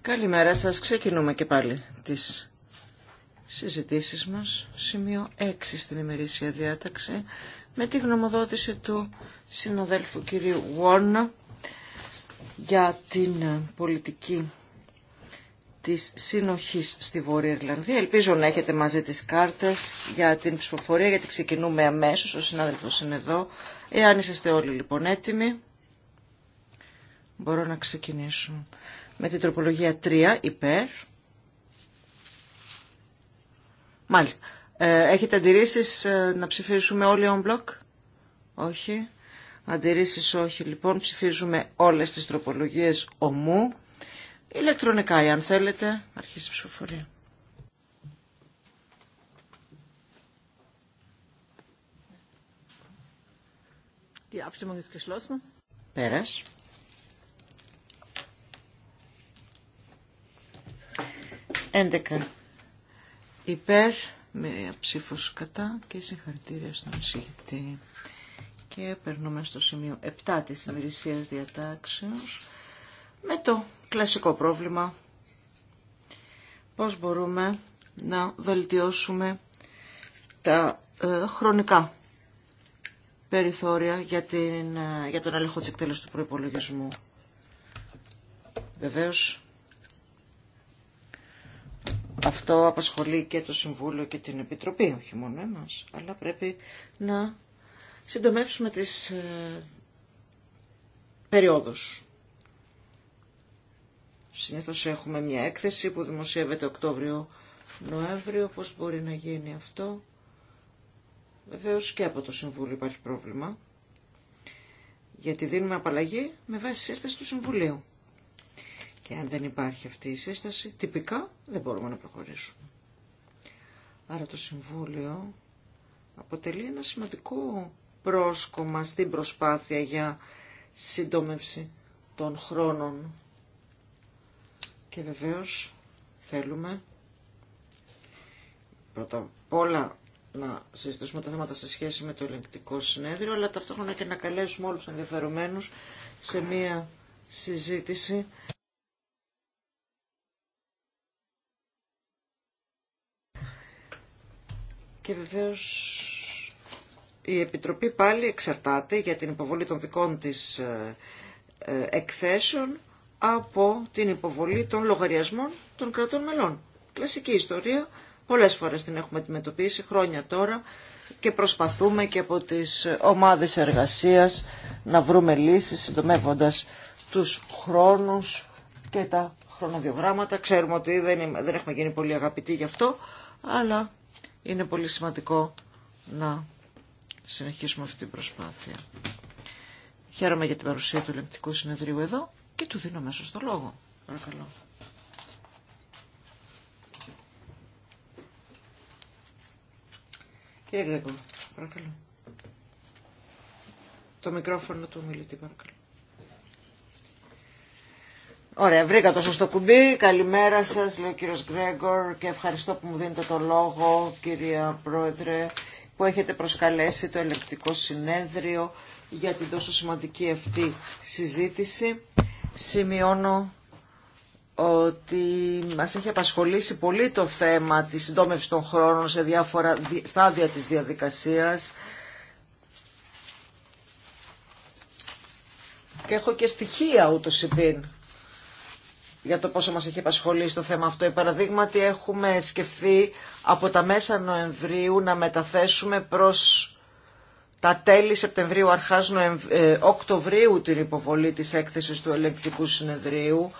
Καλημέρα σας. Ξεκινούμε και πάλι τις συζητήσεις μας. Σημείο 6 στην ημερήσια διάταξη με τη γνωμοδότηση του συναδέλφου κυρίου Βόρνα για την πολιτική της συνοχής στη Βόρεια Ιρλανδία. Ελπίζω να έχετε μαζί τις κάρτες για την ψηφοφορία γιατί ξεκινούμε αμέσως. Ο συνάδελφος είναι εδώ. Εάν είσαστε όλοι λοιπόν έτοιμοι μπορώ να ξεκινήσω. Με την τροπολογία 3 υπέρ. Μάλιστα. Ε, έχετε αντιρρήσεις ε, να ψηφίσουμε όλοι on block. Όχι. Αντιρρήσεις όχι. Λοιπόν ψηφίζουμε όλες τις τροπολογίες ομού. Ηλεκτρονικά, αν θέλετε, αρχίζει η ψηφοφορία. Die Abstimmung ist geschlossen. Πέρας. 11. Υπέρ με ψήφο κατά και συγχαρητήρια στον εισηγητή. Και περνούμε στο σημείο 7 της ημερησίας διατάξεως με το κλασικό πρόβλημα. Πώς μπορούμε να βελτιώσουμε τα ε, χρονικά περιθώρια για, την, ε, για τον έλεγχο της εκτέλεσης του προϋπολογισμού. Βεβαίως αυτό απασχολεί και το Συμβούλιο και την Επιτροπή, όχι μόνο εμάς, αλλά πρέπει να συντομεύσουμε τις ε, περιόδους. Συνήθως έχουμε μια έκθεση που δημοσιεύεται Οκτώβριο-Νοέμβριο, πώς μπορεί να γίνει αυτό. Βεβαίως και από το Συμβούλιο υπάρχει πρόβλημα, γιατί δίνουμε απαλλαγή με βάση σύσταση του Συμβουλίου. Και αν δεν υπάρχει αυτή η σύσταση, τυπικά δεν μπορούμε να προχωρήσουμε. Άρα το Συμβούλιο αποτελεί ένα σημαντικό πρόσκομα στην προσπάθεια για συντόμευση των χρόνων. Και βεβαίως θέλουμε πρώτα απ' όλα να συζητήσουμε τα θέματα σε σχέση με το ελεγκτικό συνέδριο, αλλά ταυτόχρονα και να καλέσουμε όλους τους ενδιαφερομένους σε μία συζήτηση Και βεβαίως η Επιτροπή πάλι εξαρτάται για την υποβολή των δικών της ε, ε, εκθέσεων από την υποβολή των λογαριασμών των κρατών μελών. Κλασική ιστορία, πολλές φορές την έχουμε αντιμετωπίσει χρόνια τώρα και προσπαθούμε και από τις ομάδες εργασίας να βρούμε λύσεις συντομεύοντας τους χρόνους και τα χρονοδιογράμματα. Ξέρουμε ότι δεν, δεν έχουμε γίνει πολύ αγαπητοί γι' αυτό, αλλά είναι πολύ σημαντικό να συνεχίσουμε αυτή την προσπάθεια. Χαίρομαι για την παρουσία του ελεγκτικού συνεδρίου εδώ και του δίνω μέσα στο λόγο. Παρακαλώ. Κύριε Γκρέκο, παρακαλώ. Το μικρόφωνο του ομιλητή, παρακαλώ. Ωραία, βρήκα το σωστό κουμπί. Καλημέρα σας, λέει ο κύριος Γκρέγκορ και ευχαριστώ που μου δίνετε το λόγο, κυρία Πρόεδρε, που έχετε προσκαλέσει το ελεκτικό συνέδριο για την τόσο σημαντική αυτή συζήτηση. Σημειώνω ότι μας έχει απασχολήσει πολύ το θέμα της συντόμευσης των χρόνων σε διάφορα στάδια της διαδικασίας και έχω και στοιχεία ούτως υπήν για το πόσο μας έχει απασχολήσει το θέμα αυτό. Παραδείγματι έχουμε σκεφτεί από τα μέσα Νοεμβρίου να μεταθέσουμε προς τα τέλη Σεπτεμβρίου αρχάς ε, Οκτωβρίου την υποβολή της έκθεσης του ελεκτικού συνεδρίου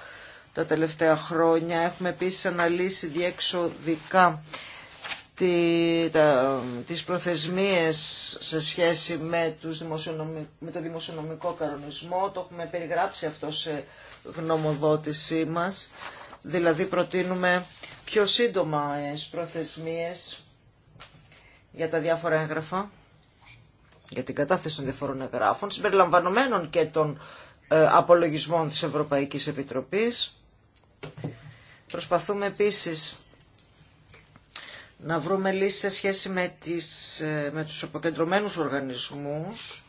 τα τελευταία χρόνια. Έχουμε επίσης αναλύσει διεξοδικά τις προθεσμίες σε σχέση με, τους το δημοσιονομικό κανονισμό. Το έχουμε περιγράψει αυτό σε γνωμοδότησή μας. Δηλαδή προτείνουμε πιο σύντομα ε, προθεσμίες για τα διάφορα έγγραφα, για την κατάθεση των διαφορών εγγράφων, συμπεριλαμβανομένων και των ε, απολογισμών της Ευρωπαϊκής Επιτροπής. Προσπαθούμε επίσης να βρούμε λύσεις σε σχέση με, τις, ε, με τους αποκεντρωμένους οργανισμούς,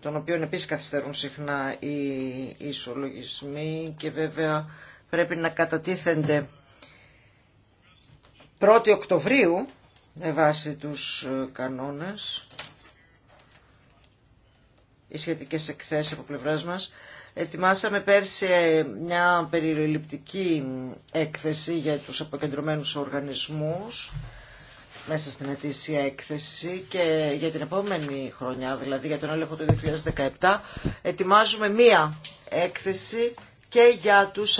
των οποίων επίσης καθυστερούν συχνά οι ισολογισμοί και βέβαια πρέπει να κατατίθενται 1η Οκτωβρίου με βάση τους ε, κανόνες οι σχετικές εκθέσεις από πλευράς μας Ετοιμάσαμε πέρσι ε, μια περιληπτική έκθεση για τους αποκεντρωμένους οργανισμούς μέσα στην ετήσια έκθεση και για την επόμενη χρονιά, δηλαδή για τον έλεγχο του 2017, ετοιμάζουμε μία έκθεση και για τους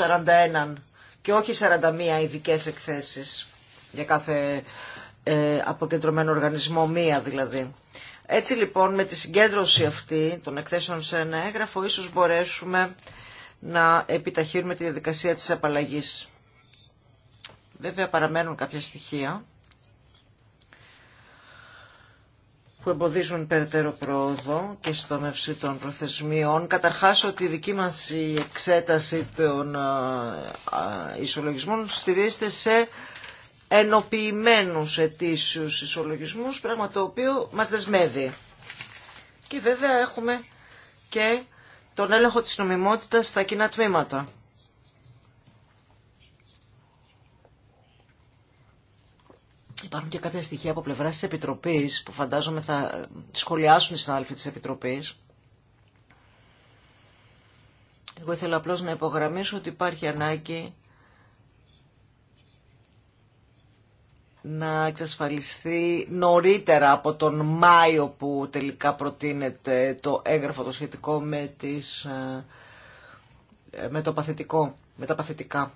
41 και όχι 41 ειδικέ εκθέσεις για κάθε ε, αποκεντρωμένο οργανισμό, μία δηλαδή. Έτσι λοιπόν με τη συγκέντρωση αυτή των εκθέσεων σε ένα έγγραφο ίσως μπορέσουμε να επιταχύνουμε τη διαδικασία της απαλλαγής. Βέβαια παραμένουν κάποια στοιχεία που εμποδίζουν περαιτέρω πρόοδο και στο μευσή των προθεσμίων. Καταρχάς ότι η δική μας η εξέταση των ε, ισολογισμών στηρίζεται σε ενοποιημένους ετήσιους ισολογισμούς, πράγμα το οποίο μας δεσμεύει. Και βέβαια έχουμε και τον έλεγχο της νομιμότητας στα κοινά τμήματα. Υπάρχουν και κάποια στοιχεία από πλευρά τη Επιτροπή που φαντάζομαι θα σχολιάσουν οι συνάδελφοι τη Επιτροπής. Εγώ ήθελα απλώ να υπογραμμίσω ότι υπάρχει ανάγκη να εξασφαλιστεί νωρίτερα από τον Μάιο που τελικά προτείνεται το έγγραφο το σχετικό με, τις, ε, με, το παθητικό, με τα παθητικά.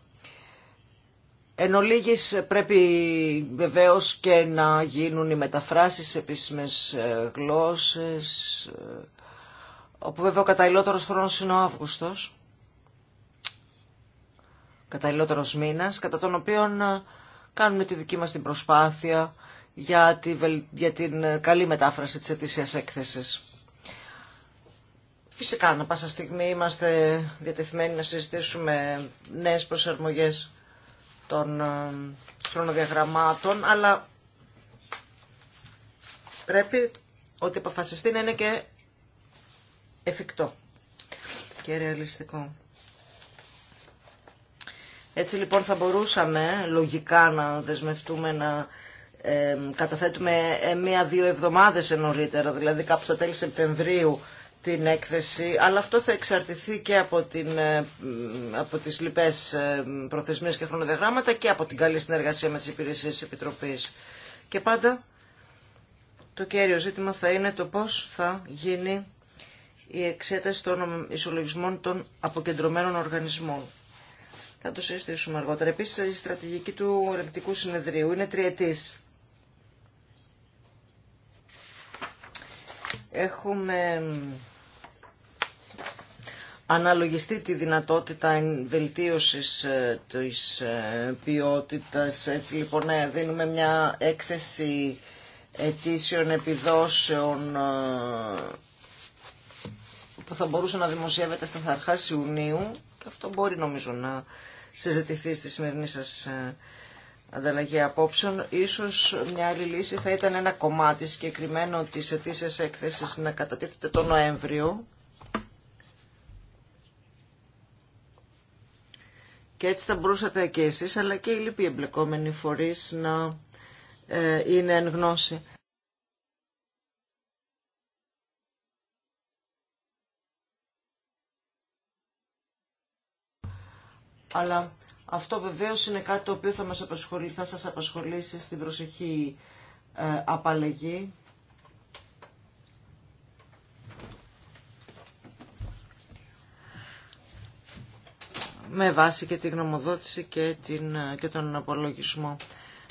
Εν ολίγης πρέπει βεβαίως και να γίνουν οι μεταφράσεις σε επίσημες ε, γλώσσες, ε, όπου βέβαια ο καταλληλότερος χρόνος είναι ο Αύγουστος, καταλληλότερος μήνας, κατά τον οποίον κάνουμε τη δική μας την προσπάθεια για, τη, για την καλή μετάφραση της ετήσιας έκθεσης. Φυσικά, να πάσα στιγμή είμαστε διατεθειμένοι να συζητήσουμε νέες προσαρμογές των ε, χρονοδιαγραμμάτων, αλλά πρέπει ότι αποφασιστεί να είναι και εφικτό και ρεαλιστικό. Έτσι λοιπόν θα μπορούσαμε λογικά να δεσμευτούμε να καταθέτουμε ε, μία-δύο εβδομάδες νωρίτερα, δηλαδή κάπου στα τέλη Σεπτεμβρίου την έκθεση, αλλά αυτό θα εξαρτηθεί και από, την, ε, από τις λοιπές ε, προθεσμίες και χρονοδιαγράμματα και από την καλή συνεργασία με τις υπηρεσίες της Επιτροπής. Και πάντα το κέριο ζήτημα θα είναι το πώς θα γίνει η εξέταση των ισολογισμών των αποκεντρωμένων οργανισμών. Θα το συζητήσουμε αργότερα. Επίση, η στρατηγική του ερευνητικού συνεδρίου είναι τριετή. Έχουμε αναλογιστεί τη δυνατότητα βελτίωσης ε, της ε, ποιότητας. Έτσι λοιπόν ναι, δίνουμε μια έκθεση αιτήσεων επιδόσεων ε, που θα μπορούσε να δημοσιεύεται στα αρχά Ιουνίου και αυτό μπορεί νομίζω να συζητηθεί στη σημερινή σας ε, ανταλλαγή απόψεων. Ίσως μια άλλη λύση θα ήταν ένα κομμάτι συγκεκριμένο της ετήσιας έκθεσης να κατατίθεται το Νοέμβριο. Και έτσι θα μπορούσατε και εσείς αλλά και οι λοιποί εμπλεκόμενοι φορείς να ε, είναι εν γνώση αλλά αυτό βεβαίως είναι κάτι το οποίο θα, μας θα σας απασχολήσει στην προσεχή ε, απαλλαγή. με βάση και τη γνωμοδότηση και, την, ε, και τον απολογισμό.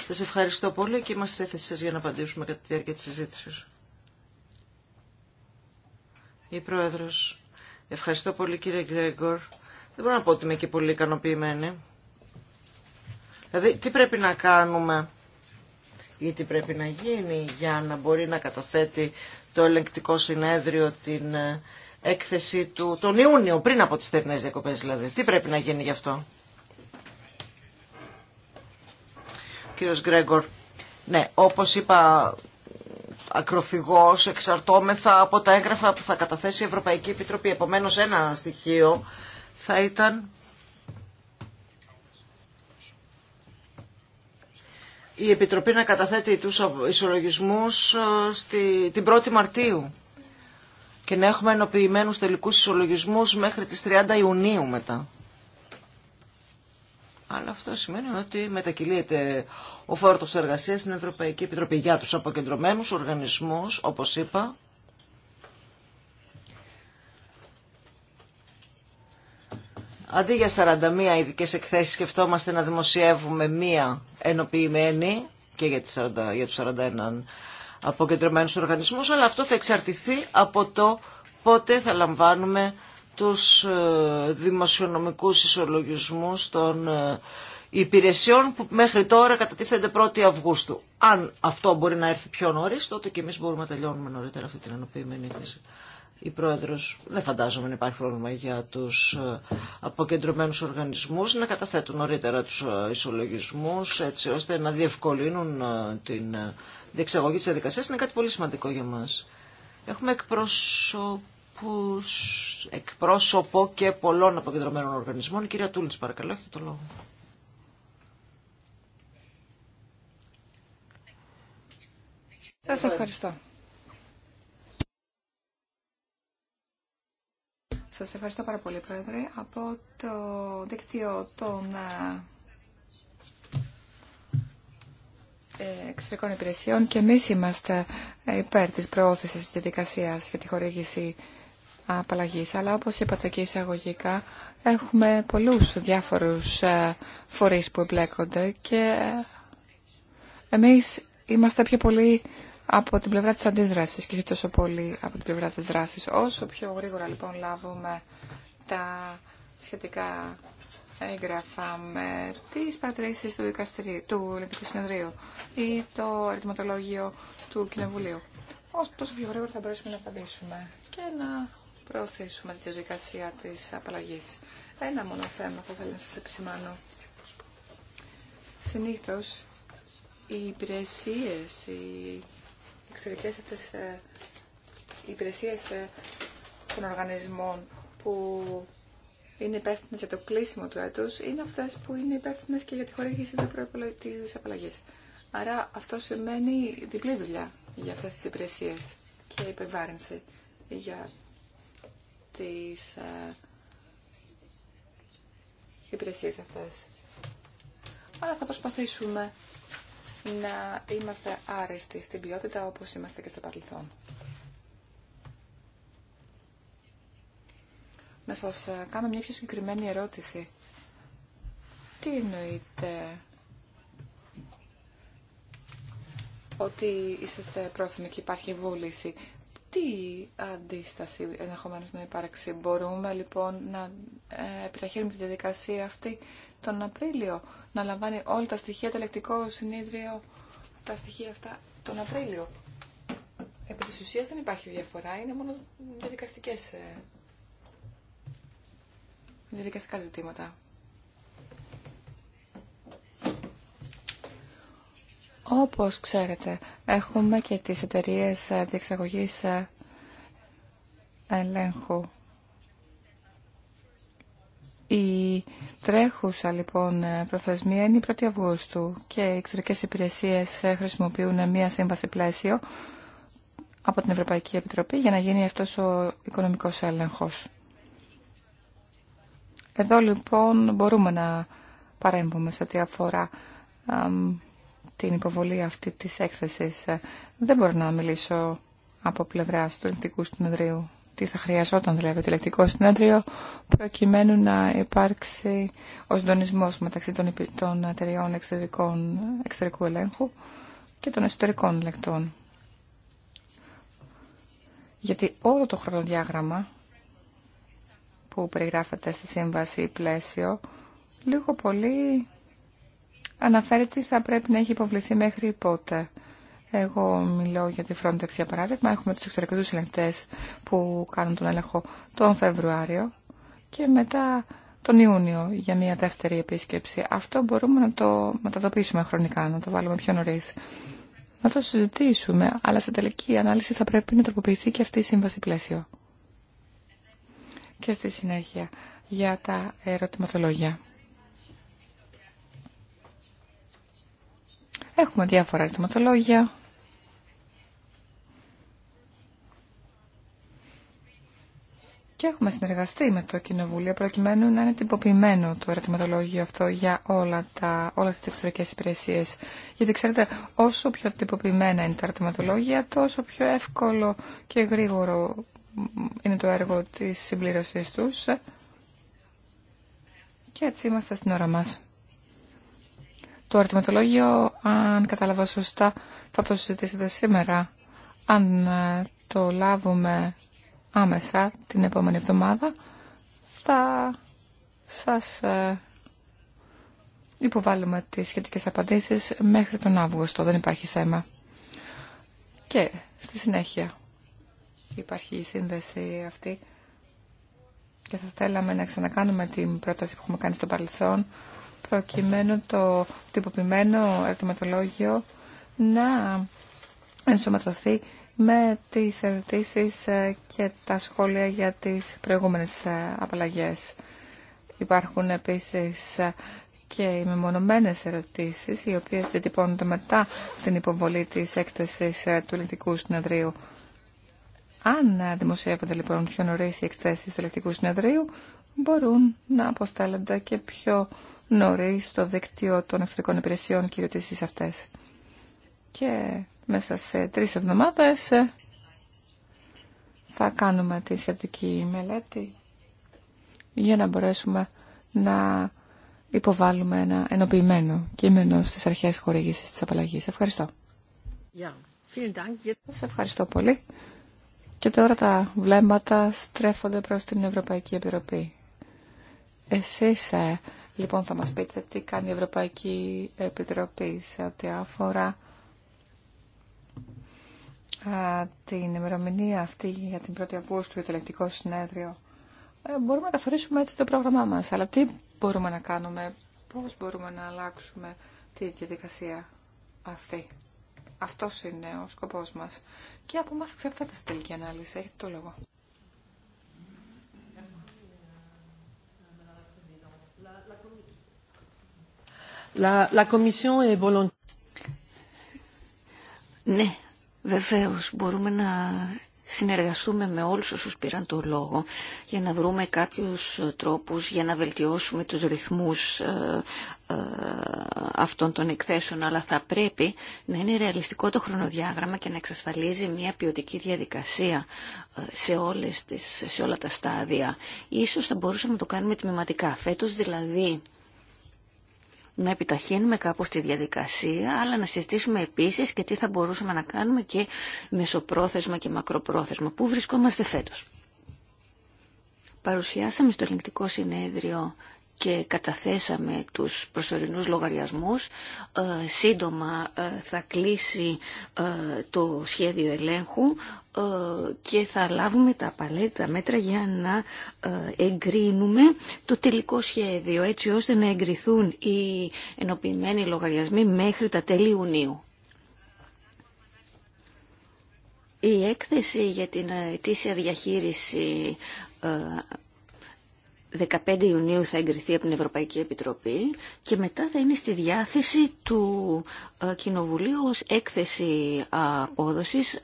Σας ευχαριστώ πολύ και είμαστε σε θέση σας για να απαντήσουμε κατά τη διάρκεια της συζήτηση. Η Πρόεδρος. Ευχαριστώ πολύ κύριε Γκρέγκορ δεν μπορώ να πω ότι είμαι και πολύ ικανοποιημένη. Δηλαδή, τι πρέπει να κάνουμε ή τι πρέπει να γίνει για να μπορεί να καταθέτει το ελεγκτικό συνέδριο την ε, έκθεση του τον Ιούνιο, πριν από τις θερινές διακοπές δηλαδή. Τι πρέπει να γίνει γι' αυτό. Κύριος Γκρέγκορ, ναι, όπως είπα ακροφυγός, εξαρτώμεθα από τα έγγραφα που θα καταθέσει η Ευρωπαϊκή Επιτροπή. Επομένως ένα στοιχείο θα ήταν η Επιτροπή να καταθέτει τους ισολογισμούς ε, στη, την 1η Μαρτίου και να έχουμε ενοποιημένους τελικούς ισολογισμούς μέχρι τις 30 Ιουνίου μετά. Αλλά αυτό σημαίνει ότι μετακυλείται ο φόρτος εργασίας στην Ευρωπαϊκή Επιτροπή για τους αποκεντρωμένους οργανισμούς, όπως είπα, Αντί για 41 ειδικέ εκθέσεις σκεφτόμαστε να δημοσιεύουμε μία ενοποιημένη και για, τις 40, για τους 41 αποκεντρωμένους οργανισμούς, αλλά αυτό θα εξαρτηθεί από το πότε θα λαμβάνουμε τους ε, δημοσιονομικούς ισολογισμούς των ε, υπηρεσιών που μέχρι τώρα κατατίθενται 1η Αυγούστου. Αν αυτό μπορεί να έρθει πιο νωρίς, τότε και εμείς μπορούμε να τελειώνουμε νωρίτερα αυτή την ενοποιημένη έκθεση η Πρόεδρος. Δεν φαντάζομαι να υπάρχει πρόβλημα για τους ε, αποκεντρωμένους οργανισμούς να καταθέτουν νωρίτερα τους ε, ισολογισμούς έτσι ώστε να διευκολύνουν ε, την διεξαγωγή της διαδικασίας. Είναι κάτι πολύ σημαντικό για μας. Έχουμε εκπρόσωπους, εκπρόσωπο και πολλών αποκεντρωμένων οργανισμών. κυρία Τούλης παρακαλώ, έχετε το λόγο. Σας ευχαριστώ. Σας ευχαριστώ πάρα πολύ, Πρόεδρε. Από το δίκτυο των ε, ε, εξωτερικών υπηρεσιών και εμείς είμαστε υπέρ της προώθησης της διαδικασίας για τη χορήγηση απαλλαγής. Αλλά όπως είπατε και εισαγωγικά, έχουμε πολλούς διάφορους ε, φορείς που εμπλέκονται και εμείς είμαστε πιο πολύ από την πλευρά της αντίδρασης και όχι τόσο πολύ από την πλευρά της δράσης. Όσο πιο γρήγορα λοιπόν λάβουμε τα σχετικά έγγραφα με τις παρατηρήσεις του, δικαστηρίου, του Ελληνικού Συνεδρίου ή το αριθμοτολόγιο του Κοινοβουλίου. Όσο τόσο πιο γρήγορα θα μπορέσουμε να απαντήσουμε και να προωθήσουμε τη διαδικασία της απαλλαγής. Ένα μόνο θέμα θα θέλω να σας επισημάνω. Συνήθως οι υπηρεσίες, οι Εξαιρετικές αυτές ε, υπηρεσίες ε, των οργανισμών που είναι υπεύθυνε για το κλείσιμο του έτους, είναι αυτές που είναι υπεύθυνε και για τη χορήγηση της απαλλαγής. Άρα αυτό σημαίνει διπλή δουλειά για αυτές τις υπηρεσίες και υπεβάρυνση για τις ε, υπηρεσίες αυτές. Αλλά θα προσπαθήσουμε να είμαστε άρεστοι στην ποιότητα όπως είμαστε και στο παρελθόν. Να σας κάνω μια πιο συγκεκριμένη ερώτηση. Τι εννοείτε ότι είστε πρόθυμοι και υπάρχει βούληση. Τι αντίσταση ενδεχομένω να υπάρξει. Μπορούμε λοιπόν να ε, επιταχύνουμε τη διαδικασία αυτή τον Απρίλιο, να λαμβάνει όλα τα στοιχεία, το ελεκτικό συνείδριο, τα στοιχεία αυτά τον Απρίλιο. Επί της ουσίας δεν υπάρχει διαφορά, είναι μόνο διαδικαστικές, ε, διαδικαστικά ζητήματα. Όπως ξέρετε, έχουμε και τις εταιρείες ε, διεξαγωγής ε, ελέγχου η τρέχουσα λοιπόν προθεσμία είναι η 1η Αυγούστου και οι εξωτερικέ υπηρεσίε χρησιμοποιούν μία σύμβαση πλαίσιο από την Ευρωπαϊκή Επιτροπή για να γίνει αυτός ο οικονομικός έλεγχος. Εδώ λοιπόν μπορούμε να παρέμβουμε σε ό,τι αφορά την υποβολή αυτή της έκθεσης. Δεν μπορώ να μιλήσω από πλευράς του Ελληνικού Συνεδρίου τι θα χρειαζόταν δηλαδή το ηλεκτρικό συνέδριο προκειμένου να υπάρξει ο συντονισμό μεταξύ των, των εταιριών εξωτερικού ελέγχου και των εσωτερικών ελεκτών. Γιατί όλο το χρονοδιάγραμμα που περιγράφεται στη σύμβαση πλαίσιο λίγο πολύ αναφέρει τι θα πρέπει να έχει υποβληθεί μέχρι πότε. Εγώ μιλώ για τη Frontex για παράδειγμα. Έχουμε τους εξωτερικού ελεγκτές που κάνουν τον έλεγχο τον Φεβρουάριο και μετά τον Ιούνιο για μια δεύτερη επίσκεψη. Αυτό μπορούμε να το μετατοπίσουμε χρονικά, να το βάλουμε πιο νωρί. Να το συζητήσουμε, αλλά σε τελική ανάλυση θα πρέπει να τροποποιηθεί και αυτή η σύμβαση πλαίσιο. Και στη συνέχεια για τα ερωτηματολόγια. Έχουμε διάφορα ερωτηματολόγια. Και έχουμε συνεργαστεί με το Κοινοβούλιο προκειμένου να είναι τυποποιημένο το ερωτηματολόγιο αυτό για όλα τα, όλες τις εξωτερικές υπηρεσίες. Γιατί ξέρετε, όσο πιο τυποποιημένα είναι τα ερωτηματολόγια, τόσο πιο εύκολο και γρήγορο είναι το έργο της συμπλήρωσής τους. Και έτσι είμαστε στην ώρα μας. Το αρτηματολόγιο, αν κατάλαβα σωστά, θα το συζητήσετε σήμερα. Αν ε, το λάβουμε άμεσα την επόμενη εβδομάδα, θα σας ε, υποβάλλουμε τις σχετικές απαντήσεις μέχρι τον Αύγουστο. Δεν υπάρχει θέμα. Και στη συνέχεια υπάρχει η σύνδεση αυτή και θα θέλαμε να ξανακάνουμε την πρόταση που έχουμε κάνει στο παρελθόν προκειμένου το τυποποιημένο ερωτηματολόγιο να ενσωματωθεί με τις ερωτήσεις ε, και τα σχόλια για τις προηγούμενες ε, απαλλαγές. Υπάρχουν επίσης ε, και οι μεμονωμένες ερωτήσεις, οι οποίες διατυπώνονται μετά την υποβολή της έκθεσης του Ελληνικού Συνεδρίου. Αν δημοσιεύονται λοιπόν πιο νωρίς οι εκθέσεις του Ελληνικού Συνεδρίου, μπορούν να αποστέλλονται και πιο νωρί στο δίκτυο των εξωτερικών υπηρεσιών και Και μέσα σε τρεις εβδομάδες ε, θα κάνουμε τη σχετική μελέτη για να μπορέσουμε να υποβάλουμε ένα ενοποιημένο κείμενο στις αρχές χορηγήσης της απαλλαγής. Ευχαριστώ. Yeah. ευχαριστώ πολύ. Και τώρα τα βλέμματα στρέφονται προς την Ευρωπαϊκή Επιτροπή. Εσείς ε, Λοιπόν, θα μας πείτε τι κάνει η Ευρωπαϊκή Επιτροπή σε ό,τι αφορά την ημερομηνία αυτή για την 1η Αυγούστου, το ελεκτικό συνέδριο. Ε, μπορούμε να καθορίσουμε έτσι το πρόγραμμά μας, αλλά τι μπορούμε να κάνουμε, πώς μπορούμε να αλλάξουμε τη διαδικασία αυτή. Αυτός είναι ο σκοπός μας. Και από μας εξαρτάται στην τελική ανάλυση. Έχετε το λόγο. Ναι, βεβαίω μπορούμε να συνεργαστούμε με όλους όσους πήραν το λόγο για να βρούμε κάποιους τρόπους για να βελτιώσουμε τους ρυθμούς ε, ε, αυτών των εκθέσεων αλλά θα πρέπει να είναι ρεαλιστικό το χρονοδιάγραμμα και να εξασφαλίζει μια ποιοτική διαδικασία ε, σε, όλες τις, σε όλα τα στάδια. Ίσως θα μπορούσαμε να το κάνουμε τμηματικά. Φέτος δηλαδή να επιταχύνουμε κάπως τη διαδικασία, αλλά να συζητήσουμε επίσης και τι θα μπορούσαμε να κάνουμε και μεσοπρόθεσμα και μακροπρόθεσμα. Πού βρισκόμαστε φέτος. Παρουσιάσαμε στο ελεγκτικό συνέδριο και καταθέσαμε τους προσωρινούς λογαριασμούς. Ε, σύντομα ε, θα κλείσει ε, το σχέδιο ελέγχου. Ε, και θα λάβουμε τα απαραίτητα μέτρα για να ε, εγκρίνουμε το τελικό σχέδιο έτσι ώστε να εγκριθούν οι ενοποιημένοι λογαριασμοί μέχρι τα τέλη Ιουνίου. Η έκθεση για την ετήσια διαχείριση 15 ε, Ιουνίου θα εγκριθεί από την Ευρωπαϊκή Επιτροπή και μετά θα είναι στη διάθεση του Κοινοβουλίου ως έκθεση απόδοσης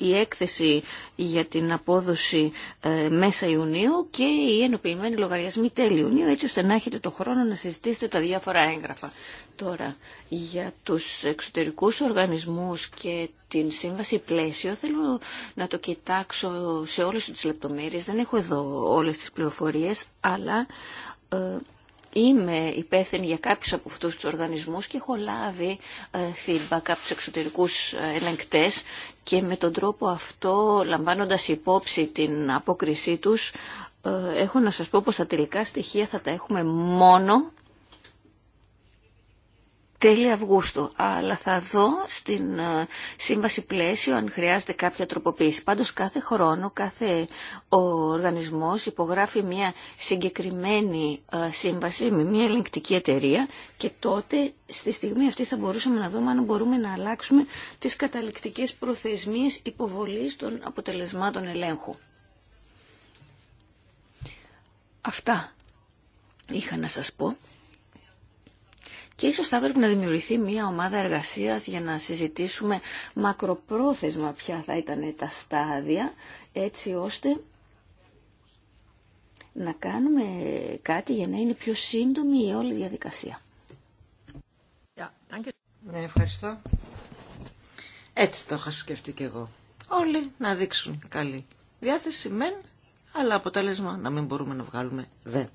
η έκθεση για την απόδοση ε, μέσα Ιουνίου και οι ενοποιημένοι λογαριασμοί τέλη Ιουνίου, έτσι ώστε να έχετε το χρόνο να συζητήσετε τα διάφορα έγγραφα. Τώρα, για τους εξωτερικούς οργανισμούς και την σύμβαση πλαίσιο, θέλω να το κοιτάξω σε όλες τις λεπτομέρειες. Δεν έχω εδώ όλες τις πληροφορίες, αλλά... Ε, είμαι υπεύθυνη για κάποιους από αυτούς τους οργανισμούς και έχω λάβει ε, feedback από τους εξωτερικούς ελεγκτές και με τον τρόπο αυτό, λαμβάνοντας υπόψη την απόκρισή τους, ε, έχω να σας πω πως τα τελικά στοιχεία θα τα έχουμε μόνο τέλη Αυγούστου, αλλά θα δω στην ε, σύμβαση πλαίσιο αν χρειάζεται κάποια τροποποίηση. Πάντως κάθε χρόνο, κάθε οργανισμός υπογράφει μια συγκεκριμένη ε, σύμβαση με μια ελεγκτική εταιρεία και τότε στη στιγμή αυτή θα μπορούσαμε να δούμε αν μπορούμε να αλλάξουμε τις καταληκτικές προθεσμίες υποβολής των αποτελεσμάτων ελέγχου. Αυτά είχα να σας πω και ίσως θα έπρεπε να δημιουργηθεί μια ομάδα εργασίας για να συζητήσουμε μακροπρόθεσμα ποια θα ήταν τα στάδια έτσι ώστε να κάνουμε κάτι για να είναι πιο σύντομη η όλη διαδικασία. Ναι, ευχαριστώ. Έτσι το είχα σκεφτεί και εγώ. Όλοι να δείξουν καλή διάθεση μεν, αλλά αποτέλεσμα να μην μπορούμε να βγάλουμε δεν.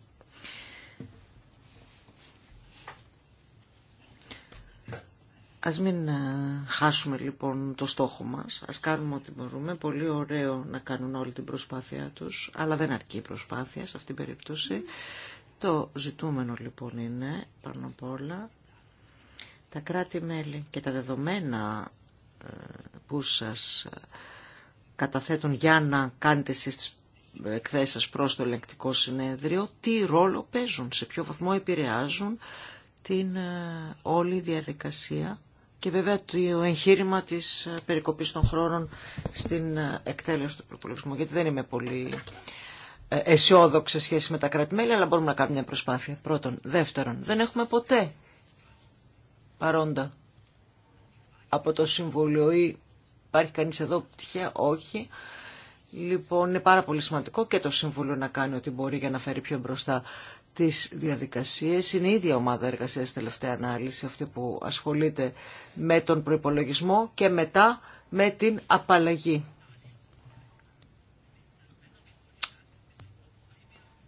Ας μην ε, χάσουμε λοιπόν το στόχο μας, ας κάνουμε ό,τι μπορούμε. Πολύ ωραίο να κάνουν όλη την προσπάθειά τους, αλλά δεν αρκεί η προσπάθεια σε αυτήν την περίπτωση. Το ζητούμενο λοιπόν είναι, πάνω απ' όλα, τα κράτη-μέλη και τα δεδομένα ε, που σας ε, καταθέτουν για να κάνετε εσείς τις εκθέσεις προς το ελεγκτικό συνέδριο, τι ρόλο παίζουν, σε ποιο βαθμό επηρεάζουν την όλη διαδικασία και βέβαια το εγχείρημα της ε, περικοπής των χρόνων στην ε, εκτέλεση του προπολογισμού. Γιατί δεν είμαι πολύ ε, αισιόδοξη σε σχέση με τα κρατημέλη, αλλά μπορούμε να κάνουμε μια προσπάθεια. Πρώτον. Δεύτερον, δεν έχουμε ποτέ παρόντα από το Συμβούλιο ή υπάρχει κανείς εδώ τυχαία, όχι. Λοιπόν, είναι πάρα πολύ σημαντικό και το Συμβούλιο να κάνει ό,τι μπορεί για να φέρει πιο μπροστά τις διαδικασίες. Είναι η ίδια ομάδα εργασίας τελευταία ανάλυση, αυτή που ασχολείται με τον προϋπολογισμό και μετά με την απαλλαγή.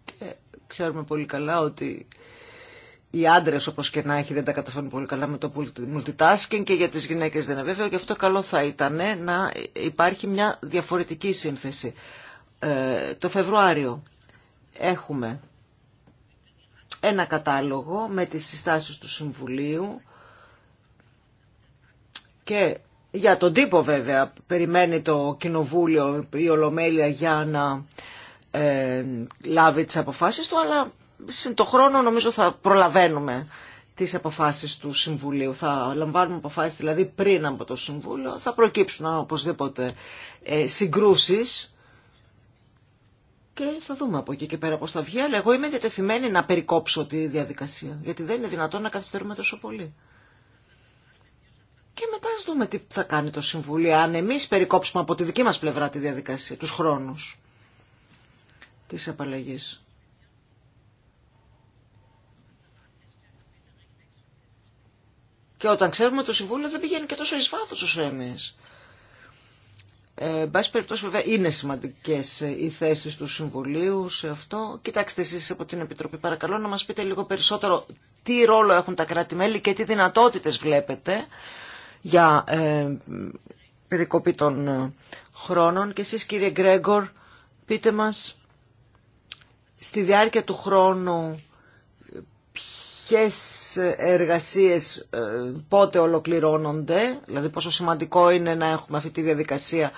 Και ξέρουμε πολύ καλά ότι οι άντρες όπως και να έχει δεν τα καταφέρνουν πολύ καλά με το multitasking και για τις γυναίκες δεν είναι βέβαιο και αυτό καλό θα ήταν να υπάρχει μια διαφορετική σύνθεση. Ε, το Φεβρουάριο έχουμε ένα κατάλογο με τις συστάσεις του Συμβουλίου και για τον τύπο βέβαια περιμένει το Κοινοβούλιο η Ολομέλεια για να ε, λάβει τις αποφάσεις του αλλά το χρόνο νομίζω θα προλαβαίνουμε τις αποφάσεις του Συμβουλίου. Θα λαμβάνουμε αποφάσεις δηλαδή πριν από το Συμβούλιο. Θα προκύψουν οπωσδήποτε ε, συγκρούσεις και θα δούμε από εκεί και πέρα πώς θα βγει, αλλά εγώ είμαι διατεθειμένη να περικόψω τη διαδικασία, γιατί δεν είναι δυνατόν να καθυστερούμε τόσο πολύ. Και μετά ας δούμε τι θα κάνει το Συμβούλιο, αν εμείς περικόψουμε από τη δική μας πλευρά τη διαδικασία, τους χρόνους της απαλλαγής. Και όταν ξέρουμε το Συμβούλιο δεν πηγαίνει και τόσο εις βάθος όσο εμείς. Ε, εν πάση περιπτώσει, βέβαια, είναι σημαντικέ ε, οι θέσει του Συμβουλίου σε αυτό. Κοιτάξτε εσεί από την Επιτροπή, παρακαλώ, να μα πείτε λίγο περισσότερο τι ρόλο έχουν τα κράτη-μέλη και τι δυνατότητε βλέπετε για ε, περικοπή των ε, χρόνων. Και εσεί, κύριε Γκρέγκορ, πείτε μα στη διάρκεια του χρόνου ποιες εργασίες ε, πότε ολοκληρώνονται, δηλαδή πόσο σημαντικό είναι να έχουμε αυτή τη διαδικασία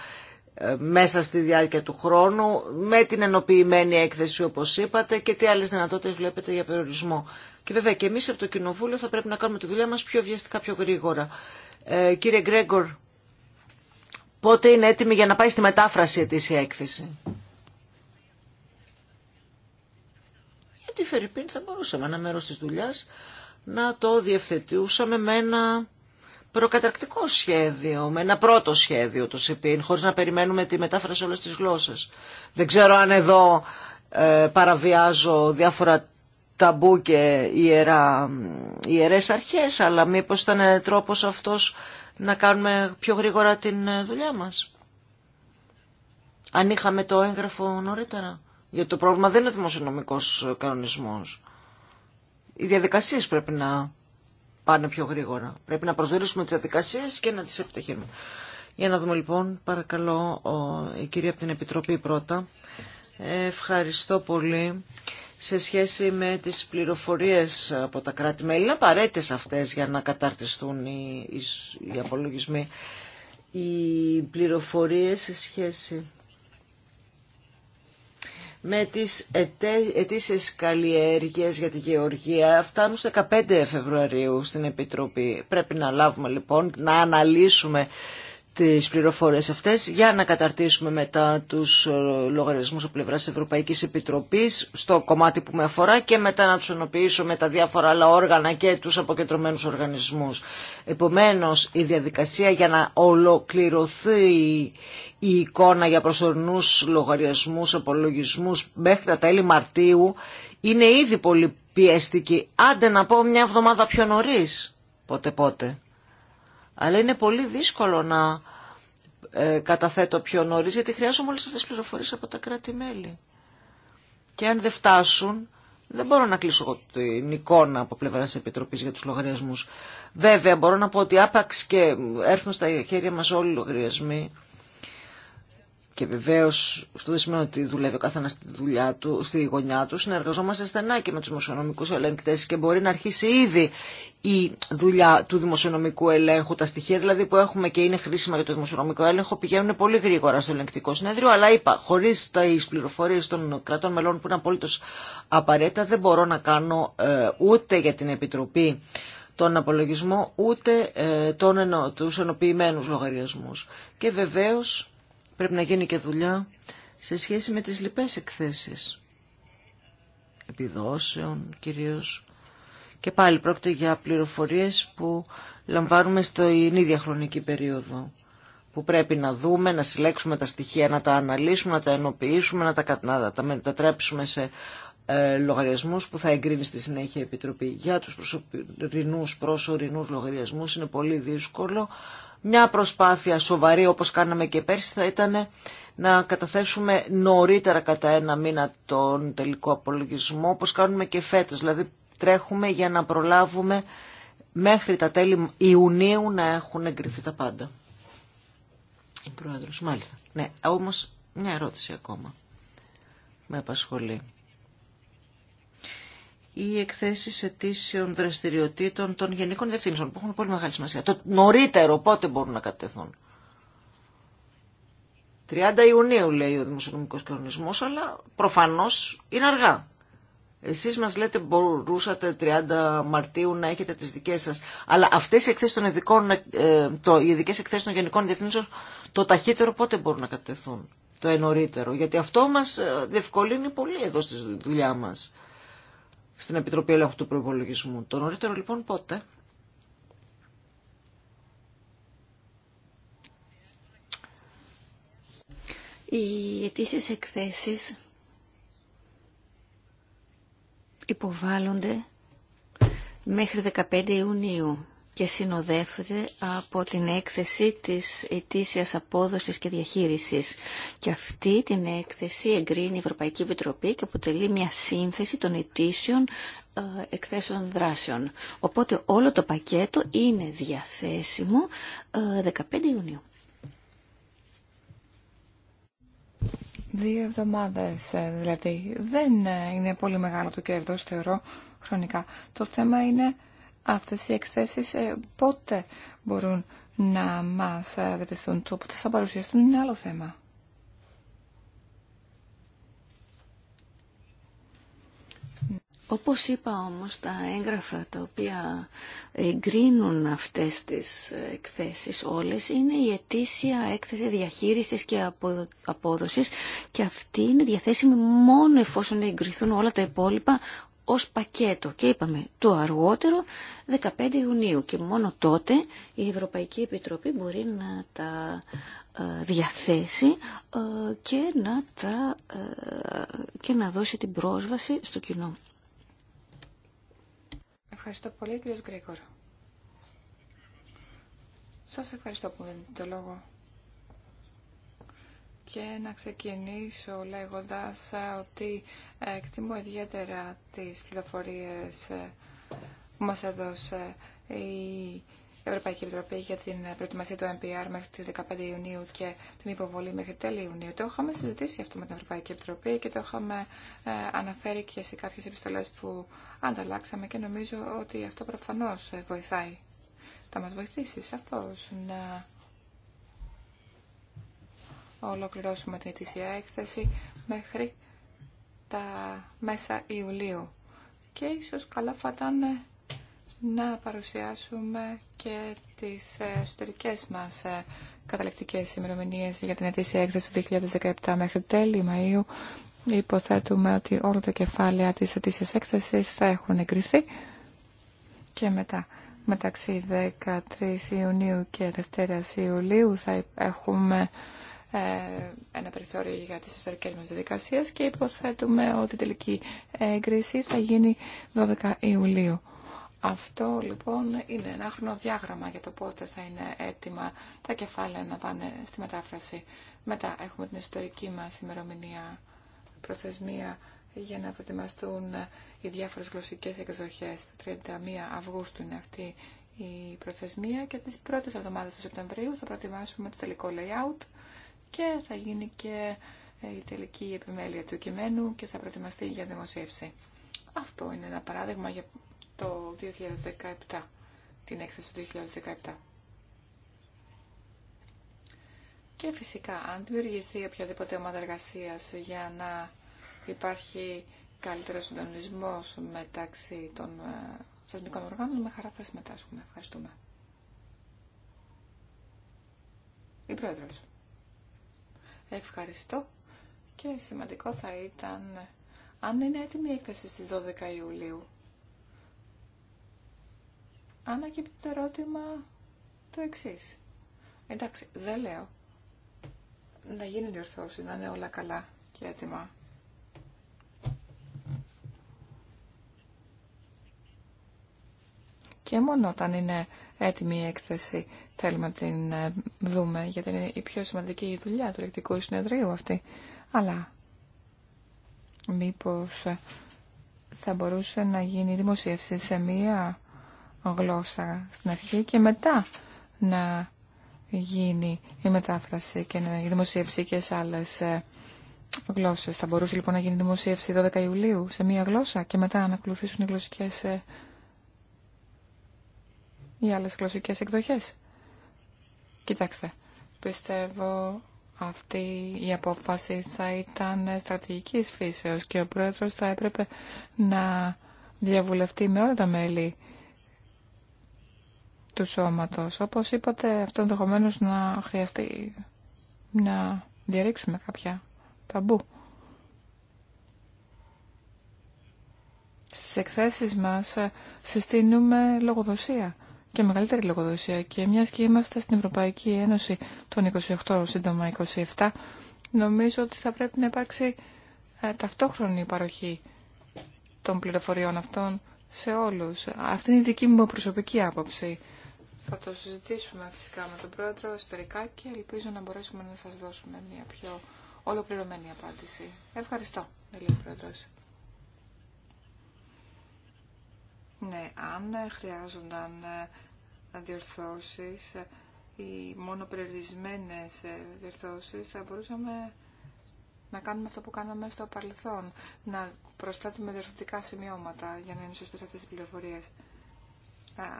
ε, μέσα στη διάρκεια του χρόνου, με την ενοποιημένη έκθεση όπως είπατε και τι άλλες δυνατότητες βλέπετε για περιορισμό. Και βέβαια και εμείς από το Κοινοβούλιο θα πρέπει να κάνουμε τη δουλειά μας πιο βιαστικά, πιο γρήγορα. Ε, κύριε Γκρέγκορ, πότε είναι έτοιμη για να πάει στη μετάφραση η έκθεση. τη Φερρυπίν θα μπορούσαμε ένα μέρος της δουλειάς να το διευθετούσαμε με ένα προκαταρκτικό σχέδιο, με ένα πρώτο σχέδιο το ΣΥΠΗΝ, χωρίς να περιμένουμε τη μετάφραση όλες τις γλώσσες. Δεν ξέρω αν εδώ ε, παραβιάζω διάφορα ταμπού και ιερά, ιερές αρχές, αλλά μήπως ήταν τρόπος αυτός να κάνουμε πιο γρήγορα την δουλειά μας. Αν είχαμε το έγγραφο νωρίτερα. Γιατί το πρόβλημα δεν είναι ο δημοσιονομικός κανονισμός. Οι διαδικασίες πρέπει να πάνε πιο γρήγορα. Πρέπει να προσδιορίσουμε τις διαδικασίες και να τις επιτυχουμε. Για να δούμε λοιπόν, παρακαλώ, η κυρία από την Επιτροπή πρώτα. Ευχαριστώ πολύ σε σχέση με τις πληροφορίες από τα κράτη-μέλη. Είναι απαραίτητε αυτές για να καταρτιστούν οι, οι, οι απολογισμοί. Οι πληροφορίες σε σχέση με τις αιτήσει καλλιέργειες για τη γεωργία φτάνουν στις 15 Φεβρουαρίου στην Επιτροπή. Πρέπει να λάβουμε λοιπόν, να αναλύσουμε τις πληροφορίες αυτές για να καταρτήσουμε μετά τους ε, λογαριασμούς από πλευράς της Ευρωπαϊκής Επιτροπής στο κομμάτι που με αφορά και μετά να τους ενοποιήσω με τα διάφορα άλλα όργανα και τους αποκεντρωμένους οργανισμούς. Επομένως η διαδικασία για να ολοκληρωθεί η εικόνα για προσωρινούς λογαριασμούς, απολογισμούς μέχρι τα τέλη Μαρτίου είναι ήδη πολύ πιεστική. Άντε να πω μια εβδομάδα πιο νωρίς, πότε πότε. Αλλά είναι πολύ δύσκολο να ε, καταθέτω πιο νωρίς, γιατί χρειάζομαι όλες αυτές τις πληροφορίες από τα κράτη-μέλη. Και αν δεν φτάσουν, δεν μπορώ να κλείσω την εικόνα από πλευρά τη Επιτροπή για του λογαριασμού. Βέβαια, μπορώ να πω ότι άπαξ και έρθουν στα χέρια μα όλοι οι λογαριασμοί, και βεβαίω αυτό δεν σημαίνει ότι δουλεύει ο καθένα στη δουλειά του, στη γωνιά του. Συνεργαζόμαστε στενά και με του δημοσιονομικού ελεγκτέ και μπορεί να αρχίσει ήδη η δουλειά του δημοσιονομικού ελέγχου. Τα στοιχεία δηλαδή που έχουμε και είναι χρήσιμα για το δημοσιονομικό έλεγχο πηγαίνουν πολύ γρήγορα στο ελεγκτικό συνέδριο. Αλλά είπα, χωρί τι πληροφορίε των κρατών μελών που είναι απολύτω απαραίτητα, δεν μπορώ να κάνω ε, ούτε για την Επιτροπή τον απολογισμό, ούτε ε, τον ενω, τους ενοποιημένους Και βεβαίως Πρέπει να γίνει και δουλειά σε σχέση με τις λοιπές εκθέσεις επιδόσεων κυρίως και πάλι πρόκειται για πληροφορίες που λαμβάνουμε στο ίδια χρονική περίοδο που πρέπει να δούμε, να συλλέξουμε τα στοιχεία, να τα αναλύσουμε, να τα ενοποιήσουμε, να τα, να τα μετατρέψουμε σε ε, λογαριασμούς που θα εγκρίνει στη συνέχεια η Επιτροπή. Για τους προσωρινούς, προσωρινούς λογαριασμούς είναι πολύ δύσκολο μια προσπάθεια σοβαρή όπως κάναμε και πέρσι θα ήταν να καταθέσουμε νωρίτερα κατά ένα μήνα τον τελικό απολογισμό όπως κάνουμε και φέτος. Δηλαδή τρέχουμε για να προλάβουμε μέχρι τα τέλη Ιουνίου να έχουν εγκριθεί τα πάντα. Η μάλιστα. Ναι, όμως μια ερώτηση ακόμα. Με απασχολεί οι εκθέσει αιτήσεων δραστηριοτήτων των γενικών διευθύνσεων που έχουν πολύ μεγάλη σημασία. Το νωρίτερο πότε μπορούν να κατεθούν. 30 Ιουνίου λέει ο δημοσιονομικός κανονισμό, αλλά προφανώς είναι αργά. Εσείς μας λέτε μπορούσατε 30 Μαρτίου να έχετε τις δικές σας. Αλλά αυτές οι εκθέσεις των ε, ειδικές εκθέσεις των γενικών διευθύνσεων το ταχύτερο πότε μπορούν να κατεθούν. Το ενωρίτερο. Γιατί αυτό μας ε, διευκολύνει πολύ εδώ στη δουλειά μας στην Επιτροπή Ελέγχου του Προπολογισμού. Το νωρίτερο λοιπόν πότε. Οι αιτήσει εκθέσεις υποβάλλονται μέχρι 15 Ιουνίου και συνοδεύεται από την έκθεση της ετήσιας απόδοσης και διαχείρισης. Και αυτή την έκθεση εγκρίνει η Ευρωπαϊκή Επιτροπή και αποτελεί μια σύνθεση των ετήσιων ε, εκθέσεων δράσεων. Οπότε όλο το πακέτο είναι διαθέσιμο 15 ε, Ιουνίου. Δύο εβδομάδες ε, δηλαδή. Δεν είναι πολύ μεγάλο το κέρδος θεωρώ χρονικά. Το θέμα είναι Αυτές οι εκθέσεις ε, πότε μπορούν να μας ε, δεδεθούν. Το πότε θα παρουσιαστούν είναι άλλο θέμα. Όπως είπα όμως τα έγγραφα τα οποία εγκρίνουν αυτές τις εκθέσεις όλες είναι η ετήσια έκθεση διαχείρισης και απόδοσης και αυτή είναι διαθέσιμη μόνο εφόσον εγκριθούν όλα τα υπόλοιπα ως πακέτο και είπαμε το αργότερο 15 Ιουνίου και μόνο τότε η Ευρωπαϊκή Επιτροπή μπορεί να τα ε, διαθέσει ε, και να, τα, ε, και να δώσει την πρόσβαση στο κοινό. Ευχαριστώ πολύ κύριε Γκρέκορο. Σας ευχαριστώ που δίνετε το λόγο και να ξεκινήσω λέγοντας ε, ότι ε, εκτιμώ ιδιαίτερα τις πληροφορίες ε, που μας έδωσε η Ευρωπαϊκή Επιτροπή για την προετοιμασία του MPR μέχρι τις 15 Ιουνίου και την υποβολή μέχρι τέλη Ιουνίου. Το είχαμε συζητήσει αυτό με την Ευρωπαϊκή Επιτροπή και το είχαμε αναφέρει και σε κάποιες επιστολές που ανταλλάξαμε και νομίζω ότι αυτό προφανώς βοηθάει. Θα μας βοηθήσει σαφώς να ολοκληρώσουμε την ετήσια έκθεση μέχρι τα μέσα Ιουλίου. Και ίσως καλά θα ήταν να παρουσιάσουμε και τις εσωτερικές μας καταληκτικές ημερομηνίες για την ετήσια έκθεση του 2017 μέχρι τέλη Μαΐου. Υποθέτουμε ότι όλα τα κεφάλαια της ετήσιας έκθεσης θα έχουν εγκριθεί και μετά μεταξύ 13 Ιουνίου και 2 Ιουλίου θα έχουμε ε, ένα περιθώριο για τις ιστορικές μας διαδικασίες και υποθέτουμε ότι η τελική έγκριση θα γίνει 12 Ιουλίου. Αυτό λοιπόν είναι ένα χρονοδιάγραμμα για το πότε θα είναι έτοιμα τα κεφάλαια να πάνε στη μετάφραση. Μετά έχουμε την ιστορική μας ημερομηνία προθεσμία για να προετοιμαστούν οι διάφορες γλωσσικές εκδοχές. 31 Αυγούστου είναι αυτή η προθεσμία και τις πρώτες εβδομάδες του Σεπτεμβρίου θα προετοιμάσουμε το τελικό layout και θα γίνει και η τελική επιμέλεια του κειμένου και θα προετοιμαστεί για δημοσίευση. Αυτό είναι ένα παράδειγμα για το 2017, την έκθεση του 2017. Και φυσικά, αν δημιουργηθεί οποιαδήποτε ομάδα εργασία για να υπάρχει καλύτερο συντονισμό μεταξύ των ε, θεσμικών οργάνων, με χαρά θα συμμετάσχουμε. Ευχαριστούμε. Η Πρόεδρος. Ευχαριστώ και σημαντικό θα ήταν αν είναι έτοιμη η έκθεση στις 12 Ιουλίου. Ανακύπτει το ερώτημα το εξή. Εντάξει, δεν λέω να γίνει διορθώσει, να είναι όλα καλά και έτοιμα. Και μόνο όταν είναι έτοιμη έκθεση θέλουμε να την ε, δούμε, γιατί είναι η πιο σημαντική δουλειά του Ελεκτικού Συνεδρίου αυτή. Αλλά μήπως ε, θα μπορούσε να γίνει δημοσίευση σε μία γλώσσα στην αρχή και μετά να γίνει η μετάφραση και η δημοσίευση και σε άλλες ε, γλώσσες. Θα μπορούσε λοιπόν να γίνει δημοσίευση 12 Ιουλίου σε μία γλώσσα και μετά να ακολουθήσουν οι γλωσσικές για άλλες γλωσσικές εκδοχές. Κοιτάξτε, πιστεύω αυτή η απόφαση θα ήταν στρατηγικής φύσεως και ο πρόεδρος θα έπρεπε να διαβουλευτεί με όλα τα μέλη του σώματος. Όπως είπατε, αυτό ενδεχομένω να χρειαστεί να διαρρήξουμε κάποια ταμπού. Στις εκθέσεις μας συστήνουμε λογοδοσία και μεγαλύτερη λογοδοσία και μιας και είμαστε στην Ευρωπαϊκή Ένωση των 28, σύντομα 27, νομίζω ότι θα πρέπει να υπάρξει ε, ταυτόχρονη παροχή των πληροφοριών αυτών σε όλους. Αυτή είναι η δική μου προσωπική άποψη. Θα το συζητήσουμε φυσικά με τον Πρόεδρο ιστορικά και ελπίζω να μπορέσουμε να σας δώσουμε μια πιο ολοκληρωμένη απάντηση. Ευχαριστώ, λέει Πρόεδρος. Ναι, αν χρειάζονταν ε, διορθώσεις ή ε, μόνο περιορισμένες ε, διορθώσεις θα μπορούσαμε να κάνουμε αυτό που κάναμε στο παρελθόν, να προσθέτουμε διορθωτικά σημειώματα για να είναι σωστέ αυτές οι πληροφορίες.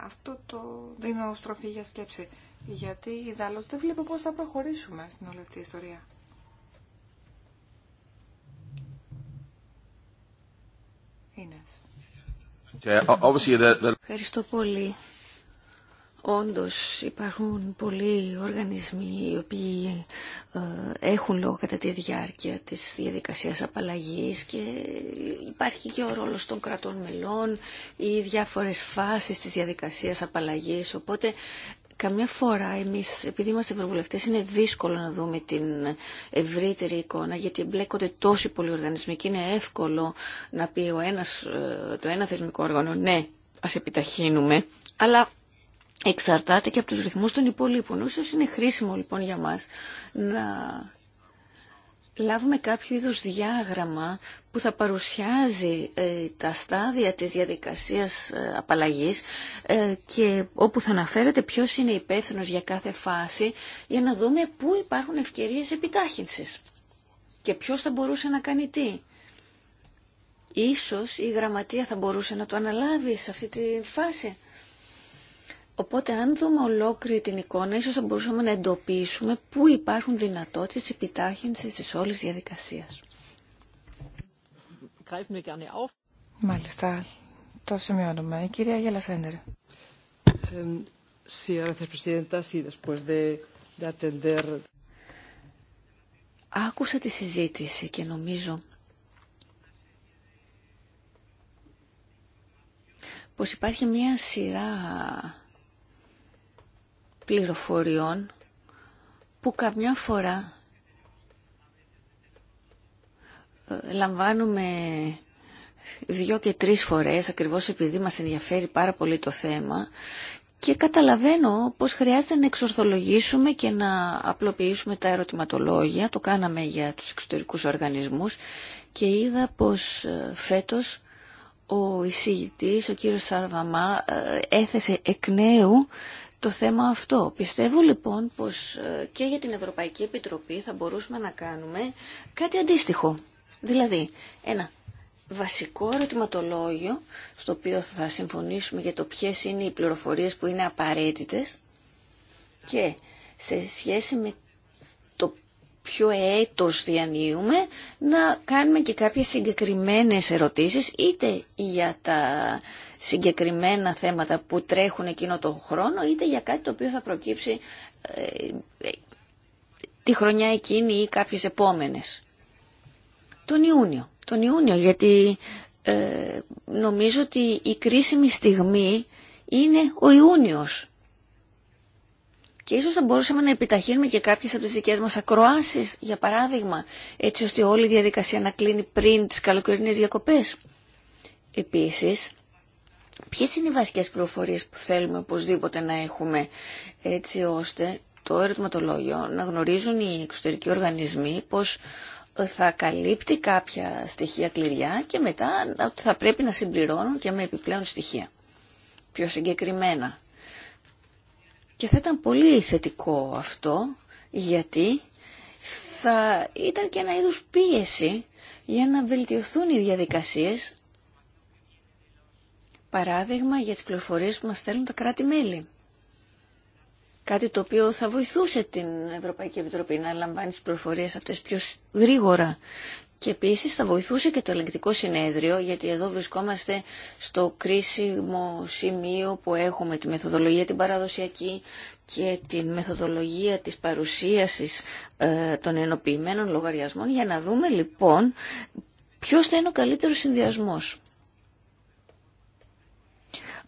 Αυτό το δίνω στροφή για σκέψη, γιατί ιδάλω δεν βλέπω πώς θα προχωρήσουμε στην όλη αυτή η ιστορία. Είναι. Ευχαριστώ πολύ. Όντω. υπάρχουν πολλοί οργανισμοί οι οποίοι ε, έχουν λόγο κατά τη διάρκεια της διαδικασίας απαλλαγής και υπάρχει και ο ρόλος των κρατών μελών ή διάφορες φάσεις της διαδικασίας απαλλαγής. Οπότε Καμιά φορά εμείς, επειδή είμαστε ευρωβουλευτέ, είναι δύσκολο να δούμε την ευρύτερη εικόνα, γιατί εμπλέκονται τόσοι πολλοί οργανισμοί και είναι εύκολο να πει ο ένας, ε, το ένα θεσμικό όργανο, ναι, ας επιταχύνουμε, αλλά εξαρτάται και από τους ρυθμούς των υπολείπων. Ίσως είναι χρήσιμο λοιπόν για μας να λάβουμε κάποιο είδους διάγραμμα που θα παρουσιάζει ε, τα στάδια της διαδικασίας ε, απαλλαγής ε, και όπου θα αναφέρεται ποιος είναι υπεύθυνο για κάθε φάση για να δούμε πού υπάρχουν ευκαιρίες επιτάχυνσης και ποιος θα μπορούσε να κάνει τι. Ίσως η γραμματεία θα μπορούσε να το αναλάβει σε αυτή τη φάση. Οπότε αν δούμε ολόκληρη την εικόνα, ίσως θα μπορούσαμε να εντοπίσουμε πού υπάρχουν δυνατότητες επιτάχυνσης της όλης διαδικασίας. Μάλιστα, το σημειώνουμε. Η κυρία Γέλα Άκουσα τη συζήτηση και νομίζω πως υπάρχει μια σειρά πληροφοριών που καμιά φορά ε, λαμβάνουμε δύο και τρεις φορές ακριβώς επειδή μας ενδιαφέρει πάρα πολύ το θέμα και καταλαβαίνω πως χρειάζεται να εξορθολογήσουμε και να απλοποιήσουμε τα ερωτηματολόγια. Το κάναμε για τους εξωτερικούς οργανισμούς και είδα πως ε, φέτος ο εισηγητής, ο κύριος Σαρβαμά, ε, έθεσε εκ νέου το θέμα αυτό. Πιστεύω λοιπόν πως ε, και για την Ευρωπαϊκή Επιτροπή θα μπορούσαμε να κάνουμε κάτι αντίστοιχο. Δηλαδή, ένα βασικό ερωτηματολόγιο, στο οποίο θα συμφωνήσουμε για το ποιες είναι οι πληροφορίες που είναι απαραίτητες και σε σχέση με ποιο έτος διανύουμε, να κάνουμε και κάποιες συγκεκριμένες ερωτήσεις, είτε για τα συγκεκριμένα θέματα που τρέχουν εκείνο τον χρόνο, είτε για κάτι το οποίο θα προκύψει ε, τη χρονιά εκείνη ή κάποιες επόμενες. Τον Ιούνιο. Τον Ιούνιο, γιατί ε, νομίζω ότι η κρίσιμη στιγμή είναι ο Ιούνιος. Και ίσως θα μπορούσαμε να επιταχύνουμε και κάποιες από τις δικές μας ακροάσεις, για παράδειγμα, έτσι ώστε όλη η διαδικασία να κλείνει πριν τις καλοκαιρινές διακοπές. Επίσης, ποιες είναι οι βασικές πληροφορίες που θέλουμε οπωσδήποτε να έχουμε, έτσι ώστε το ερωτηματολόγιο να γνωρίζουν οι εξωτερικοί οργανισμοί πως ε, θα καλύπτει κάποια στοιχεία κλειδιά και μετά θα πρέπει να συμπληρώνουν και με επιπλέον στοιχεία. Πιο συγκεκριμένα, και θα ήταν πολύ θετικό αυτό, γιατί θα ήταν και ένα είδους πίεση για να βελτιωθούν οι διαδικασίες, παράδειγμα για τις πληροφορίες που μας στέλνουν τα κράτη-μέλη. Κάτι το οποίο θα βοηθούσε την Ευρωπαϊκή Επιτροπή να λαμβάνει τις πληροφορίες αυτές πιο γρήγορα και επίσης θα βοηθούσε και το ελεγκτικό συνέδριο, γιατί εδώ βρισκόμαστε στο κρίσιμο σημείο που έχουμε τη μεθοδολογία την παραδοσιακή και τη μεθοδολογία της παρουσίασης ε, των ενοποιημένων λογαριασμών, για να δούμε λοιπόν ποιος θα είναι ο καλύτερος συνδυασμός.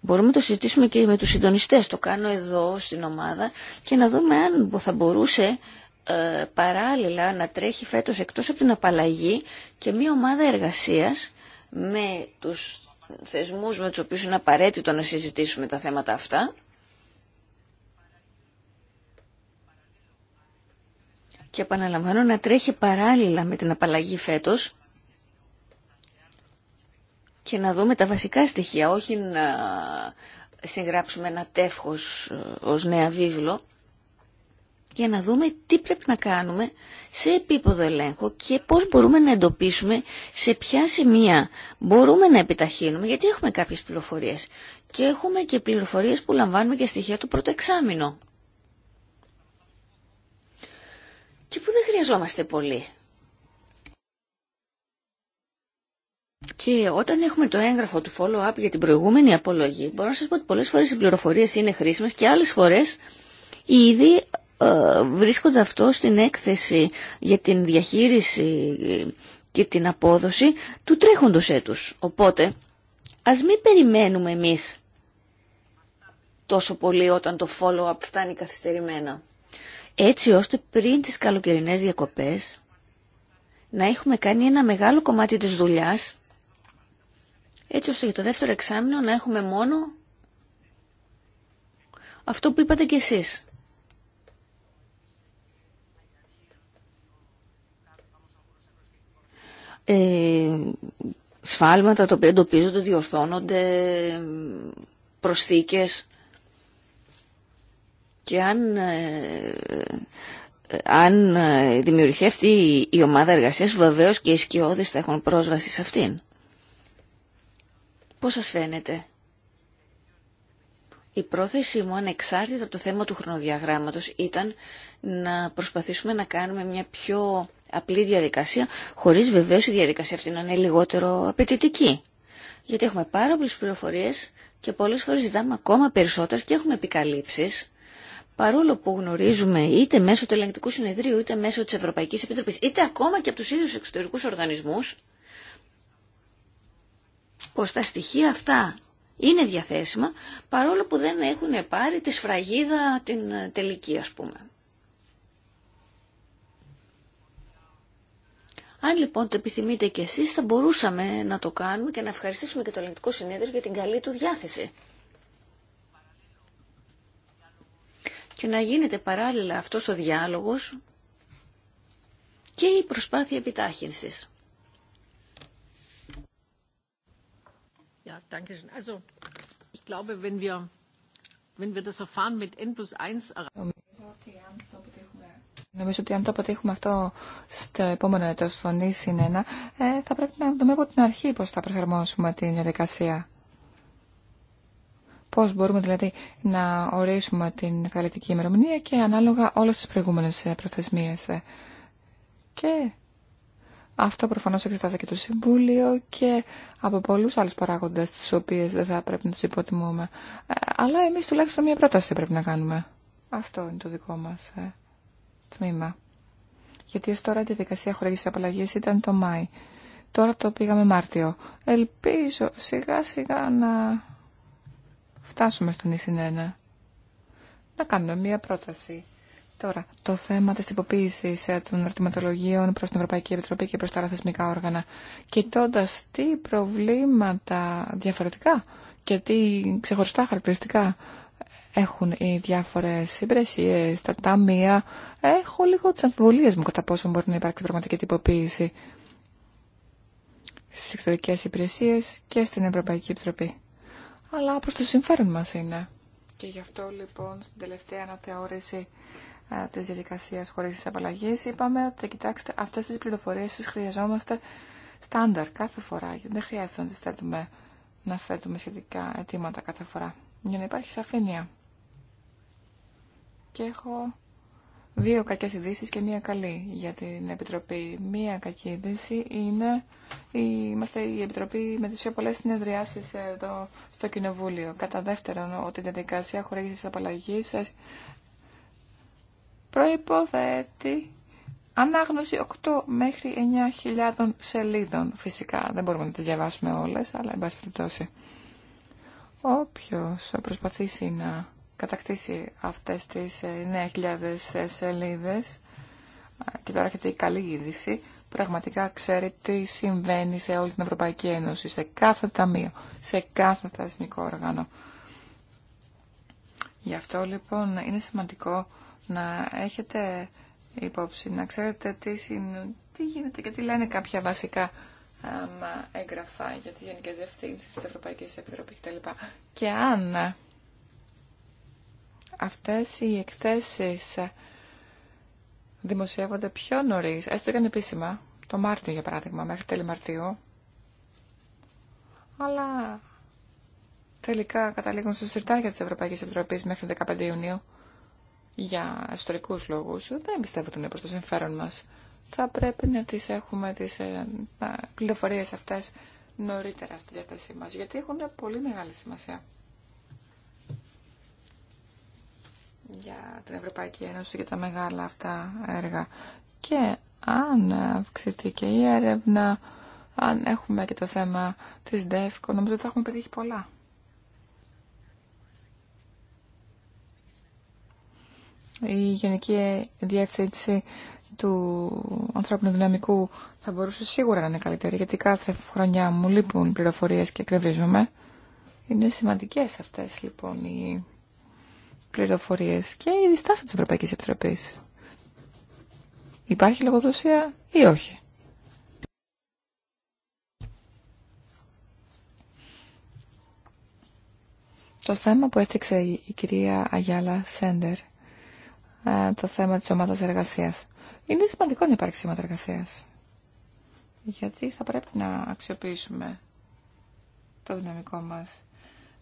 Μπορούμε να το συζητήσουμε και με τους συντονιστές, το κάνω εδώ στην ομάδα και να δούμε αν θα μπορούσε ε, παράλληλα να τρέχει φέτος εκτός από την απαλλαγή και μία ομάδα εργασίας με τους θεσμούς με τους οποίους είναι απαραίτητο να συζητήσουμε τα θέματα αυτά και επαναλαμβάνω να τρέχει παράλληλα με την απαλλαγή φέτος και να δούμε τα βασικά στοιχεία, όχι να συγγράψουμε ένα τεύχος ε, ως νέα βίβλο για να δούμε τι πρέπει να κάνουμε σε επίπεδο ελέγχου και πώς μπορούμε να εντοπίσουμε σε ποια σημεία μπορούμε να επιταχύνουμε, γιατί έχουμε κάποιες πληροφορίες και έχουμε και πληροφορίες που λαμβάνουμε και στοιχεία του πρώτου εξάμεινο Και που δεν χρειαζόμαστε πολύ. Και όταν έχουμε το έγγραφο του follow-up για την προηγούμενη απολογή, μπορώ να σας πω ότι πολλές φορές οι πληροφορίες είναι χρήσιμες και άλλες φορές ήδη ε, βρίσκονται αυτό στην έκθεση για την διαχείριση και την απόδοση του τρέχοντος έτους. Οπότε, ας μην περιμένουμε εμείς τόσο πολύ όταν το follow-up φτάνει καθυστερημένα. Έτσι ώστε πριν τις καλοκαιρινές διακοπές να έχουμε κάνει ένα μεγάλο κομμάτι της δουλειάς έτσι ώστε για το δεύτερο εξάμεινο να έχουμε μόνο αυτό που είπατε κι εσείς. Ε, σφάλματα τα οποία εντοπίζονται, διορθώνονται, προσθήκες και αν, ε, ε, αν δημιουργηθεί η ομάδα εργασίας βεβαίως και οι σκιώδες θα έχουν πρόσβαση σε αυτήν. Πώς σας φαίνεται. Η πρόθεσή μου ανεξάρτητα από το θέμα του χρονοδιαγράμματος ήταν να προσπαθήσουμε να κάνουμε μια πιο απλή διαδικασία, χωρίς βεβαίως η διαδικασία αυτή να είναι λιγότερο απαιτητική. Γιατί έχουμε πάρα πολλές πληροφορίες και πολλές φορές ζητάμε ακόμα περισσότερες και έχουμε επικαλύψεις παρόλο που γνωρίζουμε είτε μέσω του ελεγκτικού συνεδρίου, είτε μέσω της Ευρωπαϊκής Επιτροπής, είτε ακόμα και από τους ίδιους εξωτερικούς οργανισμούς, πως τα στοιχεία αυτά είναι διαθέσιμα, παρόλο που δεν έχουν πάρει τη σφραγίδα την τελική, ας πούμε. Αν λοιπόν το επιθυμείτε κι εσείς θα μπορούσαμε να το κάνουμε και να ευχαριστήσουμε και το Ελληνικό συνέδριο για την καλή του διάθεση. Και να γίνεται παράλληλα αυτός ο διάλογος και η προσπάθεια επιτάχυνσης. Νομίζω ότι αν το αποτύχουμε αυτό στο επόμενο έτο, στο νησιν ε, θα πρέπει να δούμε από την αρχή πώ θα προσαρμόσουμε την διαδικασία. Πώ μπορούμε δηλαδή να ορίσουμε την καλλιτική ημερομηνία και ανάλογα όλε τι προηγούμενε ε, προθεσμίε. Ε. Και αυτό προφανώ εξετάζεται και το Συμβούλιο και από πολλού άλλου παράγοντε του οποίες δεν θα πρέπει να του υποτιμούμε. Ε, αλλά εμεί τουλάχιστον μια πρόταση πρέπει να κάνουμε. Αυτό είναι το δικό μας τμήμα. Γιατί ω τώρα η διαδικασία χωρίς απαλλαγής ήταν το Μάη. Τώρα το πήγαμε Μάρτιο. Ελπίζω σιγά σιγά να φτάσουμε στον Ισηνένα. Να κάνουμε μία πρόταση. Τώρα, το θέμα της τυποποίησης ε, των ερωτηματολογίων προς την Ευρωπαϊκή Επιτροπή και προς τα άλλα θεσμικά όργανα. κοιτώντα τι προβλήματα διαφορετικά και τι ξεχωριστά χαρακτηριστικά έχουν οι διάφορες υπηρεσίες, τα ταμεία. Έχω λίγο τις αμφιβολίες μου κατά πόσο μπορεί να υπάρξει πραγματική τυποποίηση στις εξωτερικές υπηρεσίες και στην Ευρωπαϊκή Επιτροπή. Αλλά προς το συμφέρον μας είναι. Και γι' αυτό λοιπόν στην τελευταία αναθεώρηση ε, της διαδικασίας χωρίς απαλλαγές, είπαμε ότι κοιτάξτε αυτές τις πληροφορίες τις χρειαζόμαστε στάνταρ κάθε φορά. Δεν χρειάζεται να τις να θέτουμε σχετικά αιτήματα κάθε φορά για να υπάρχει σαφήνεια και έχω δύο κακές ειδήσει και μία καλή για την Επιτροπή. Μία κακή ειδήση είναι είμαστε η Επιτροπή με τις πιο πολλές συνεδριάσεις εδώ στο Κοινοβούλιο. Κατά δεύτερον, ότι η διαδικασία χορήγησης απαλλαγή προϋποθέτει Ανάγνωση 8 μέχρι 9.000 σελίδων. Φυσικά δεν μπορούμε να τις διαβάσουμε όλες, αλλά εν πάση περιπτώσει. Όποιος προσπαθήσει να κατακτήσει αυτές τις 9.000 ε, ε, σελίδες και τώρα έχετε η καλή είδηση, πραγματικά ξέρει τι συμβαίνει σε όλη την Ευρωπαϊκή Ένωση, σε κάθε ταμείο, σε κάθε θεσμικό όργανο. Γι' αυτό λοιπόν είναι σημαντικό να έχετε υπόψη, να ξέρετε τι, τι γίνεται και τι λένε κάποια βασικά έγγραφα για τις γενικές διευθύνσεις της Ευρωπαϊκής Επιτροπής κτλ. Και αν αυτές οι εκθέσεις δημοσιεύονται πιο νωρίς, έστω και ανεπίσημα, το Μάρτιο για παράδειγμα, μέχρι τέλη Μαρτίου, αλλά τελικά καταλήγουν στο συρτάρια της Ευρωπαϊκής Επιτροπής μέχρι 15 Ιουνίου για ιστορικούς λόγους. Δεν πιστεύω ότι είναι προς το συμφέρον μας. Θα πρέπει να τις έχουμε τις ε, πληροφορίες αυτές νωρίτερα στη διάθεσή μας, γιατί έχουν πολύ μεγάλη σημασία. για την Ευρωπαϊκή Ένωση και τα μεγάλα αυτά έργα. Και αν αυξηθεί και η έρευνα, αν έχουμε και το θέμα της ΔΕΦΚΟ, νομίζω ότι θα έχουμε πετύχει πολλά. Η Γενική Διεύθυνση του ανθρώπινου δυναμικού θα μπορούσε σίγουρα να είναι καλύτερη, γιατί κάθε χρονιά μου λείπουν πληροφορίες και εκνευρίζομαι. Είναι σημαντικές αυτές λοιπόν οι πληροφορίες και η διστάση τη Ευρωπαϊκή Επιτροπή. Υπάρχει λογοδουσία ή όχι. Το θέμα που έθιξε η κυρία Αγιάλα Σέντερ, ε, το θέμα της ομάδας εργασίας, είναι σημαντικό να υπάρξει ομάδα εργασίας. Γιατί θα πρέπει να αξιοποιήσουμε το δυναμικό μας.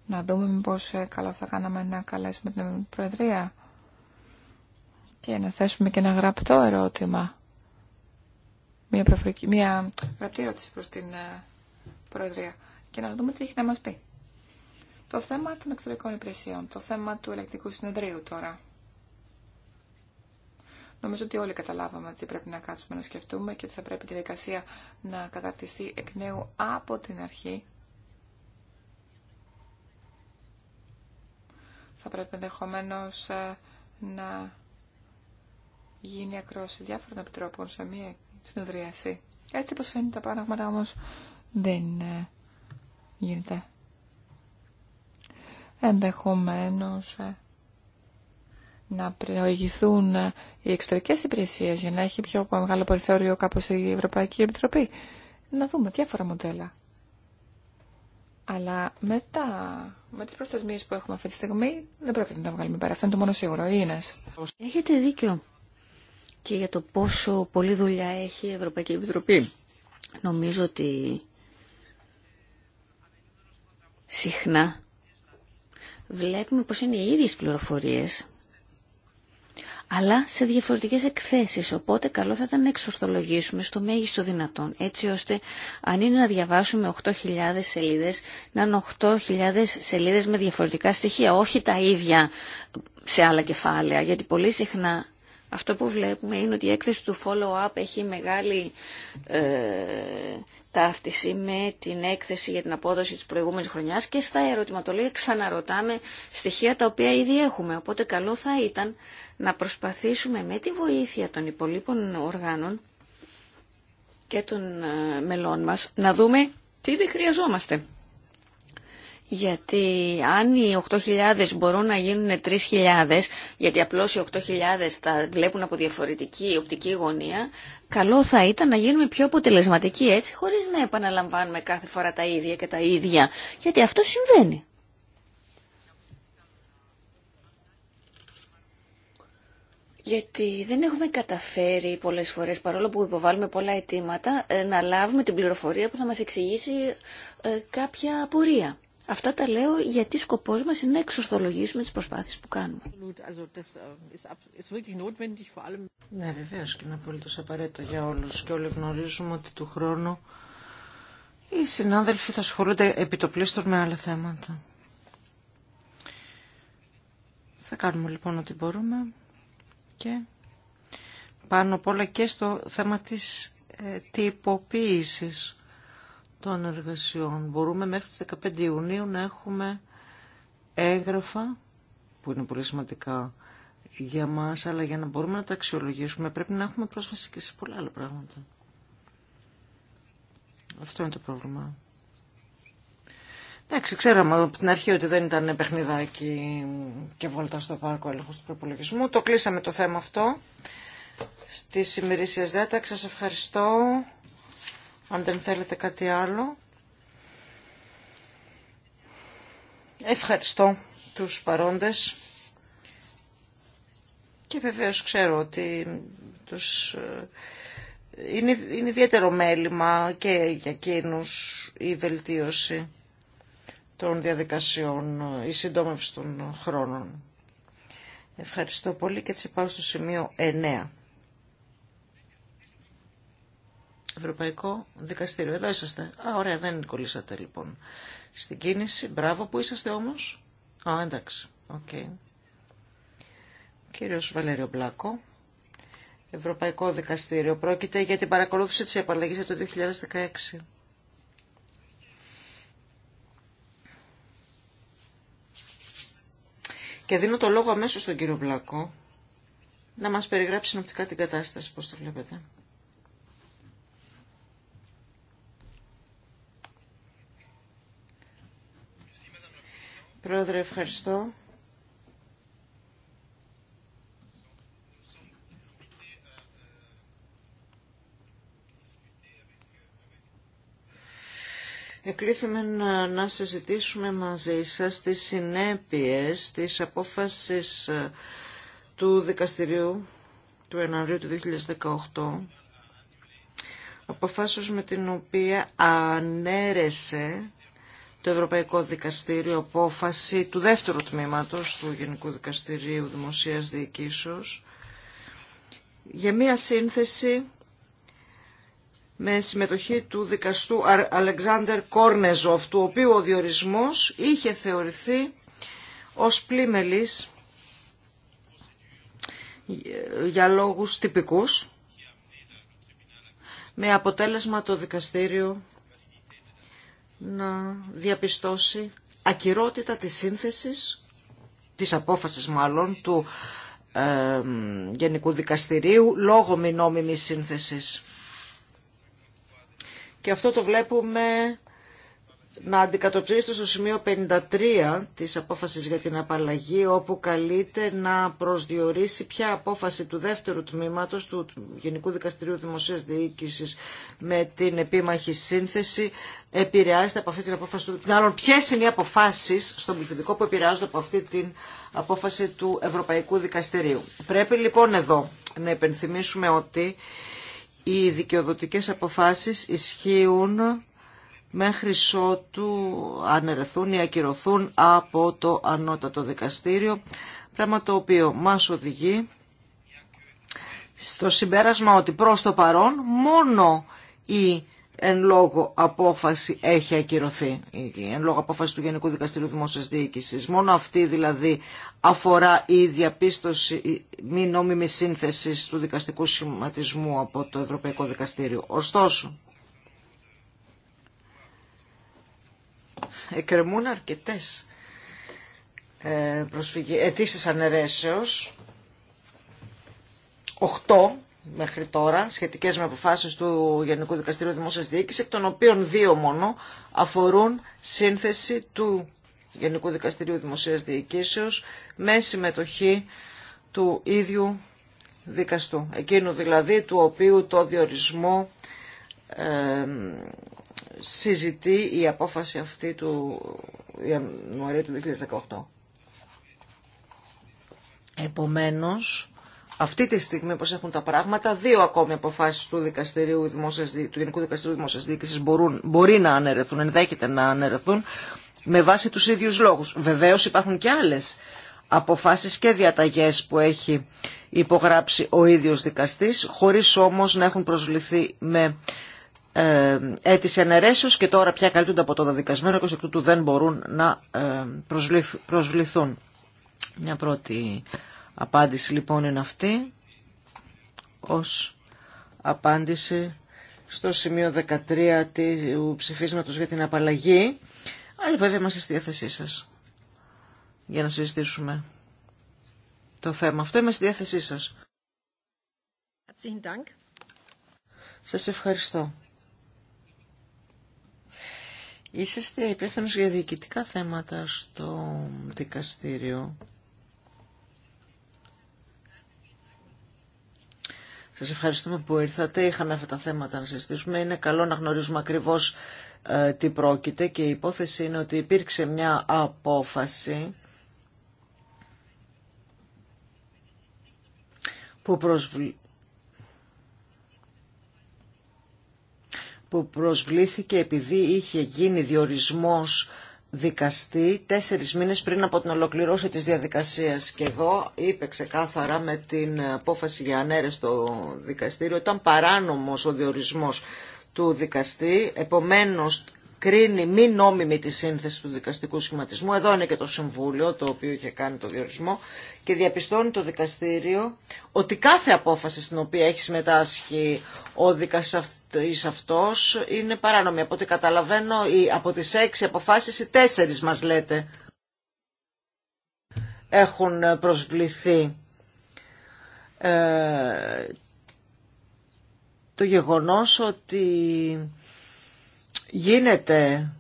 Να δούμε μήπως ε, καλό θα κάναμε να καλέσουμε την Προεδρία και να θέσουμε και ένα γραπτό ερώτημα. Μια, μια γραπτή ερώτηση προς την ε, Προεδρία και να δούμε τι έχει να μας πει. Το θέμα των εξωτερικών υπηρεσιών, το θέμα του ελεκτικού συνεδρίου τώρα. Νομίζω ότι όλοι καταλάβαμε τι πρέπει να κάτσουμε να σκεφτούμε και ότι θα πρέπει τη δικασία να καταρτιστεί εκ νέου από την αρχή θα πρέπει ενδεχομένω ε, να γίνει ακρόαση διάφορων επιτρόπων σε μία συνεδρίαση. Έτσι πως είναι τα πράγματα όμως δεν ε, γίνεται. Ενδεχομένως ε, να προηγηθούν οι εξωτερικές υπηρεσίες για να έχει πιο μεγάλο περιθώριο κάπως η Ευρωπαϊκή Επιτροπή. Να δούμε διάφορα μοντέλα. Αλλά μετά, με τι προθεσμίε που έχουμε αυτή τη στιγμή, δεν πρόκειται να τα βγάλουμε πέρα. Αυτό είναι το μόνο σίγουρο. είναι Έχετε δίκιο και για το πόσο πολλή δουλειά έχει η Ευρωπαϊκή Επιτροπή. Νομίζω ότι συχνά βλέπουμε πως είναι οι ίδιες πληροφορίες αλλά σε διαφορετικές εκθέσεις. Οπότε καλό θα ήταν να εξορθολογήσουμε στο μέγιστο δυνατόν, έτσι ώστε αν είναι να διαβάσουμε 8.000 σελίδες, να είναι 8.000 σελίδες με διαφορετικά στοιχεία, όχι τα ίδια σε άλλα κεφάλαια, γιατί πολύ συχνά αυτό που βλέπουμε είναι ότι η έκθεση του follow-up έχει μεγάλη ε, ταύτιση με την έκθεση για την απόδοση της προηγούμενης χρονιάς και στα ερωτηματολόγια ξαναρωτάμε στοιχεία τα οποία ήδη έχουμε. Οπότε καλό θα ήταν να προσπαθήσουμε με τη βοήθεια των υπολείπων οργάνων και των ε, μελών μας να δούμε τι δεν χρειαζόμαστε. Γιατί αν οι 8.000 μπορούν να γίνουν 3.000, γιατί απλώς οι 8.000 τα βλέπουν από διαφορετική οπτική γωνία, καλό θα ήταν να γίνουμε πιο αποτελεσματικοί έτσι, χωρίς να επαναλαμβάνουμε κάθε φορά τα ίδια και τα ίδια. Γιατί αυτό συμβαίνει. Γιατί δεν έχουμε καταφέρει πολλές φορές, παρόλο που υποβάλλουμε πολλά αιτήματα, ε, να λάβουμε την πληροφορία που θα μας εξηγήσει ε, κάποια απορία. Αυτά τα λέω γιατί σκοπός μας είναι να εξορθολογήσουμε τις προσπάθειες που κάνουμε. Ähm, ναι, βεβαίω και είναι απολύτως απαραίτητο για όλους και όλοι γνωρίζουμε ότι του χρόνου οι συνάδελφοι θα ασχολούνται επιτοπλίστων με άλλα θέματα. Θα κάνουμε λοιπόν ό,τι μπορούμε και πάνω απ' όλα και στο θέμα της ε, τυποποίησης των εργασιών. Μπορούμε μέχρι τις 15 Ιουνίου να έχουμε έγγραφα που είναι πολύ σημαντικά για μας, αλλά για να μπορούμε να τα αξιολογήσουμε πρέπει να έχουμε πρόσβαση και σε πολλά άλλα πράγματα. Αυτό είναι το πρόβλημα. Εντάξει, ξέραμε από την αρχή ότι δεν ήταν παιχνιδάκι και βόλτα στο πάρκο έλεγχος του προπολογισμού. Το κλείσαμε το θέμα αυτό. Στη ημερήσιας δέταξη. σας ευχαριστώ αν δεν θέλετε κάτι άλλο. Ευχαριστώ τους παρόντες και βεβαίως ξέρω ότι τους... Ε, είναι, ιδιαίτερο μέλημα και για εκείνους η βελτίωση των διαδικασιών, η συντόμευση των χρόνων. Ευχαριστώ πολύ και έτσι πάω στο σημείο 9. Ευρωπαϊκό Δικαστήριο. Εδώ είσαστε. Α, ωραία, δεν κολλήσατε λοιπόν στην κίνηση. Μπράβο, που είσαστε όμως. Α, εντάξει. Οκ. Okay. Κύριος Βαλέριο Μπλάκο. Ευρωπαϊκό Δικαστήριο. Πρόκειται για την παρακολούθηση της επαλλαγής του 2016. Και δίνω το λόγο αμέσως στον κύριο Μπλάκο να μας περιγράψει συνοπτικά την κατάσταση, πώς το βλέπετε. Πρόεδρε, ευχαριστώ. Εκλήθημε να, συζητήσουμε μαζί σας τις συνέπειες της απόφασης ε, του δικαστηρίου του Ιανουαρίου του 2018 αποφάσεως με την οποία ανέρεσε το Ευρωπαϊκό Δικαστήριο απόφαση του δεύτερου τμήματος του Γενικού Δικαστηρίου Δημοσίας Διοικήσεως για μία σύνθεση με συμμετοχή του δικαστού Αλεξάνδερ Κόρνεζοφ, του οποίου ο διορισμός είχε θεωρηθεί ως πλήμελης για λόγους τυπικούς, με αποτέλεσμα το δικαστήριο να διαπιστώσει ακυρότητα της σύνθεσης, της απόφασης μάλλον, του ε, Γενικού Δικαστηρίου λόγω μη σύνθεσης. Και αυτό το βλέπουμε να αντικατοπτρίσετε στο σημείο 53 της απόφασης για την απαλλαγή όπου καλείται να προσδιορίσει ποια απόφαση του δεύτερου τμήματος του Γενικού Δικαστηρίου Δημοσίας Διοίκησης με την επίμαχη σύνθεση επηρεάζεται από αυτή την απόφαση του Μάλλον ποιες είναι οι αποφάσεις στον πληθυντικό που επηρεάζονται από αυτή την απόφαση του Ευρωπαϊκού Δικαστηρίου. Πρέπει λοιπόν εδώ να υπενθυμίσουμε ότι οι δικαιοδοτικές αποφάσεις ισχύουν μέχρι ότου αναιρεθούν ή ακυρωθούν από το ανώτατο δικαστήριο, πράγμα το οποίο μας οδηγεί στο συμπέρασμα ότι προς το παρόν μόνο η εν λόγω απόφαση έχει ακυρωθεί, η εν λόγω απόφαση του Γενικού Δικαστηρίου Δημόσιας Διοίκησης. Μόνο αυτή δηλαδή αφορά η διαπίστωση μη νόμιμη σύνθεση του δικαστικού σχηματισμού από το Ευρωπαϊκό Δικαστήριο. Ωστόσο, εκκρεμούν αρκετές ε, αιτήσεις αναιρέσεως, 8 μέχρι τώρα, σχετικές με αποφάσεις του Γενικού Δικαστηρίου Δημόσιας Διοίκησης, εκ των οποίων δύο μόνο αφορούν σύνθεση του Γενικού Δικαστηρίου Δημοσίας Διοικήσεως με συμμετοχή του ίδιου δικαστού, εκείνου δηλαδή του οποίου το διορισμό ε, συζητεί η απόφαση αυτή του Ιανουαρίου του 2018. Επομένως, αυτή τη στιγμή, όπως έχουν τα πράγματα, δύο ακόμη αποφάσεις του, δικαστηρίου, του Γενικού Δικαστηρίου Δημόσιας Διοίκησης μπορούν, μπορεί να αναιρεθούν, ενδέχεται να αναιρεθούν, με βάση τους ίδιους λόγους. Βεβαίως υπάρχουν και άλλες αποφάσεις και διαταγές που έχει υπογράψει ο ίδιος δικαστής, χωρίς όμως να έχουν προσβληθεί με αίτηση ε, αναιρέσεως και τώρα πια καλύπτονται από το δαδικασμένο και εκ τούτου δεν μπορούν να ε, προσβληθούν. Μια πρώτη απάντηση λοιπόν είναι αυτή ως απάντηση στο σημείο 13 του ψηφίσματος για την απαλλαγή. Αλλά βέβαια είμαστε στη διάθεσή σας για να συζητήσουμε το θέμα. Αυτό είμαι στη διάθεσή σας. Σας ευχαριστώ. Είσαστε υπεύθυνος για διοικητικά θέματα στο δικαστήριο. Σας ευχαριστούμε που ήρθατε. Είχαμε αυτά τα θέματα να συζητήσουμε. Είναι καλό να γνωρίζουμε ακριβώς ε, τι πρόκειται και η υπόθεση είναι ότι υπήρξε μια απόφαση που προσβλέπει που προσβλήθηκε επειδή είχε γίνει διορισμός δικαστή τέσσερις μήνες πριν από την ολοκληρώση της διαδικασίας και εδώ είπε ξεκάθαρα με την απόφαση για ανέρεση στο δικαστήριο ήταν παράνομος ο διορισμός του δικαστή επομένως κρίνει μη νόμιμη τη σύνθεση του δικαστικού σχηματισμού εδώ είναι και το Συμβούλιο το οποίο είχε κάνει το διορισμό και διαπιστώνει το δικαστήριο ότι κάθε απόφαση στην οποία έχει συμμετάσχει ο δικαστή αυτής αυτός είναι παράνομη. Από ό,τι καταλαβαίνω, από τις έξι αποφάσεις οι τέσσερις μας λέτε έχουν προσβληθεί. Ε, το γεγονός ότι γίνεται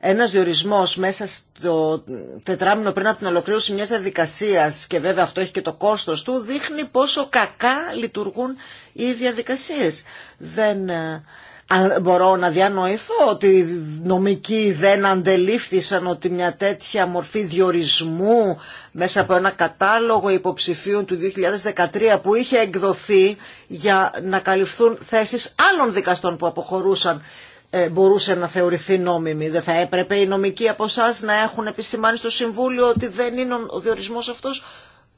ένας διορισμό μέσα στο τετράμινο πριν από την ολοκλήρωση μια διαδικασία και βέβαια αυτό έχει και το κόστος του, δείχνει πόσο κακά λειτουργούν οι διαδικασίες. Δεν ε, μπορώ να διανοηθώ ότι οι νομικοί δεν αντελήφθησαν ότι μια τέτοια μορφή διορισμού μέσα από ένα κατάλογο υποψηφίων του 2013 που είχε εκδοθεί για να καλυφθούν θέσεις άλλων δικαστών που αποχωρούσαν ε, μπορούσε να θεωρηθεί νόμιμη. Δεν θα έπρεπε οι νομικοί από εσά να έχουν επισημάνει στο Συμβούλιο ότι δεν είναι ο διορισμός αυτός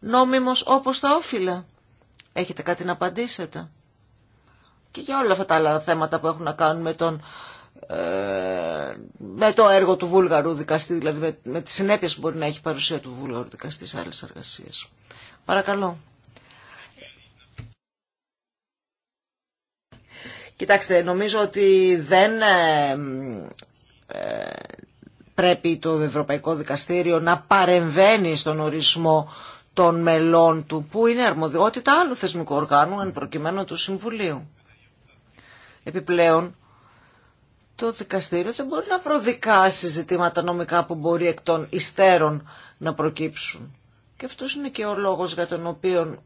νόμιμος όπως τα όφυλα. Έχετε κάτι να απαντήσετε. Και για όλα αυτά τα άλλα θέματα που έχουν να κάνουν με, τον, ε, με το έργο του Βούλγαρου δικαστή, δηλαδή με, με τις συνέπειες που μπορεί να έχει παρουσία του Βούλγαρου δικαστή σε άλλες εργασίες. Παρακαλώ. Κοιτάξτε, νομίζω ότι δεν ε, ε, πρέπει το Ευρωπαϊκό Δικαστήριο να παρεμβαίνει στον ορισμό των μελών του, που είναι αρμοδιότητα άλλου θεσμικού οργάνου, εν προκειμένου του Συμβουλίου. Επιπλέον, το δικαστήριο δεν μπορεί να προδικάσει ζητήματα νομικά που μπορεί εκ των υστέρων να προκύψουν. Και αυτός είναι και ο λόγος για τον οποίο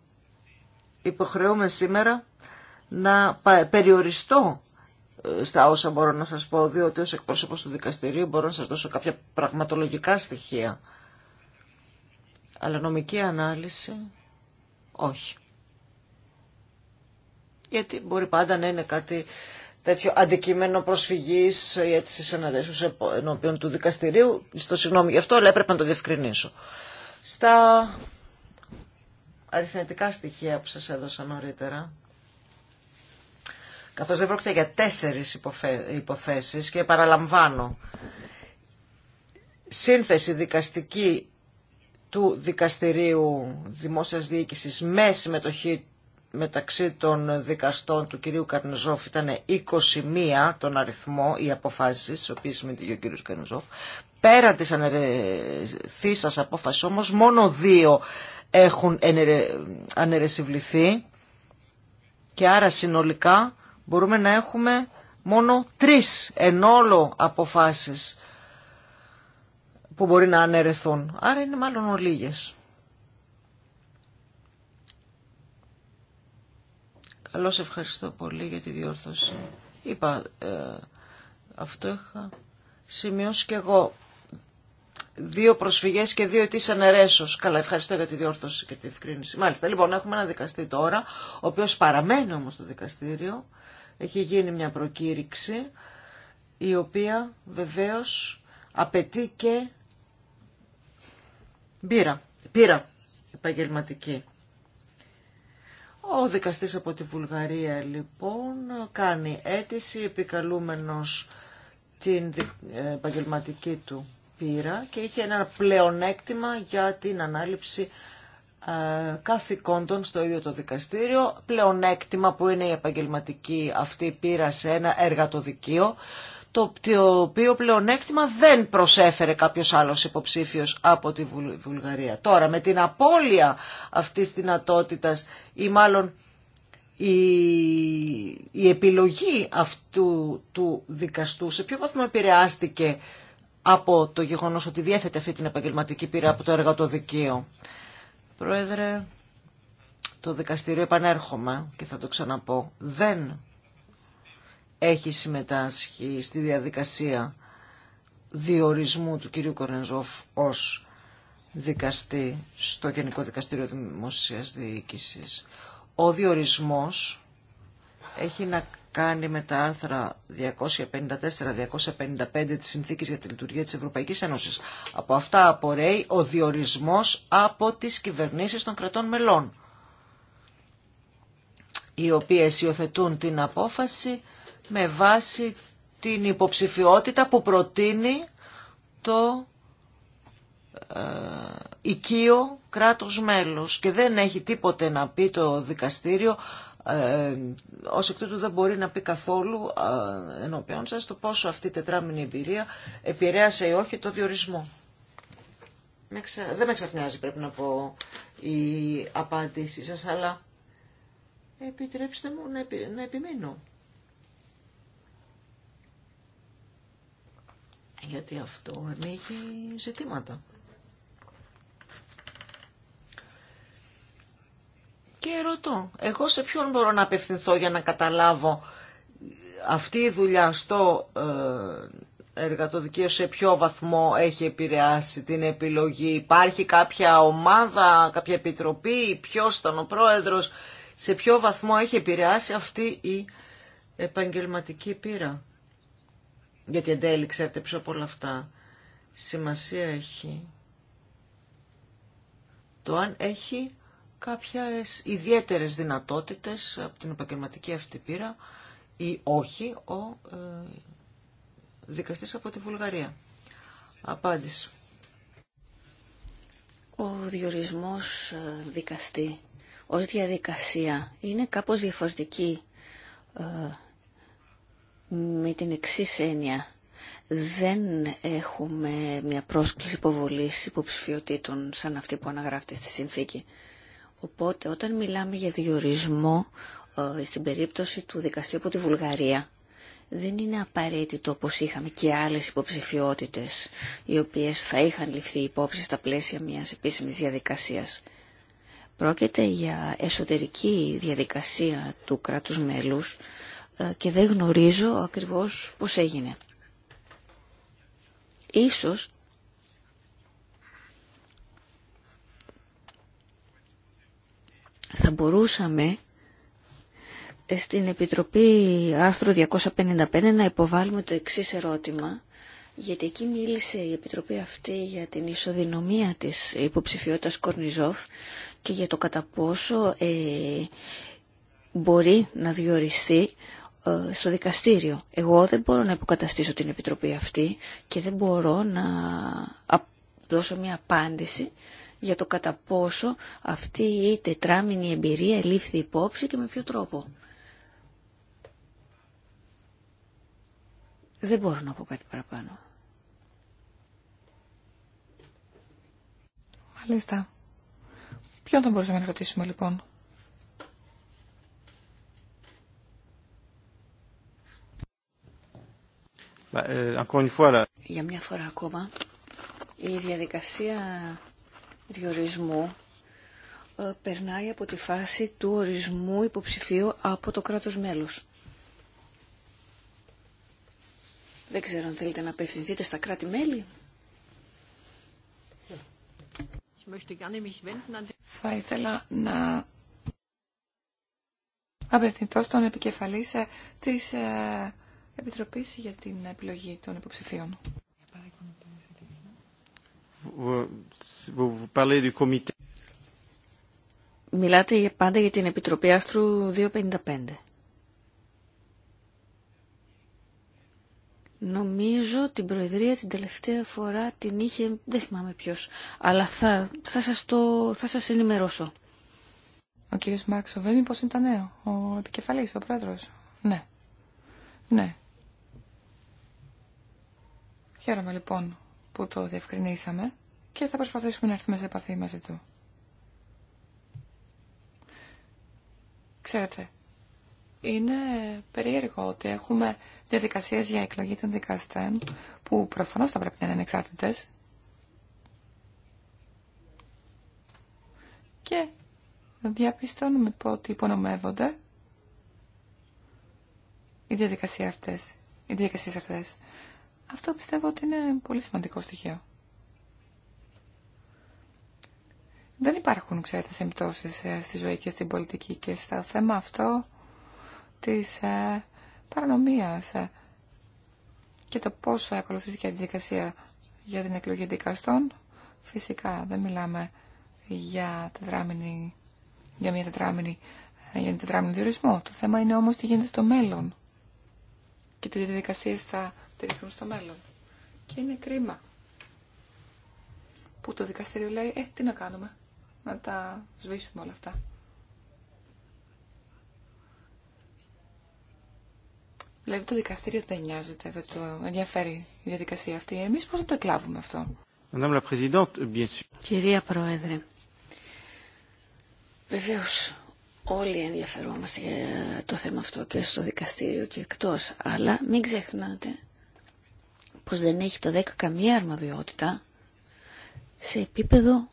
υποχρεούμε σήμερα να περιοριστώ ε, στα όσα μπορώ να σας πω, διότι ως εκπρόσωπος του δικαστηρίου μπορώ να σας δώσω κάποια πραγματολογικά στοιχεία. Αλλά νομική ανάλυση, όχι. Γιατί μπορεί πάντα να είναι κάτι τέτοιο αντικείμενο προσφυγής ή ε, έτσι συναρέσεως ενώπιον του δικαστηρίου. Στο συγγνώμη γι' αυτό, αλλά έπρεπε να το διευκρινίσω. Στα αριθμητικά στοιχεία που σας έδωσα νωρίτερα, καθώς δεν πρόκειται για τέσσερις υποθέσεις και παραλαμβάνω σύνθεση δικαστική του Δικαστηρίου Δημόσιας Διοίκησης με συμμετοχή μεταξύ των δικαστών του κυρίου Καρνεζόφ ήταν 21 τον αριθμό οι αποφάσεις στις οποίες συμμετείχε ο κύριος Καρνεζόφ. Πέρα της ανερεθήσας απόφασης όμως μόνο δύο έχουν ανερεσιβληθεί και άρα συνολικά Μπορούμε να έχουμε μόνο τρεις εν όλο αποφάσεις που μπορεί να αναιρεθούν. Άρα είναι μάλλον ολίγες. Καλώ ευχαριστώ πολύ για τη διόρθωση. Είπα, ε, αυτό είχα σημειώσει και εγώ. Δύο προσφυγές και δύο ετήσεις αναιρέσεως. Καλά, ευχαριστώ για τη διόρθωση και τη ευκρίνηση. Μάλιστα, λοιπόν, έχουμε ένα δικαστή τώρα, ο οποίος παραμένει όμως στο δικαστήριο. Έχει γίνει μια προκήρυξη η οποία βεβαίως απαιτεί και πείρα, επαγγελματική. Ο δικαστής από τη Βουλγαρία λοιπόν κάνει αίτηση επικαλούμενος την ε, επαγγελματική του πείρα και είχε ένα πλεονέκτημα για την ανάληψη ε, καθηκόντων στο ίδιο το δικαστήριο, πλεονέκτημα που είναι η επαγγελματική αυτή πήρα σε ένα εργατοδικείο, το οποίο πλεονέκτημα δεν προσέφερε κάποιος άλλος υποψήφιος από τη Βουλγαρία. Τώρα με την απώλεια αυτής της δυνατότητας ή μάλλον η, επιλογή αυτού του δικαστού σε ποιο βαθμό επηρεάστηκε από το γεγονός ότι διέθετε αυτή την επαγγελματική πείρα από το εργατοδικείο. Πρόεδρε, το δικαστήριο επανέρχομαι και θα το ξαναπώ. Δεν έχει συμμετάσχει στη διαδικασία διορισμού του κυρίου Κορενζόφ ως δικαστή στο Γενικό Δικαστήριο Δημοσίας Διοίκησης. Ο διορισμός έχει να κάνει με τα άρθρα 254-255 της Συνθήκης για τη Λειτουργία της Ευρωπαϊκής Ένωσης. Από αυτά απορρέει ο διορισμός από τις κυβερνήσεις των κρατών μελών, οι οποίες υιοθετούν την απόφαση με βάση την υποψηφιότητα που προτείνει το ε, οικείο κράτος μέλος και δεν έχει τίποτε να πει το δικαστήριο ε, εκ τούτου δεν μπορεί να πει καθόλου ε, ενώπιον σα το πόσο αυτή η τετράμινη εμπειρία επηρέασε ή όχι το διορισμό. Δεν με ξαφνιάζει πρέπει να πω η απάντησή σας, αλλά επιτρέψτε μου να, επι, να επιμείνω. Γιατί αυτό έχει ζητήματα. Και ρωτώ, εγώ σε ποιον μπορώ να απευθυνθώ για να καταλάβω αυτή η δουλειά στο ε, εργατοδικείο σε ποιο βαθμό έχει επηρεάσει την επιλογή. Υπάρχει κάποια ομάδα, κάποια επιτροπή, ποιος ήταν ο πρόεδρος, σε ποιο βαθμό έχει επηρεάσει αυτή η επαγγελματική πείρα. Γιατί εν τέλει ξέρετε πιο από όλα αυτά σημασία έχει το αν έχει κάποιες ιδιαίτερες δυνατότητες από την επαγγελματική αυτή πείρα ή όχι ο ε, δικαστής από τη Βουλγαρία. Απάντηση. Ο διορισμός ε, δικαστή ως διαδικασία είναι κάπως διαφορετική ε, με την εξή έννοια. Δεν έχουμε μια πρόσκληση υποβολής υποψηφιότητων σαν αυτή που αναγράφεται στη συνθήκη. Οπότε όταν μιλάμε για διορισμό ε, στην περίπτωση του δικαστή από τη Βουλγαρία δεν είναι απαραίτητο όπως είχαμε και άλλες υποψηφιότητες οι οποίες θα είχαν ληφθεί υπόψη στα πλαίσια μιας επίσημης διαδικασίας. Πρόκειται για εσωτερική διαδικασία του κράτους μέλους ε, και δεν γνωρίζω ακριβώς πώς έγινε. Ίσως θα μπορούσαμε ε, στην Επιτροπή άρθρο 255 να υποβάλουμε το εξής ερώτημα γιατί εκεί μίλησε η Επιτροπή αυτή για την ισοδυναμία της υποψηφιότητας Κορνιζόφ και για το κατά πόσο ε, μπορεί να διοριστεί ε, στο δικαστήριο. Εγώ δεν μπορώ να υποκαταστήσω την Επιτροπή αυτή και δεν μπορώ να δώσω μια απάντηση για το κατά πόσο αυτή η τετράμινη εμπειρία λήφθη υπόψη και με ποιο τρόπο. Δεν μπορώ να πω κάτι παραπάνω. Μάλιστα. Ποιον θα μπορούσαμε να ρωτήσουμε λοιπόν. Ε, για μια φορά ακόμα, η διαδικασία διορισμού ε, περνάει από τη φάση του ορισμού υποψηφίου από το κράτος μέλος. Δεν ξέρω αν θέλετε να απευθυνθείτε στα κράτη-μέλη. Θα ήθελα να απευθυνθώ στον επικεφαλής ε, της ε, Επιτροπής για την επιλογή των υποψηφίων. Μιλάτε πάντα για την Επιτροπή Άστρου 255. Νομίζω την Προεδρία την τελευταία φορά την είχε, δεν θυμάμαι ποιος, αλλά θα, θα, σας, το, θα σας ενημερώσω. Ο κύριος Μάρκ πώς ήταν νέο, ναι, ο επικεφαλής, ο πρόεδρος. Ναι. Ναι. Χαίρομαι λοιπόν που το διευκρινίσαμε και θα προσπαθήσουμε να έρθουμε σε επαφή μαζί του. Ξέρετε, είναι περίεργο ότι έχουμε διαδικασίες για εκλογή των δικαστών που προφανώς θα πρέπει να είναι ανεξάρτητες και διαπιστώνουμε ότι υπονομεύονται οι διαδικασίες αυτές. Οι διαδικασίες αυτές. Αυτό πιστεύω ότι είναι πολύ σημαντικό στοιχείο. Δεν υπάρχουν, ξέρετε, συμπτώσεις ε, στη ζωή και στην πολιτική και στο θέμα αυτό της ε, παρανομίας ε, και το πόσο ακολουθήθηκε η διαδικασία για την εκλογή δικαστών. Φυσικά δεν μιλάμε για, τετράμινη, για μια τετράμινη για διορισμό. Το θέμα είναι όμως τι γίνεται στο μέλλον και τι διαδικασίες θα τηρηθούν στο μέλλον. Και είναι κρίμα που το δικαστήριο λέει, ε, τι να κάνουμε, να τα σβήσουμε όλα αυτά. Δηλαδή το δικαστήριο δεν νοιάζεται, δεν το ενδιαφέρει η διαδικασία αυτή. Εμείς πώς θα το εκλάβουμε αυτό. Κυρία Πρόεδρε, βεβαίω όλοι ενδιαφερόμαστε για το θέμα αυτό και στο δικαστήριο και εκτός, αλλά μην ξεχνάτε πως δεν έχει το 10 καμία αρμοδιότητα σε επίπεδο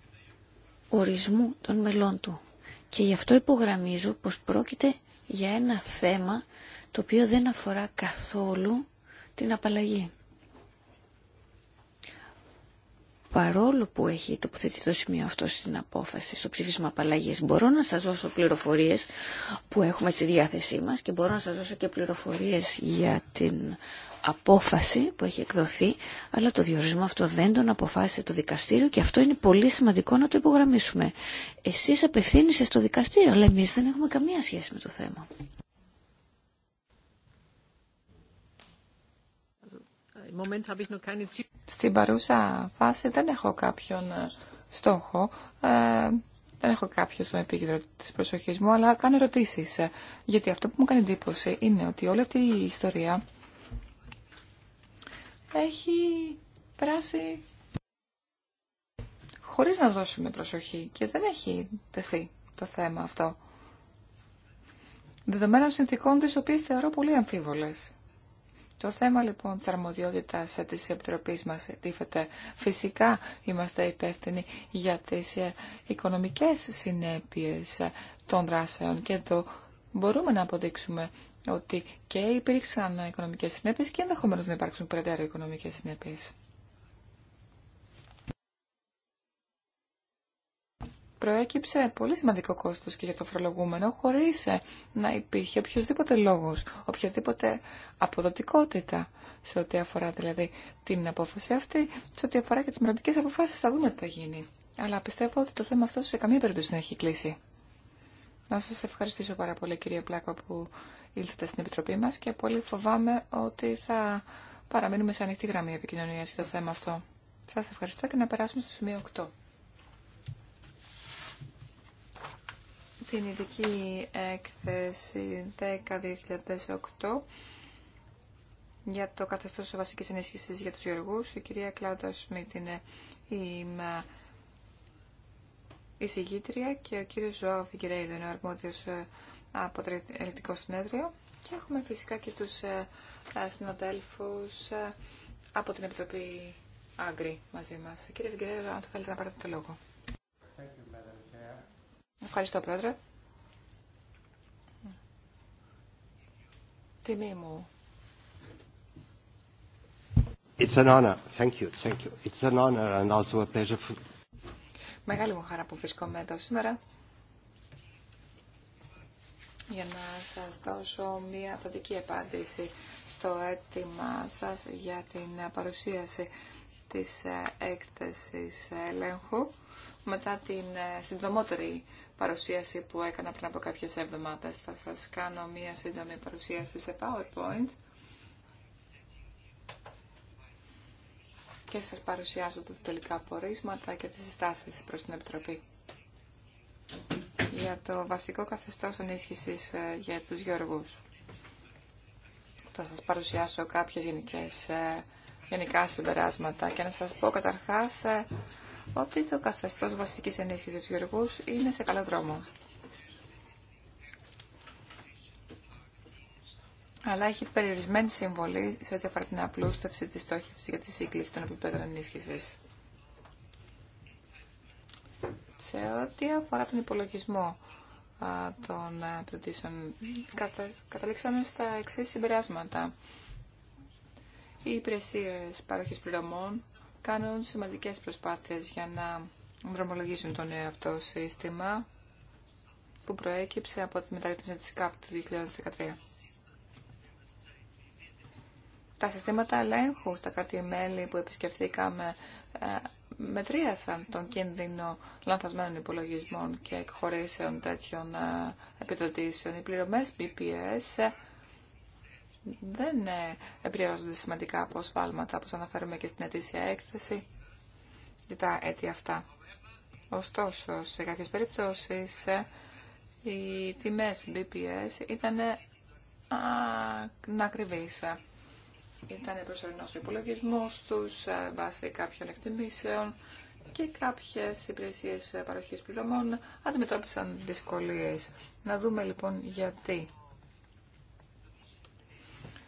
ορισμού των μελών του. Και γι' αυτό υπογραμμίζω πως πρόκειται για ένα θέμα το οποίο δεν αφορά καθόλου την απαλλαγή. Παρόλο που έχει τοποθετηθεί το σημείο αυτό στην απόφαση, στο ψήφισμα απαλλαγή, μπορώ να σας δώσω πληροφορίες που έχουμε στη διάθεσή μα και μπορώ να σα δώσω και πληροφορίε για την απόφαση που έχει εκδοθεί, αλλά το διορισμό αυτό δεν τον αποφάσισε το δικαστήριο και αυτό είναι πολύ σημαντικό να το υπογραμμίσουμε. Εσείς απευθύνεστε στο δικαστήριο, αλλά εμείς δεν έχουμε καμία σχέση με το θέμα. Στην παρούσα φάση δεν έχω κάποιον ε, στόχο, ε, δεν έχω κάποιον στον επίκεντρο της προσοχής μου, αλλά κάνω ερωτήσεις. Ε, γιατί αυτό που μου κάνει εντύπωση είναι ότι όλη αυτή η ιστορία έχει περάσει χωρίς να δώσουμε προσοχή και δεν έχει τεθεί το θέμα αυτό. Δεδομένων συνθήκων τις οποίες θεωρώ πολύ αμφίβολες. Το θέμα λοιπόν της αρμοδιότητας της Επιτροπής μας τίθεται. Φυσικά είμαστε υπεύθυνοι για τις ε, οικονομικές συνέπειες των δράσεων και εδώ μπορούμε να αποδείξουμε ότι και υπήρξαν οικονομικές συνέπειες και ενδεχομένως να υπάρξουν περαιτέρω οικονομικές συνέπειες. Προέκυψε πολύ σημαντικό κόστος και για το φρολογούμενο χωρίς να υπήρχε οποιοδήποτε λόγος, οποιαδήποτε αποδοτικότητα σε ό,τι αφορά δηλαδή την απόφαση αυτή, σε ό,τι αφορά και τις μερωτικές αποφάσεις θα δούμε τι θα γίνει. Αλλά πιστεύω ότι το θέμα αυτό σε καμία περίπτωση δεν έχει κλείσει. Να σας ευχαριστήσω πάρα πολύ κυρία Πλάκα που ήλθατε στην Επιτροπή μας και πολύ φοβάμαι ότι θα παραμείνουμε σε ανοιχτή γραμμή επικοινωνίας για το θέμα αυτό. Σας ευχαριστώ και να περάσουμε στο σημείο 8. Την ειδική έκθεση 10-2008 για το καθεστώς βασικής ενίσχυσης για τους γεωργούς. Η κυρία Κλάουτα Σμίτ είναι η εισηγήτρια και ο κύριος Ζωάο Φιγκερέιδο είναι ο αρμόδιος ε, από το Ελληνικό Συνέδριο και έχουμε φυσικά και τους ε, ε, συναδέλφους ε, από την Επιτροπή Άγκρη μαζί μας. Κύριε Βιγγερέρο, αν θα θέλετε να πάρετε το λόγο. Ευχαριστώ, Πρόεδρε. Τιμή μου. It's an honor. Thank you. Thank you. It's an honor and also a pleasure. Μεγάλη μου χαρά που βρίσκομαι εδώ σήμερα για να σας δώσω μία απαντική απάντηση στο αίτημα σας για την παρουσίαση της ε, έκθεσης ελέγχου μετά την ε, συντομότερη παρουσίαση που έκανα πριν από κάποιες εβδομάδες. Θα σας κάνω μία σύντομη παρουσίαση σε PowerPoint και σας παρουσιάζω τα τελικά απορίσματα και τις συστάσεις προς την Επιτροπή για το βασικό καθεστώς ενίσχυσης ε, για τους γεωργούς. Θα σας παρουσιάσω κάποιες γενικές, ε, γενικά συμπεράσματα και να σας πω καταρχάς ε, ότι το καθεστώς βασικής ενίσχυσης του γεωργούς είναι σε καλό δρόμο. αλλά έχει περιορισμένη συμβολή σε ό,τι αφορά την απλούστευση τη στόχευσης για τη σύγκληση των επιπέδων ενίσχυση σε ό,τι αφορά τον υπολογισμό των ε, επιδοτήσεων. Καταλήξαμε στα εξή συμπεράσματα. Οι υπηρεσίε παροχή πληρωμών κάνουν σημαντικέ προσπάθειε για να δρομολογήσουν το νέο αυτό σύστημα που προέκυψε από τη μεταρρύθμιση της ΚΑΠ του 2013. Τα συστήματα ελέγχου στα κράτη-μέλη που επισκεφθήκαμε ε, μετρίασαν τον κίνδυνο λανθασμένων υπολογισμών και εκχωρήσεων τέτοιων ε, επιδοτήσεων. Οι πληρωμές BPS ε, δεν επηρεάζονται σημαντικά από σφάλματα, όπως αναφέρουμε και στην ετήσια έκθεση για τα αίτια αυτά. Ωστόσο, σε κάποιες περιπτώσεις, οι τιμές BPS ήταν ανακριβείς ήταν προσωρινός υπολογισμός τους ε, βάσει κάποιων εκτιμήσεων και κάποιες υπηρεσίες ε, παροχής πληρωμών αντιμετώπισαν δυσκολίες. Να δούμε λοιπόν γιατί.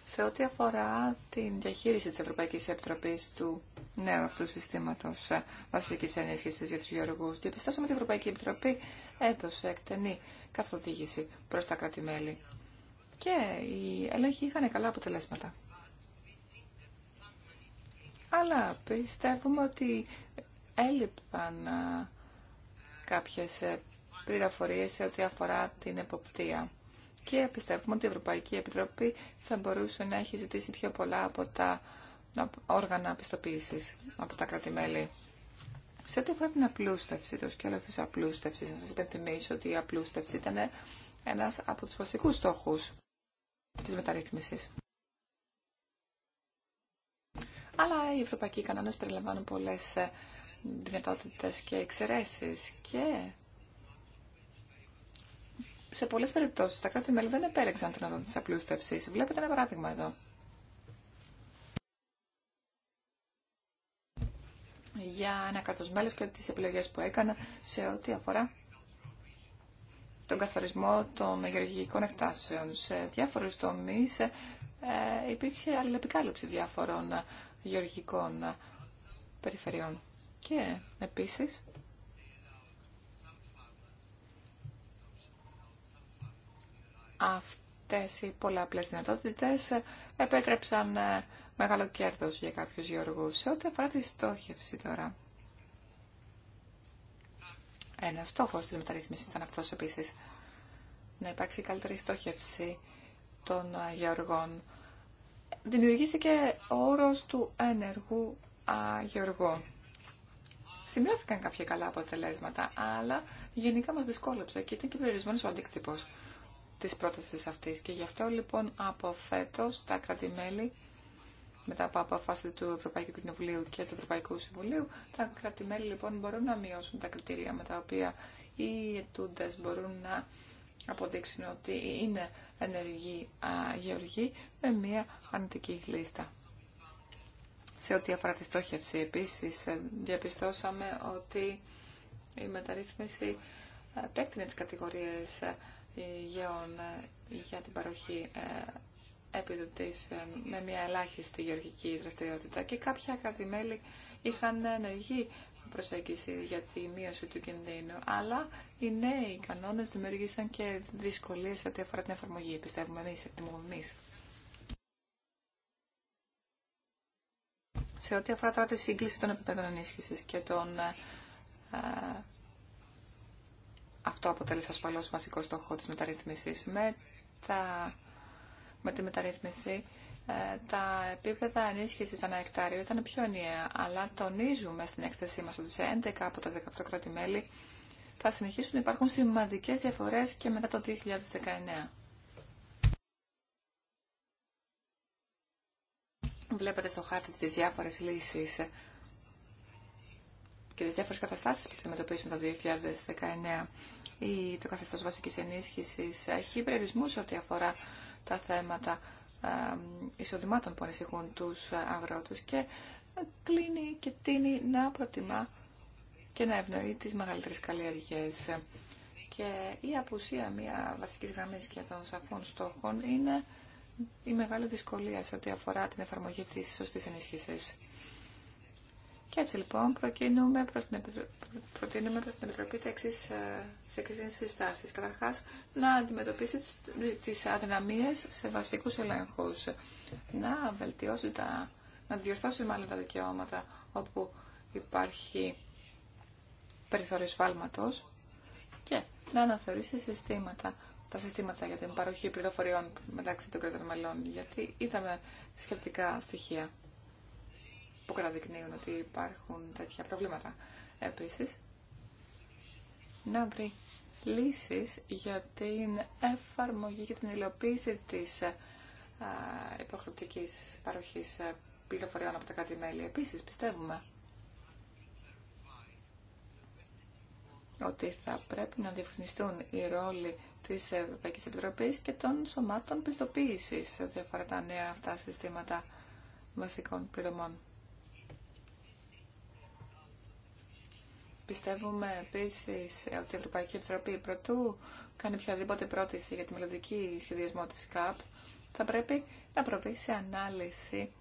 Σε ό,τι αφορά την διαχείριση της Ευρωπαϊκής Επιτροπής του νέου αυτού συστήματος ε, βασικής ενίσχυσης για τους γεωργούς, διαπιστώσαμε ότι η Ευρωπαϊκή Επιτροπή έδωσε εκτενή καθοδήγηση προς τα κράτη-μέλη. Και οι έλεγχοι είχαν καλά αποτελέσματα αλλά πιστεύουμε ότι έλειπαν κάποιες ε, πληροφορίες σε ό,τι αφορά την εποπτεία. Και πιστεύουμε ότι η Ευρωπαϊκή Επιτροπή θα μπορούσε να έχει ζητήσει πιο πολλά από τα όργανα πιστοποίησης, από τα κράτη-μέλη. Σε ό,τι αφορά την απλούστευση, το σκέλος της απλούστευσης, να σας υπενθυμίσω ότι η απλούστευση ήταν ένας από τους βασικούς στόχους της μεταρρύθμισης αλλά οι ευρωπαϊκοί κανόνες περιλαμβάνουν πολλές ε, δυνατότητες και εξαιρεσει. και σε πολλές περιπτώσεις τα κράτη-μέλη δεν επέλεξαν την οδό της απλούστευσης. Βλέπετε ένα παράδειγμα εδώ. για ένα κράτος μέλο και τις επιλογές που έκανα σε ό,τι αφορά τον καθορισμό των γεωργικών εκτάσεων. Σε διάφορους τομείς ε, ε, υπήρχε αλληλεπικάλυψη διάφορων γεωργικών περιφερειών. Και επίσης αυτές οι πολλαπλές δυνατότητες επέτρεψαν ε, μεγάλο κέρδος για κάποιους γεωργούς σε ό,τι αφορά τη στόχευση τώρα. Ένα στόχος τη μεταρρύθμισης ήταν αυτό επίση. να υπάρξει καλύτερη στόχευση των ε, γεωργών δημιουργήθηκε ο όρος του ένεργου γεωργό. Σημειώθηκαν κάποια καλά αποτελέσματα, αλλά γενικά μας δυσκόλεψε και ήταν και περιορισμένος ο αντίκτυπος της πρότασης αυτής. Και γι' αυτό λοιπόν από φέτος τα κρατημέλη, μετά από αποφάση του Ευρωπαϊκού Κοινοβουλίου και του Ευρωπαϊκού Συμβουλίου, τα κρατημέλη λοιπόν μπορούν να μειώσουν τα κριτήρια με τα οποία οι ετούντες μπορούν να αποδείξουν ότι είναι ενεργοί γεωργοί με μια αρνητική λίστα. Σε ό,τι αφορά τη στόχευση, επίσης, ε, διαπιστώσαμε ότι η μεταρρύθμιση ε, επέκτηνε τις κατηγορίες ε, γεών για την παροχή επιδοτήσεων με μια ελάχιστη γεωργική δραστηριότητα και κάποια κρατημέλη είχαν ενεργή προσέγγιση για τη μείωση του κινδύνου, αλλά οι νέοι κανόνες δημιούργησαν και δυσκολίες ό,τι αφορά την εφαρμογή, πιστεύουμε εμεί. Σε ό,τι αφορά τώρα τη σύγκληση των επιπέδων ενίσχυσης και τον ε, αυτό αποτέλεσε ασφαλώς βασικό στόχο της μεταρρύθμισης. Με, τα, με τη μεταρρύθμιση ε, τα επίπεδα ενίσχυσης ανά εκτάριο ήταν πιο ενιαία, αλλά τονίζουμε στην έκθεσή μας ότι σε 11 από τα 18 κράτη-μέλη θα συνεχίσουν να υπάρχουν σημαντικές διαφορές και μετά το 2019. Βλέπετε στο χάρτη τις διάφορες λύσεις και τις διάφορες καταστάσεις που θα αντιμετωπίσουν το 2019. Η, το καθεστώς βασικής ενίσχυσης έχει περιορισμούς ό,τι αφορά τα θέματα εισοδημάτων που ανησυχούν τους αγρότες και κλείνει και τίνει να προτιμά και να ευνοεί τις μεγαλύτερες καλλιέργειες. Και η απουσία μια βασικής γραμμής και των σαφών στόχων είναι η μεγάλη δυσκολία σε ό,τι αφορά την εφαρμογή της σωστής ενίσχυσης. Και έτσι λοιπόν προτείνουμε προς την, προτείνουμε προς την Επιτροπή τα σε εξής συστάσεις. Καταρχάς, να αντιμετωπίσει τις, αδυναμίε αδυναμίες σε βασικούς ελέγχου, Να βελτιώσει τα... να διορθώσει μάλλον τα δικαιώματα όπου υπάρχει περιθώριο σφάλματο και να αναθεωρήσει συστήματα τα συστήματα για την παροχή πληροφοριών μεταξύ των κρατών μελών, γιατί είδαμε σκεπτικά στοιχεία που καταδεικνύουν ότι υπάρχουν τέτοια προβλήματα. Επίσης, να βρει λύσεις για την εφαρμογή και την υλοποίηση της υποχρεωτικής παροχής πληροφοριών από τα κράτη-μέλη. Επίσης, πιστεύουμε ότι θα πρέπει να διευκρινιστούν οι ρόλοι της Ευρωπαϊκής Επιτροπής και των σωμάτων πιστοποίησης σε ό,τι αφορά τα νέα αυτά συστήματα βασικών πληρωμών. Πιστεύουμε επίση ότι η Ευρωπαϊκή Επιτροπή πρωτού κάνει οποιαδήποτε πρόταση για τη μελλοντική σχεδιασμό τη ΚΑΠ, θα πρέπει να προβεί σε ανάλυση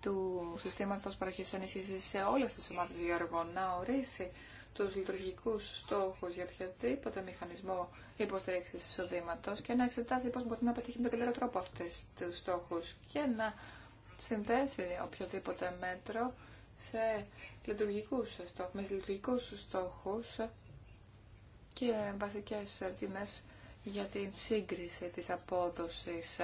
του συστήματο παροχή ενίσχυση σε όλε τι ομάδε γεωργών, να ορίσει του λειτουργικού στόχου για οποιοδήποτε μηχανισμό υποστήριξη εισοδήματο και να εξετάσει πώ μπορεί να πετύχει με τον καλύτερο τρόπο αυτέ του στόχου και να συνδέσει οποιοδήποτε μέτρο σε λειτουργικούς στόχους, με λειτουργικούς στόχους και βασικές τιμές για την σύγκριση της απόδοσης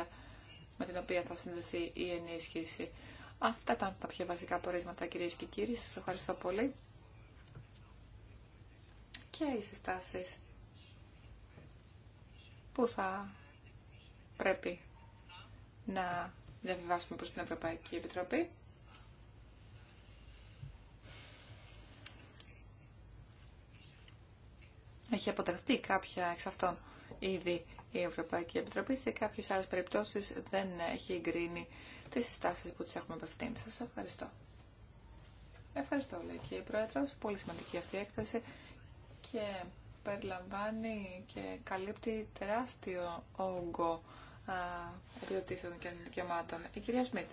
με την οποία θα συνδεθεί η ενίσχυση. Αυτά ήταν τα πιο βασικά πορίσματα κυρίες και κύριοι. Σας ευχαριστώ πολύ. Και οι συστάσεις που θα πρέπει να διαβιβάσουμε προς την Ευρωπαϊκή Επιτροπή. Έχει αποτεχθεί κάποια εξ αυτών ήδη η Ευρωπαϊκή Επιτροπή. Σε κάποιες άλλες περιπτώσεις δεν έχει εγκρίνει τις συστάσεις που τις έχουμε απευθύνει. Σας ευχαριστώ. Ευχαριστώ, λέει και η Πρόεδρος. Πολύ σημαντική αυτή η έκθεση και περιλαμβάνει και καλύπτει τεράστιο όγκο επιδοτήσεων και δικαιωμάτων. Η κυρία Σμιτ.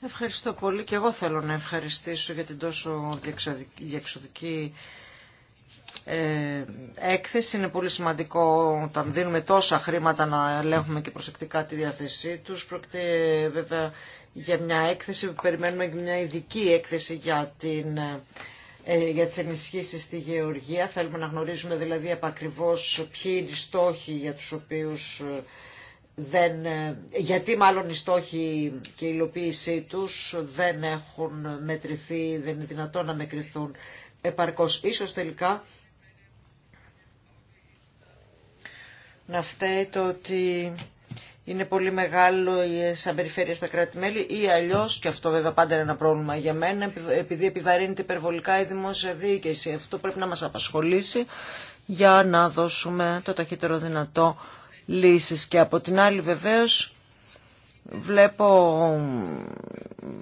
Ευχαριστώ πολύ και εγώ θέλω να ευχαριστήσω για την τόσο διεξοδική ε, έκθεση. Είναι πολύ σημαντικό όταν δίνουμε τόσα χρήματα να ελέγχουμε και προσεκτικά τη διάθεσή τους. Πρόκειται βέβαια για μια έκθεση που περιμένουμε και μια ειδική έκθεση για την ε, για τις ενισχύσεις στη γεωργία. Θέλουμε να γνωρίζουμε δηλαδή επακριβώς ποιοι είναι οι στόχοι για τους οποίους ε, δεν, γιατί μάλλον οι στόχοι και η υλοποίησή τους δεν έχουν μετρηθεί, δεν είναι δυνατόν να μετρηθούν επαρκώς. Ίσως τελικά να φταίει το ότι είναι πολύ μεγάλο η σαν στα κράτη-μέλη ή αλλιώ, και αυτό βέβαια πάντα είναι ένα πρόβλημα για μένα, επειδή επιβαρύνεται υπερβολικά η δημόσια διοίκηση. Αυτό πρέπει να μας απασχολήσει για να δώσουμε το ταχύτερο δυνατό λύσεις. Και από την άλλη βεβαίω βλέπω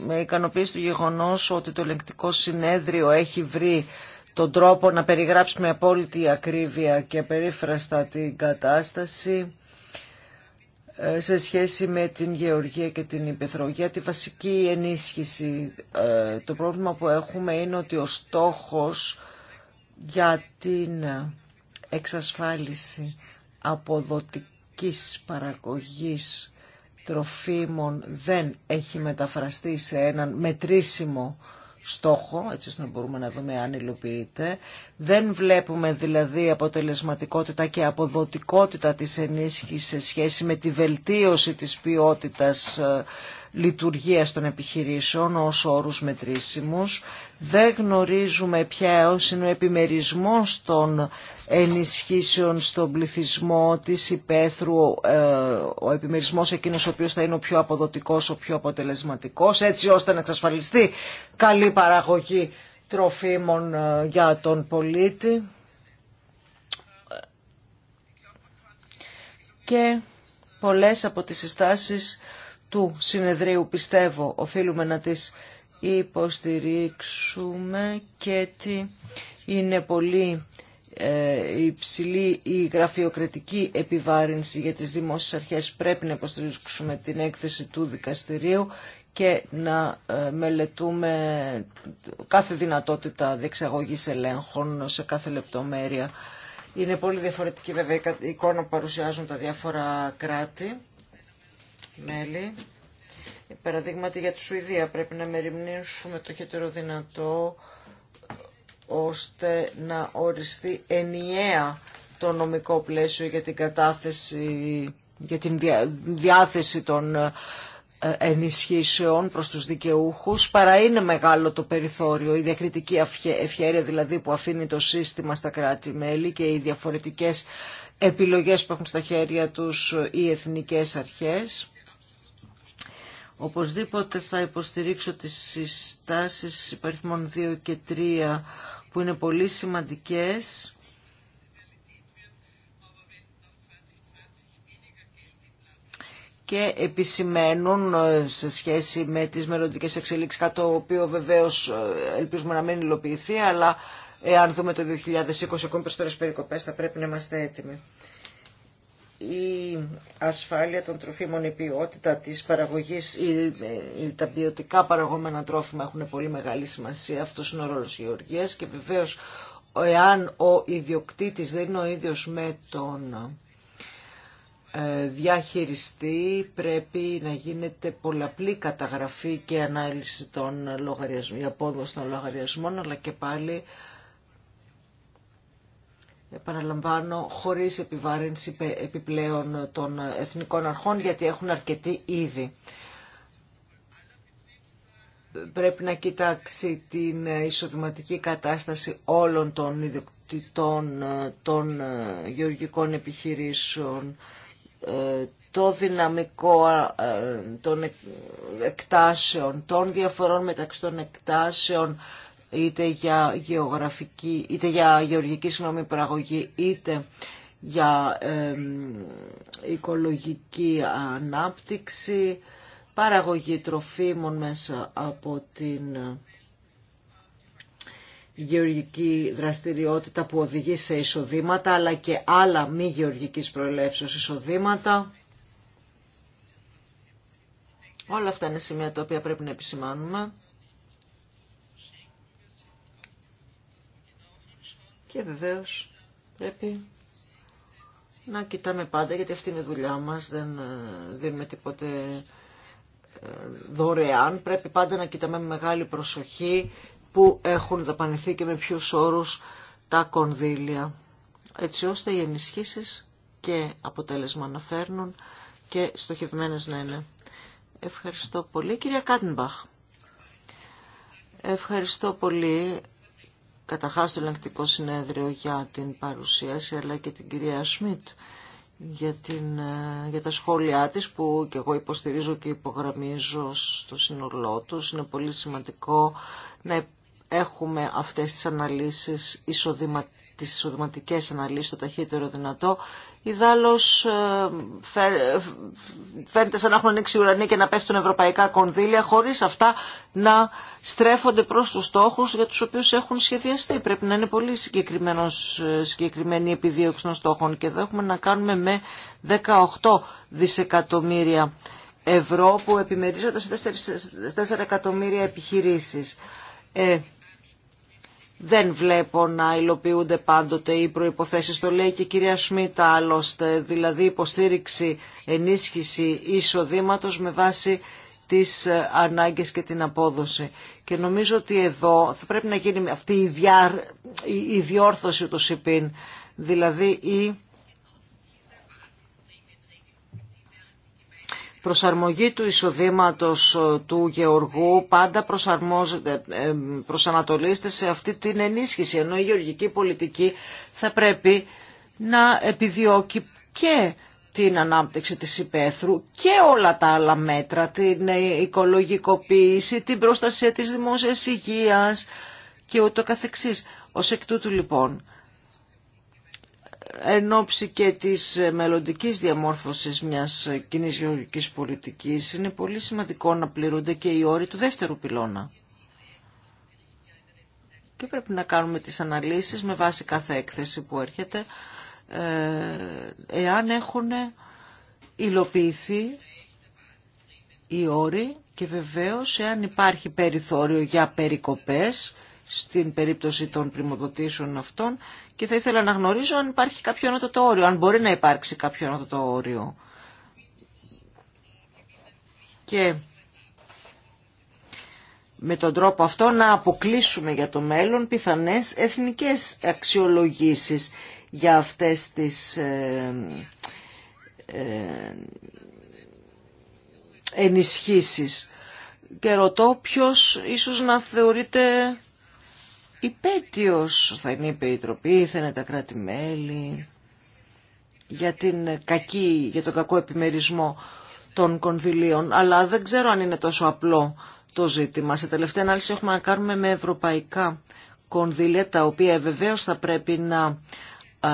με ικανοποίηση του γεγονός ότι το ελεγκτικό συνέδριο έχει βρει τον τρόπο να περιγράψουμε απόλυτη ακρίβεια και περίφραστα την κατάσταση ε, σε σχέση με την γεωργία και την υπεθρογία, τη βασική ενίσχυση. Ε, το πρόβλημα που έχουμε είναι ότι ο στόχος για την εξασφάλιση αποδοτικής παραγωγής τροφίμων δεν έχει μεταφραστεί σε έναν μετρήσιμο στόχο, έτσι ώστε να μπορούμε να δούμε αν υλοποιείται. Δεν βλέπουμε δηλαδή αποτελεσματικότητα και αποδοτικότητα της ενίσχυσης σε σχέση με τη βελτίωση της ποιότητας ε, λειτουργίας των επιχειρήσεων ως όρους μετρήσιμους. Δεν γνωρίζουμε ποια είναι ο επιμερισμός των ενισχύσεων στον πληθυσμό της υπαίθρου, ε, ο επιμερισμός εκείνος ο οποίος θα είναι ο πιο αποδοτικός, ο πιο αποτελεσματικός, έτσι ώστε να εξασφαλιστεί καλή παραγωγή τροφίμων ε, για τον πολίτη. Και πολλές από τις συστάσεις του συνεδρίου πιστεύω οφείλουμε να τις υποστηρίξουμε και ότι είναι πολύ ε, υψηλή η γραφειοκρατική επιβάρυνση για τις δημόσιες αρχές πρέπει να υποστηρίξουμε την έκθεση του δικαστηρίου και να ε, μελετούμε κάθε δυνατότητα διεξαγωγής ελέγχων σε κάθε λεπτομέρεια. Είναι πολύ διαφορετική βέβαια η εικόνα που παρουσιάζουν τα διάφορα κράτη μέλη. Παραδείγματι για τη Σουηδία πρέπει να μεριμνήσουμε το χέτερο δυνατό ε, ώστε να οριστεί ενιαία το νομικό πλαίσιο για την κατάθεση, για την διάθεση των ε, ενισχύσεων προς τους δικαιούχους παρά είναι μεγάλο το περιθώριο η διακριτική ευχαίρεια δηλαδή που αφήνει το σύστημα στα κράτη-μέλη και οι διαφορετικές επιλογές που έχουν στα χέρια τους ε, οι εθνικές αρχές Οπωσδήποτε θα υποστηρίξω τις συστάσεις υπαριθμών 2 και 3 που είναι πολύ σημαντικές. και επισημαίνουν ε, σε σχέση με τις μελλοντικέ εξελίξεις, κάτω το οποίο βεβαίως ε, ελπίζουμε να μην υλοποιηθεί, αλλά εάν δούμε το 2020 ακόμη περισσότερες περικοπές θα πρέπει να είμαστε έτοιμοι η ασφάλεια των τροφίμων, η ποιότητα της παραγωγής, η, τα ποιοτικά παραγόμενα τρόφιμα έχουν πολύ μεγάλη σημασία. Αυτός είναι ο ρόλος Γεωργίας και βεβαίως εάν ο ιδιοκτήτης δεν είναι ο ίδιος με τον ε, διαχειριστή πρέπει να γίνεται πολλαπλή καταγραφή και ανάλυση των λογαριασμών, η απόδοση των λογαριασμών αλλά και πάλι παραλαμβάνω χωρίς επιβάρυνση επιπλέον των εθνικών αρχών, γιατί έχουν αρκετή ήδη. Πρέπει να κοιτάξει την εισοδηματική κατάσταση όλων των ιδιοκτητών των γεωργικών επιχειρήσεων, το δυναμικό των εκτάσεων, των διαφορών μεταξύ των εκτάσεων, είτε για, γεωγραφική, είτε για γεωργική συνομιλία παραγωγή, είτε για οικολογική ανάπτυξη, παραγωγή τροφίμων μέσα από την ε, γεωργική δραστηριότητα που οδηγεί σε εισοδήματα, αλλά και άλλα μη γεωργικής προελεύσεως εισοδήματα. Όλα αυτά είναι σημεία τα οποία πρέπει να επισημάνουμε. Και βεβαίως πρέπει να κοιτάμε πάντα, γιατί αυτή είναι η δουλειά μας, δεν ε, δίνουμε τίποτε ε, δωρεάν. Πρέπει πάντα να κοιτάμε με μεγάλη προσοχή που έχουν δαπανηθεί και με ποιου όρους τα κονδύλια, έτσι ώστε οι ενισχύσεις και αποτέλεσμα να φέρνουν και στοχευμένες να είναι. Ευχαριστώ πολύ. Κυρία Κάτιμπαχ, Ευχαριστώ πολύ καταρχάς το ελεγκτικό συνέδριο για την παρουσίαση αλλά και την κυρία Σμιτ για, την, ε, για τα σχόλιά της που και εγώ υποστηρίζω και υπογραμμίζω στο σύνολό τους. Είναι πολύ σημαντικό να έχουμε αυτές τις αναλύσεις, τι τις εισοδηματικές αναλύσεις το ταχύτερο δυνατό. Ιδάλλως ε, ε, φαίνεται σαν να έχουν ανοίξει ουρανοί και να πέφτουν ευρωπαϊκά κονδύλια χωρίς αυτά να στρέφονται προς τους στόχους για τους οποίους έχουν σχεδιαστεί. Πρέπει να είναι πολύ ε, συγκεκριμένη η επιδίωξη των στόχων και εδώ έχουμε να κάνουμε με 18 δισεκατομμύρια ευρώ που επιμερίζονται σε 4 εκατομμύρια επιχειρήσεις. Ε, δεν βλέπω να υλοποιούνται πάντοτε οι προϋποθέσεις. Το λέει και η κυρία Σμίτα άλλωστε, δηλαδή υποστήριξη, ενίσχυση εισοδήματος με βάση τις ε, ανάγκες και την απόδοση. Και νομίζω ότι εδώ θα πρέπει να γίνει αυτή η, διά, διόρθωση του ΣΥΠΗΝ, δηλαδή η προσαρμογή του εισοδήματος ε, του γεωργού πάντα προσαρμόζεται, ε, ε, προσανατολίζεται σε αυτή την ενίσχυση, ενώ η γεωργική πολιτική θα πρέπει να επιδιώκει και την ανάπτυξη της υπαίθρου και όλα τα άλλα μέτρα, την οικολογικοποίηση, την προστασία της δημόσιας υγείας και ούτω καθεξής. Ως εκ τούτου λοιπόν εν ώψη και της μελλοντικής διαμόρφωσης μιας κοινή γεωργικής πολιτικής είναι πολύ σημαντικό να πληρούνται και οι όροι του δεύτερου πυλώνα. Και πρέπει να κάνουμε τις αναλύσεις με βάση κάθε έκθεση που έρχεται ε, εάν έχουν υλοποιηθεί οι όροι και βεβαίως εάν υπάρχει περιθώριο για περικοπές στην περίπτωση των πρημοδοτήσεων αυτών και θα ήθελα να γνωρίζω αν υπάρχει κάποιο ανώτατο όριο, αν μπορεί να υπάρξει κάποιο ανώτατο όριο. Και με τον τρόπο αυτό να αποκλείσουμε για το μέλλον πιθανές εθνικές αξιολογήσεις για αυτές τις ε, ε, ε ενισχύσεις. Και ρωτώ ποιος ίσως να θεωρείται υπέτειος θα είναι η Περιτροπή, θα είναι τα κράτη-μέλη για, για τον κακό επιμερισμό των κονδυλίων, αλλά δεν ξέρω αν είναι τόσο απλό το ζήτημα. Σε τελευταία ανάλυση έχουμε να κάνουμε με ευρωπαϊκά κονδύλια, τα οποία βεβαίω θα πρέπει να ε,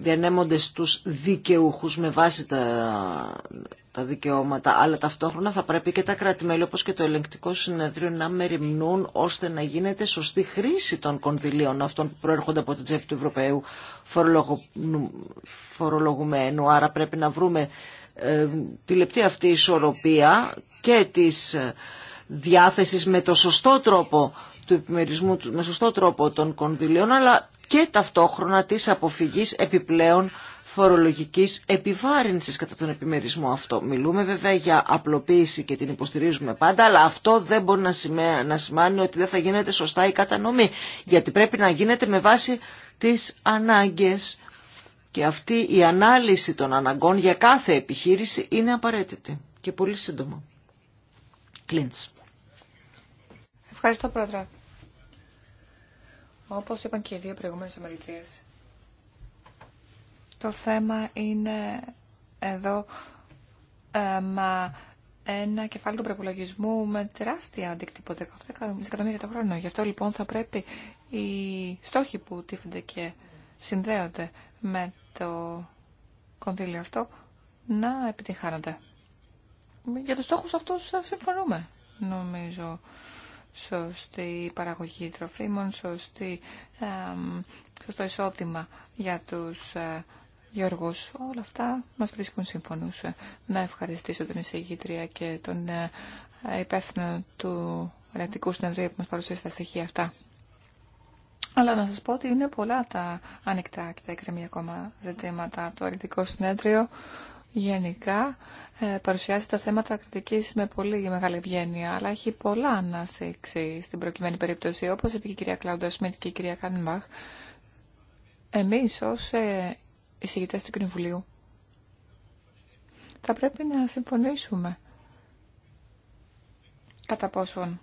διανέμονται στους δικαιούχους με βάση τα τα δικαιώματα, αλλά ταυτόχρονα θα πρέπει και τα κράτη-μέλη όπως και το ελεγκτικό συνεδρίο να μεριμνούν ώστε να γίνεται σωστή χρήση των κονδυλίων αυτών που προέρχονται από την τσέπη του Ευρωπαίου φορολογουμένου. Άρα πρέπει να βρούμε ε, τη λεπτή αυτή ισορροπία και της ε, διάθεσης με το σωστό τρόπο του επιμερισμού, με σωστό τρόπο των κονδυλίων, αλλά και ταυτόχρονα της αποφυγής επιπλέον φορολογικής επιβάρυνσης κατά τον επιμερισμό αυτό. Μιλούμε βέβαια για απλοποίηση και την υποστηρίζουμε πάντα, αλλά αυτό δεν μπορεί να, σημαίνει, ότι δεν θα γίνεται σωστά η κατανομή, γιατί πρέπει να γίνεται με βάση τις ανάγκες. Και αυτή η ανάλυση των αναγκών για κάθε επιχείρηση είναι απαραίτητη και πολύ σύντομα. Κλίντς. Ευχαριστώ πρόεδρε. Όπως είπαν και οι δύο προηγούμενες το θέμα είναι εδώ ε, ένα κεφάλαιο του προπολογισμού με τεράστια αντίκτυπο 18 δισεκατομμύρια το χρόνο. Γι' αυτό λοιπόν θα πρέπει οι στόχοι που τύφονται και συνδέονται με το κονδύλιο αυτό να επιτυχάνονται. Για τους στόχους αυτούς ε, συμφωνούμε, νομίζω. Σωστή παραγωγή τροφίμων, σωστή, ε, σωστό εισόδημα για τους ε, Γιώργος. Όλα αυτά μας βρίσκουν σύμφωνους. Να ευχαριστήσω τον εισηγήτρια και τον ε, υπεύθυνο του ελεκτικού συνεδρίου που μας παρουσίασε τα στοιχεία αυτά. Αλλά να σας πω ότι είναι πολλά τα ανοιχτά και τα εκκρεμή ακόμα ζητήματα. Το ελεκτικό συνέδριο γενικά ε, παρουσιάζει τα θέματα κριτικής με πολύ μεγάλη ευγένεια, αλλά έχει πολλά να θίξει στην προκειμένη περίπτωση, όπως είπε και η κυρία Κλάουντα Σμιτ και η κυρία Κάνιμπαχ. Εμείς ως ε, εισηγητές του Κοινοβουλίου. Θα πρέπει να συμφωνήσουμε κατά πόσον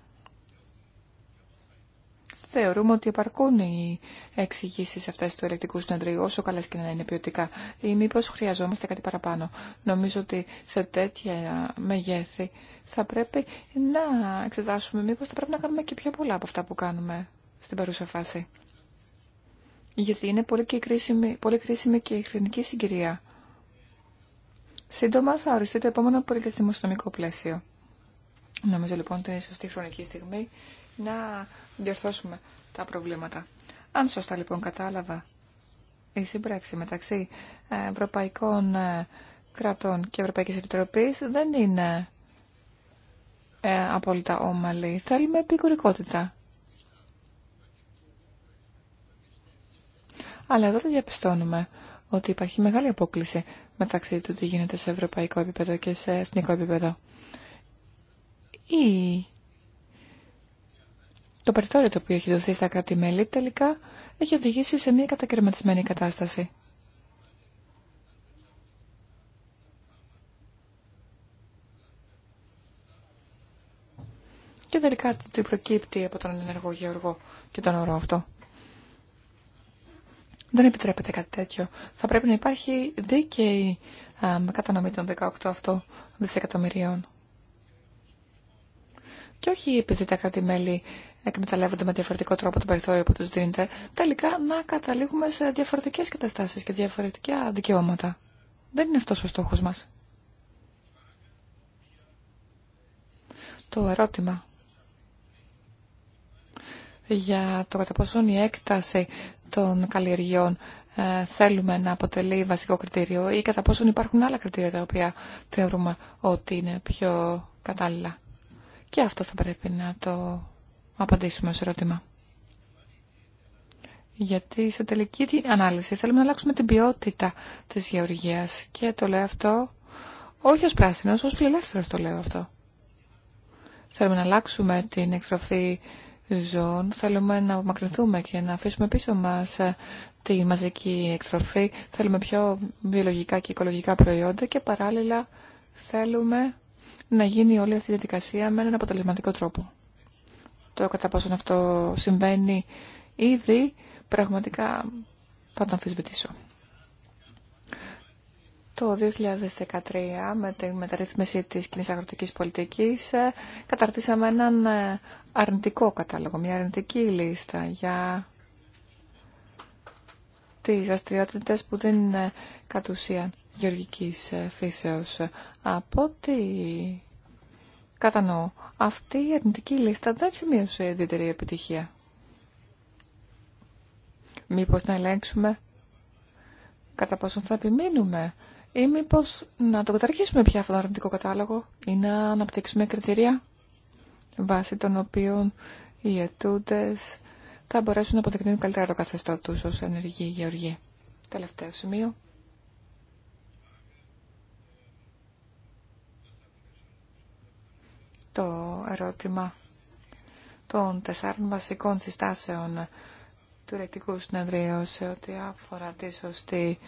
θεωρούμε ότι υπαρκούν οι εξηγήσει αυτέ του ελεκτικού συνεδρίου, όσο καλέ και να είναι ποιοτικά, ή μήπω χρειαζόμαστε κάτι παραπάνω. Νομίζω ότι σε τέτοια μεγέθη θα πρέπει να εξετάσουμε μήπω θα πρέπει να κάνουμε και πιο πολλά από αυτά που κάνουμε στην παρούσα φάση γιατί είναι πολύ, και κρίσιμη, πολύ κρίσιμη και η χρονική συγκυρία. Σύντομα θα οριστεί το επόμενο στο πλαίσιο. Νομίζω λοιπόν ότι είναι η σωστή χρονική στιγμή να διορθώσουμε τα προβλήματα. Αν σωστά λοιπόν κατάλαβα η σύμπραξη μεταξύ ε, Ευρωπαϊκών ε, Κρατών και Ευρωπαϊκής Επιτροπής δεν είναι ε, απόλυτα όμαλη. Θέλουμε επικουρικότητα. Αλλά εδώ δεν διαπιστώνουμε ότι υπάρχει μεγάλη απόκληση μεταξύ του τι γίνεται σε ευρωπαϊκό επίπεδο και σε εθνικό επίπεδο. Ή το περιθώριο το οποίο έχει δοθεί στα κράτη-μέλη τελικά έχει οδηγήσει σε μια κατακαιρματισμένη κατάσταση. Και τελικά τι προκύπτει από τον ενεργό γεωργό και τον όρο αυτό. Δεν επιτρέπεται κάτι τέτοιο. Θα πρέπει να υπάρχει δίκαιη κατανομή των 18 αυτό δισεκατομμυρίων. Και όχι επειδή τα κράτη-μέλη εκμεταλλεύονται με διαφορετικό τρόπο το περιθώριο που τους δίνεται, τελικά να καταλήγουμε σε διαφορετικές καταστάσεις και διαφορετικά δικαιώματα. Δεν είναι αυτός ο στόχος μας. Το ερώτημα για το κατά πόσον η έκταση των καλλιεργειών ε, θέλουμε να αποτελεί βασικό κριτήριο ή κατά πόσον υπάρχουν άλλα κριτήρια τα οποία θεωρούμε ότι είναι πιο κατάλληλα. Και αυτό θα πρέπει να το απαντήσουμε ως ερώτημα. Γιατί σε τελική ανάλυση θέλουμε να αλλάξουμε την ποιότητα της γεωργίας και το λέω αυτό όχι ως πράσινος, ως φιλελεύθερος το λέω αυτό. Θέλουμε να αλλάξουμε την εκτροφή θέλουμε να απομακρυνθούμε και να αφήσουμε πίσω μας ε, τη μαζική εκτροφή. Θέλουμε πιο βιολογικά και οικολογικά προϊόντα και παράλληλα θέλουμε να γίνει όλη αυτή η διαδικασία με έναν αποτελεσματικό τρόπο. Το κατά πόσον αυτό συμβαίνει ήδη, πραγματικά θα το αμφισβητήσω. Το 2013 με τη μεταρρύθμιση της κοινή αγροτικής πολιτικής ε, καταρτήσαμε έναν ε, αρνητικό κατάλογο, μια αρνητική λίστα για τις δραστηριότητε που δεν είναι κατ' ουσίαν γεωργικής ε, φύσεως. Από ό,τι κατανοώ, αυτή η αρνητική λίστα δεν σημείωσε ιδιαίτερη επιτυχία. Μήπως να ελέγξουμε κατά πόσο θα επιμείνουμε ή μήπω να το καταργήσουμε πια αυτόν τον αρνητικό κατάλογο ή να αναπτύξουμε κριτήρια βάσει των οποίων οι ετούντε θα μπορέσουν να αποδεικνύουν καλύτερα το καθεστώ του ω ενεργοί γεωργοί. Τελευταίο σημείο. Το ερώτημα των τεσσάρων βασικών συστάσεων του Ρεκτικού Συνεδρίου σε ό,τι αφορά τη σωστή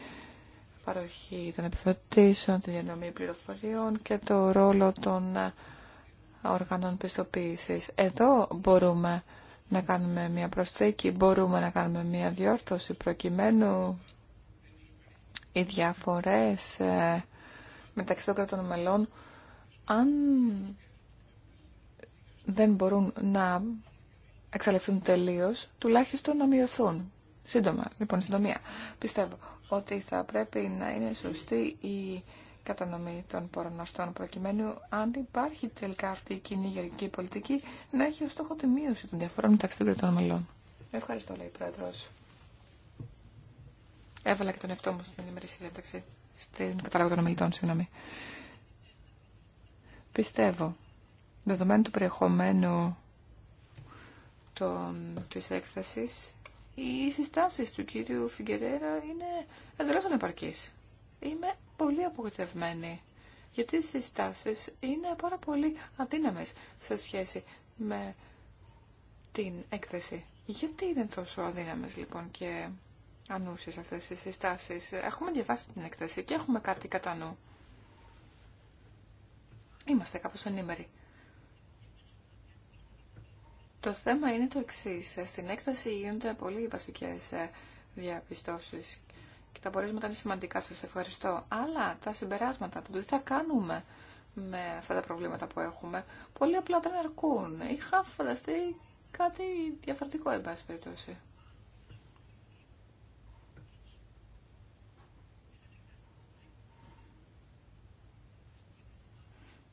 παροχή των επιφωτήσεων, τη διανομή πληροφοριών και το ρόλο των ε, οργανών πιστοποίησης. Εδώ μπορούμε να κάνουμε μια προσθήκη, μπορούμε να κάνουμε μια διόρθωση προκειμένου οι διαφορές ε, μεταξύ των κρατών μελών αν δεν μπορούν να εξαλειφθούν τελείως, τουλάχιστον να μειωθούν. Σύντομα, λοιπόν, συντομία. Πιστεύω ότι θα πρέπει να είναι σωστή η κατανομή των πόρων αυτών, προκειμένου αν υπάρχει τελικά αυτή η κοινή γερική πολιτική να έχει ως στόχο τη μείωση των διαφορών μεταξύ των κρατών μελών. Ευχαριστώ, λέει η Πρόεδρος. Έβαλα και τον εαυτό μου στην ημερήσια διάταξη, στην καταλάβη των ομιλητών, συγγνώμη. Πιστεύω, δεδομένου του περιεχομένου των, της έκθεσης, οι συστάσεις του κύριου Φιγκερέρα είναι εντελώς ανεπαρκείς. Είμαι πολύ απογοητευμένη, γιατί οι συστάσεις είναι πάρα πολύ αδύναμες σε σχέση με την έκθεση. Γιατί είναι τόσο αδύναμες λοιπόν και ανούσιες αυτές οι συστάσεις. Έχουμε διαβάσει την έκθεση και έχουμε κάτι κατά νου. Είμαστε κάπως ενήμεροι. Το θέμα είναι το εξή. Στην έκταση γίνονται πολύ βασικέ ε, διαπιστώσει και τα πορίσματα είναι σημαντικά. Σα ευχαριστώ. Αλλά τα συμπεράσματα, το τι θα κάνουμε με αυτά τα προβλήματα που έχουμε, πολύ απλά δεν αρκούν. Είχα φανταστεί κάτι διαφορετικό, εν πάση περιπτώσει.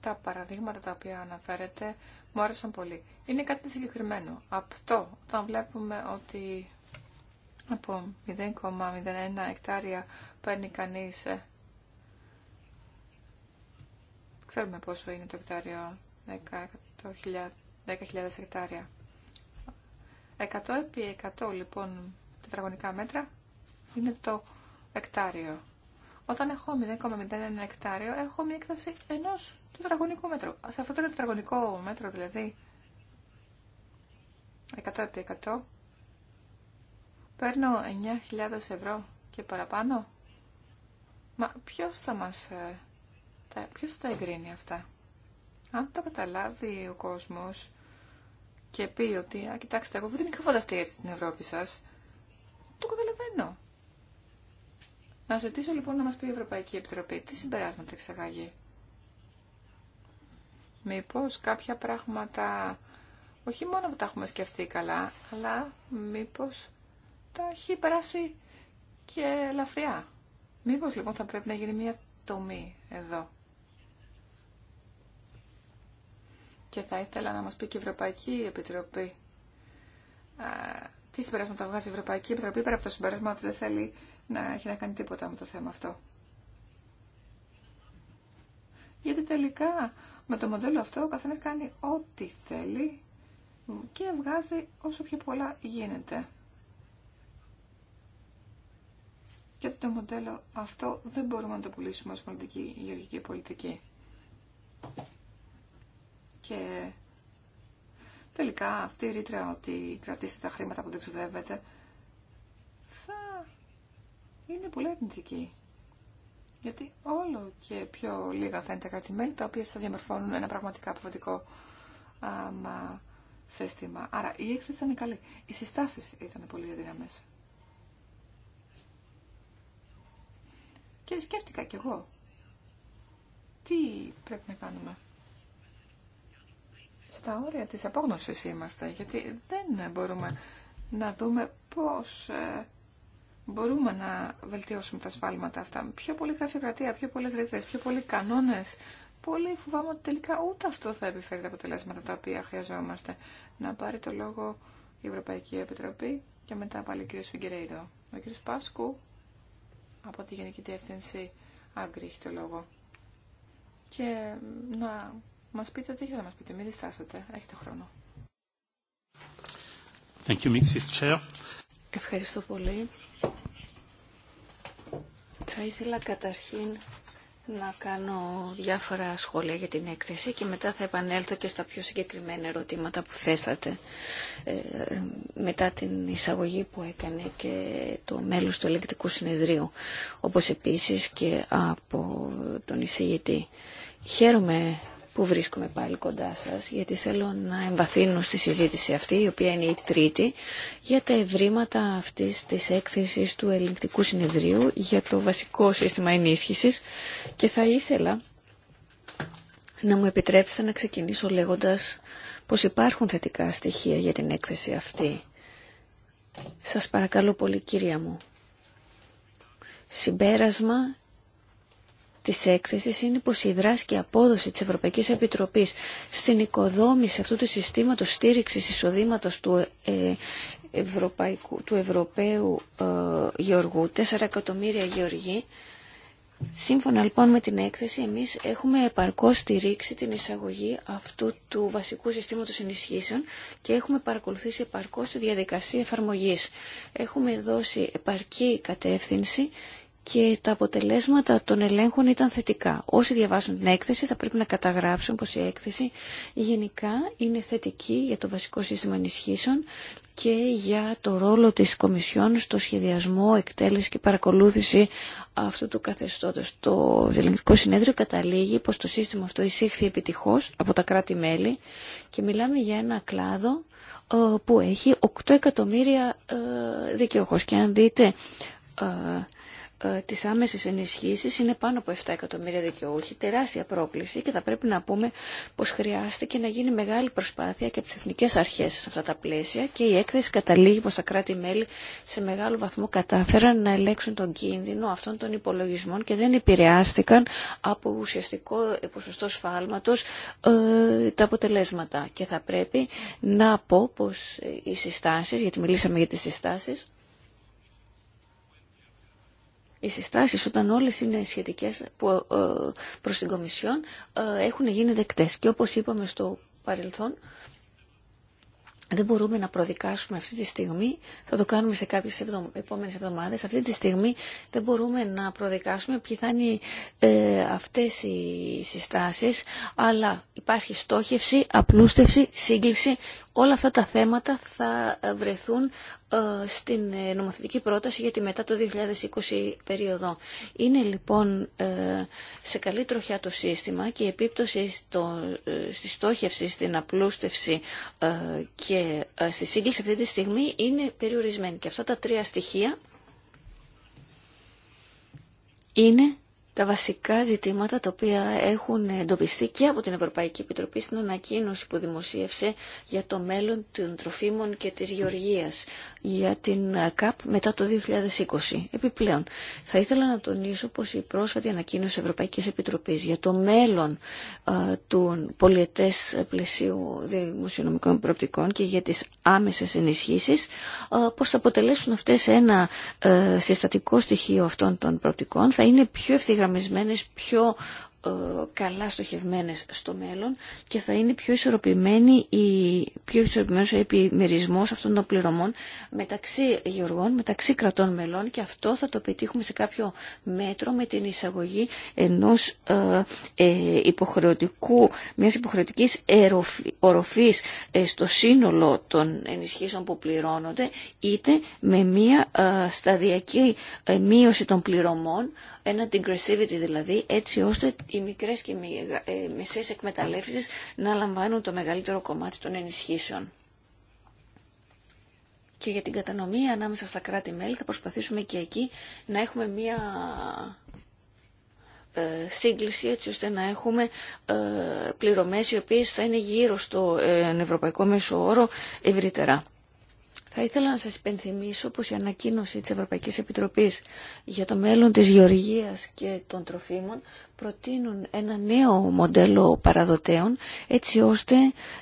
Τα παραδείγματα τα οποία αναφέρεται μου άρεσαν πολύ. Είναι κάτι συγκεκριμένο. Αυτό, όταν βλέπουμε ότι από 0,01 εκτάρια παίρνει κανείς ε, Ξέρουμε πόσο είναι το εκτάριο, 10.000 εκτάρια. 100 επί 100 λοιπόν τετραγωνικά μέτρα είναι το εκτάριο. Όταν έχω 0,01 εκτάριο έχω μια έκταση ενός το τετραγωνικό μέτρο. Σε αυτό το τετραγωνικό μέτρο δηλαδή 100 επί 100 παίρνω 9.000 ευρώ και παραπάνω. Μα ποιος θα μας... Ε, ποιος θα εγκρίνει αυτά. Αν το καταλάβει ο κόσμος και πει ότι «Α, κοιτάξτε, εγώ δεν είχα φανταστεί έτσι την Ευρώπη σας», το καταλαβαίνω. Να ζητήσω λοιπόν να μας πει η Ευρωπαϊκή Επιτροπή τι συμπεράσματα εξαγάγει. Μήπως κάποια πράγματα όχι μόνο που τα έχουμε σκεφτεί καλά, αλλά μήπως τα έχει περάσει και ελαφριά. Μήπως λοιπόν θα πρέπει να γίνει μια τομή εδώ. Και θα ήθελα να μας πει και η Ευρωπαϊκή Επιτροπή. Α, τι συμπεράσματα βγάζει η Ευρωπαϊκή Επιτροπή πέρα από το συμπεράσμα ότι δεν θέλει να έχει να κάνει τίποτα με το θέμα αυτό. Γιατί τελικά με το μοντέλο αυτό ο καθένας κάνει ό,τι θέλει και βγάζει όσο πιο πολλά γίνεται. Και το μοντέλο αυτό δεν μπορούμε να το πουλήσουμε ως πολιτική, γεωργική πολιτική. Και τελικά αυτή η ρήτρα ότι κρατήσετε τα χρήματα που δεν ξοδεύετε θα είναι πολύ αρνητική γιατί όλο και πιο λίγα θα είναι τα κρατημέλη τα οποία θα διαμορφώνουν ένα πραγματικά αποφατικό σύστημα. Άρα η έκθεση ήταν καλή. Οι συστάσεις ήταν πολύ αδυναμές. Και σκέφτηκα κι εγώ. Τι πρέπει να κάνουμε. Στα όρια της απόγνωσης είμαστε, γιατί δεν μπορούμε να δούμε πώς ε, μπορούμε να βελτιώσουμε τα σφάλματα αυτά. Πιο πολύ γραφειοκρατία, πιο πολλέ ρήτρε, πιο πολλοί κανόνε. Πολύ φοβάμαι ότι τελικά ούτε αυτό θα επιφέρει τα αποτελέσματα τα οποία χρειαζόμαστε. Να πάρει το λόγο η Ευρωπαϊκή Επιτροπή και μετά πάλι ο κ. Φιγκερέιδο. Ο κ. Πάσκου από τη Γενική Διεύθυνση Άγκρη έχει το λόγο. Και να μα πείτε ό,τι έχετε να μα πείτε. Μην διστάσετε. Έχετε χρόνο. Thank you, Mrs. Chair. Ευχαριστώ πολύ. Θα ήθελα καταρχήν να κάνω διάφορα σχόλια για την έκθεση και μετά θα επανέλθω και στα πιο συγκεκριμένα ερωτήματα που θέσατε ε, μετά την εισαγωγή που έκανε και το μέλος του ελεκτικού συνεδρίου όπως επίσης και από τον εισηγητή. Χαίρομαι που βρίσκομαι πάλι κοντά σας, γιατί θέλω να εμβαθύνω στη συζήτηση αυτή, η οποία είναι η τρίτη, για τα ευρήματα αυτής της έκθεσης του Ελληνικτικού Συνεδρίου για το βασικό σύστημα ενίσχυσης και θα ήθελα να μου επιτρέψετε να ξεκινήσω λέγοντας πως υπάρχουν θετικά στοιχεία για την έκθεση αυτή. Σας παρακαλώ πολύ, κυρία μου. Συμπέρασμα της έκθεσης είναι πως η δράση και απόδοση της Ευρωπαϊκής Επιτροπής στην οικοδόμηση αυτού του συστήματος στήριξης εισοδήματος του ε, Ευρωπαϊκού, του Ευρωπαίου ε, Γεωργού, 4 εκατομμύρια γεωργοί. Σύμφωνα λοιπόν με την έκθεση, εμείς έχουμε επαρκώς στηρίξει την εισαγωγή αυτού του βασικού συστήματος ενισχύσεων και έχουμε παρακολουθήσει επαρκώς τη διαδικασία εφαρμογής. Έχουμε δώσει επαρκή κατεύθυνση και τα αποτελέσματα των ελέγχων ήταν θετικά. Όσοι διαβάσουν την έκθεση θα πρέπει να καταγράψουν πως η έκθεση γενικά είναι θετική για το βασικό σύστημα ενισχύσεων και για το ρόλο της Κομισιόν στο σχεδιασμό, εκτέλεση και παρακολούθηση αυτού του καθεστώτος. Το Ελληνικό Συνέδριο καταλήγει πως το σύστημα αυτό εισήχθη επιτυχώς από τα κράτη-μέλη και μιλάμε για ένα κλάδο ε, που έχει 8 εκατομμύρια ε, δικαιοχώς. Και αν δείτε ε, ε, τις άμεσες ενισχύσεις είναι πάνω από 7 εκατομμύρια δικαιούχοι, τεράστια πρόκληση και θα πρέπει να πούμε πως χρειάστηκε να γίνει μεγάλη προσπάθεια και από τις εθνικές αρχές σε αυτά τα πλαίσια και η έκθεση καταλήγει πως τα κράτη-μέλη σε μεγάλο βαθμό κατάφεραν να ελέξουν τον κίνδυνο αυτών των υπολογισμών και δεν επηρεάστηκαν από ουσιαστικό ε, ποσοστό σφάλματος ε, τα αποτελέσματα. Και θα πρέπει να πω πως οι συστάσεις, γιατί μιλήσαμε για τις συστάσεις, οι συστάσεις όταν όλες είναι σχετικές προ ε, προς την Κομισιόν ε, έχουν γίνει δεκτές. Και όπως είπαμε στο παρελθόν, δεν μπορούμε να προδικάσουμε αυτή τη στιγμή, θα το κάνουμε σε κάποιες επόμενε επόμενες εβδομάδες, αυτή τη στιγμή δεν μπορούμε να προδικάσουμε ποιοι θα είναι ε, αυτές οι συστάσεις, αλλά υπάρχει στόχευση, απλούστευση, σύγκληση όλα αυτά τα θέματα θα ε, βρεθούν ε, στην ε, νομοθετική πρόταση για τη μετά το 2020 περίοδο. Είναι λοιπόν σε καλή τροχιά το σύστημα και η επίπτωση στο, στη στόχευση, στην απλούστευση και στη σύγκληση αυτή τη στιγμή είναι περιορισμένη. Και αυτά τα τρία στοιχεία είναι τα βασικά ζητήματα τα οποία έχουν εντοπιστεί και από την Ευρωπαϊκή Επιτροπή στην ανακοίνωση που δημοσίευσε για το μέλλον των τροφίμων και της γεωργίας για την ΚΑΠ μετά το 2020. Επιπλέον, θα ήθελα να τονίσω πως η πρόσφατη ανακοίνωση Ευρωπαϊκής Επιτροπής για το μέλλον ε, του πολιετές πλαισίου δημοσιονομικών προοπτικών και για τις άμεσες ενισχύσεις, ε, πως θα αποτελέσουν αυτές ένα ε, συστατικό στοιχείο αυτών των προοπτικών, θα είναι πιο ευθυγραμμισμένες πιο ε, καλά στοχευμένες στο μέλλον και θα είναι πιο, ισορροπημένη η, πιο ισορροπημένος ο επιμερισμός αυτών των πληρωμών μεταξύ γεωργών, μεταξύ κρατών μελών και αυτό θα το πετύχουμε σε κάποιο μέτρο με την εισαγωγή ενός ε, ε, υποχρεωτικού, μιας υποχρεωτικής οροφής ε, στο σύνολο των ενισχύσεων που πληρώνονται είτε με μια ε, σταδιακή μείωση των πληρωμών, ένα degressivity δηλαδή, έτσι ώστε οι μικρές και οι ε, ε, μισές εκμεταλλεύσεις να λαμβάνουν το μεγαλύτερο κομμάτι των ενισχύσεων. Και για την κατανομή ανάμεσα στα κράτη-μέλη θα προσπαθήσουμε και εκεί να έχουμε μία ε, σύγκληση έτσι ώστε να έχουμε πληρωμές οι οποίες θα είναι γύρω στο ευρωπαϊκό μέσο όρο ευρύτερα. Θα ήθελα να σας υπενθυμίσω πως η ανακοίνωση της Ευρωπαϊκής Επιτροπής για το μέλλον της γεωργίας και των τροφίμων προτείνουν ένα νέο μοντέλο παραδοτέων έτσι ώστε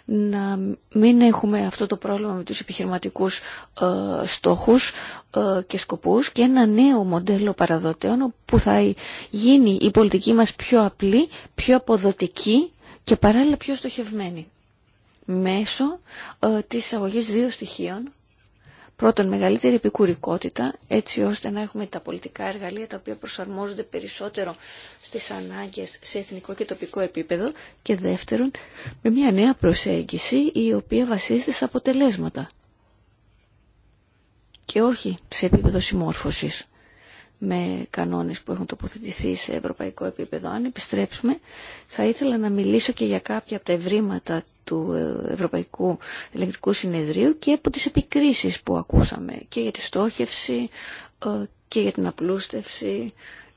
να μην έχουμε αυτό το πρόβλημα με τους επιχειρηματικούς ε, στόχους ε, και σκοπούς και ένα νέο μοντέλο παραδοτέων που θα γίνει η πολιτική μας πιο απλή, πιο αποδοτική και παράλληλα πιο στοχευμένη μέσω ε, της αγωγής δύο στοιχείων Πρώτον, μεγαλύτερη επικουρικότητα, έτσι ώστε να έχουμε τα πολιτικά εργαλεία τα οποία προσαρμόζονται περισσότερο στις ανάγκες σε εθνικό και τοπικό επίπεδο. Και δεύτερον, με μια νέα προσέγγιση η οποία βασίζεται σε αποτελέσματα και όχι σε επίπεδο συμμόρφωσης με κανόνες που έχουν τοποθετηθεί σε ευρωπαϊκό επίπεδο. Αν επιστρέψουμε, θα ήθελα να μιλήσω και για κάποια από τα ευρήματα του Ευρωπαϊκού Ελεγκτικού Συνεδρίου και από τις επικρίσεις που ακούσαμε και για τη στόχευση ε, και για την απλούστευση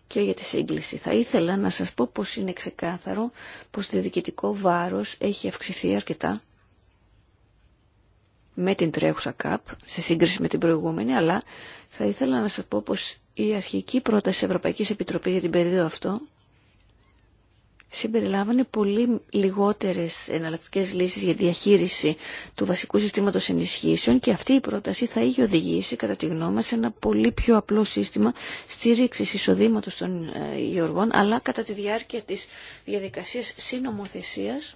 και για τη σύγκληση. Θα ήθελα να σας πω πως είναι ξεκάθαρο πως το διοικητικό βάρος έχει αυξηθεί αρκετά με την τρέχουσα ΚΑΠ σε σύγκριση με την προηγούμενη, αλλά θα ήθελα να σας πω πως η αρχική πρόταση της Ευρωπαϊκής Επιτροπής για την περίοδο αυτό συμπεριλάμβανε πολύ λιγότερες εναλλακτικέ λύσεις για διαχείριση του βασικού συστήματος ενισχύσεων και αυτή η πρόταση θα είχε οδηγήσει κατά τη γνώμη μας σε ένα πολύ πιο απλό σύστημα στήριξης εισοδήματος των ε, γεωργών αλλά κατά τη διάρκεια της διαδικασίας συνομοθεσίας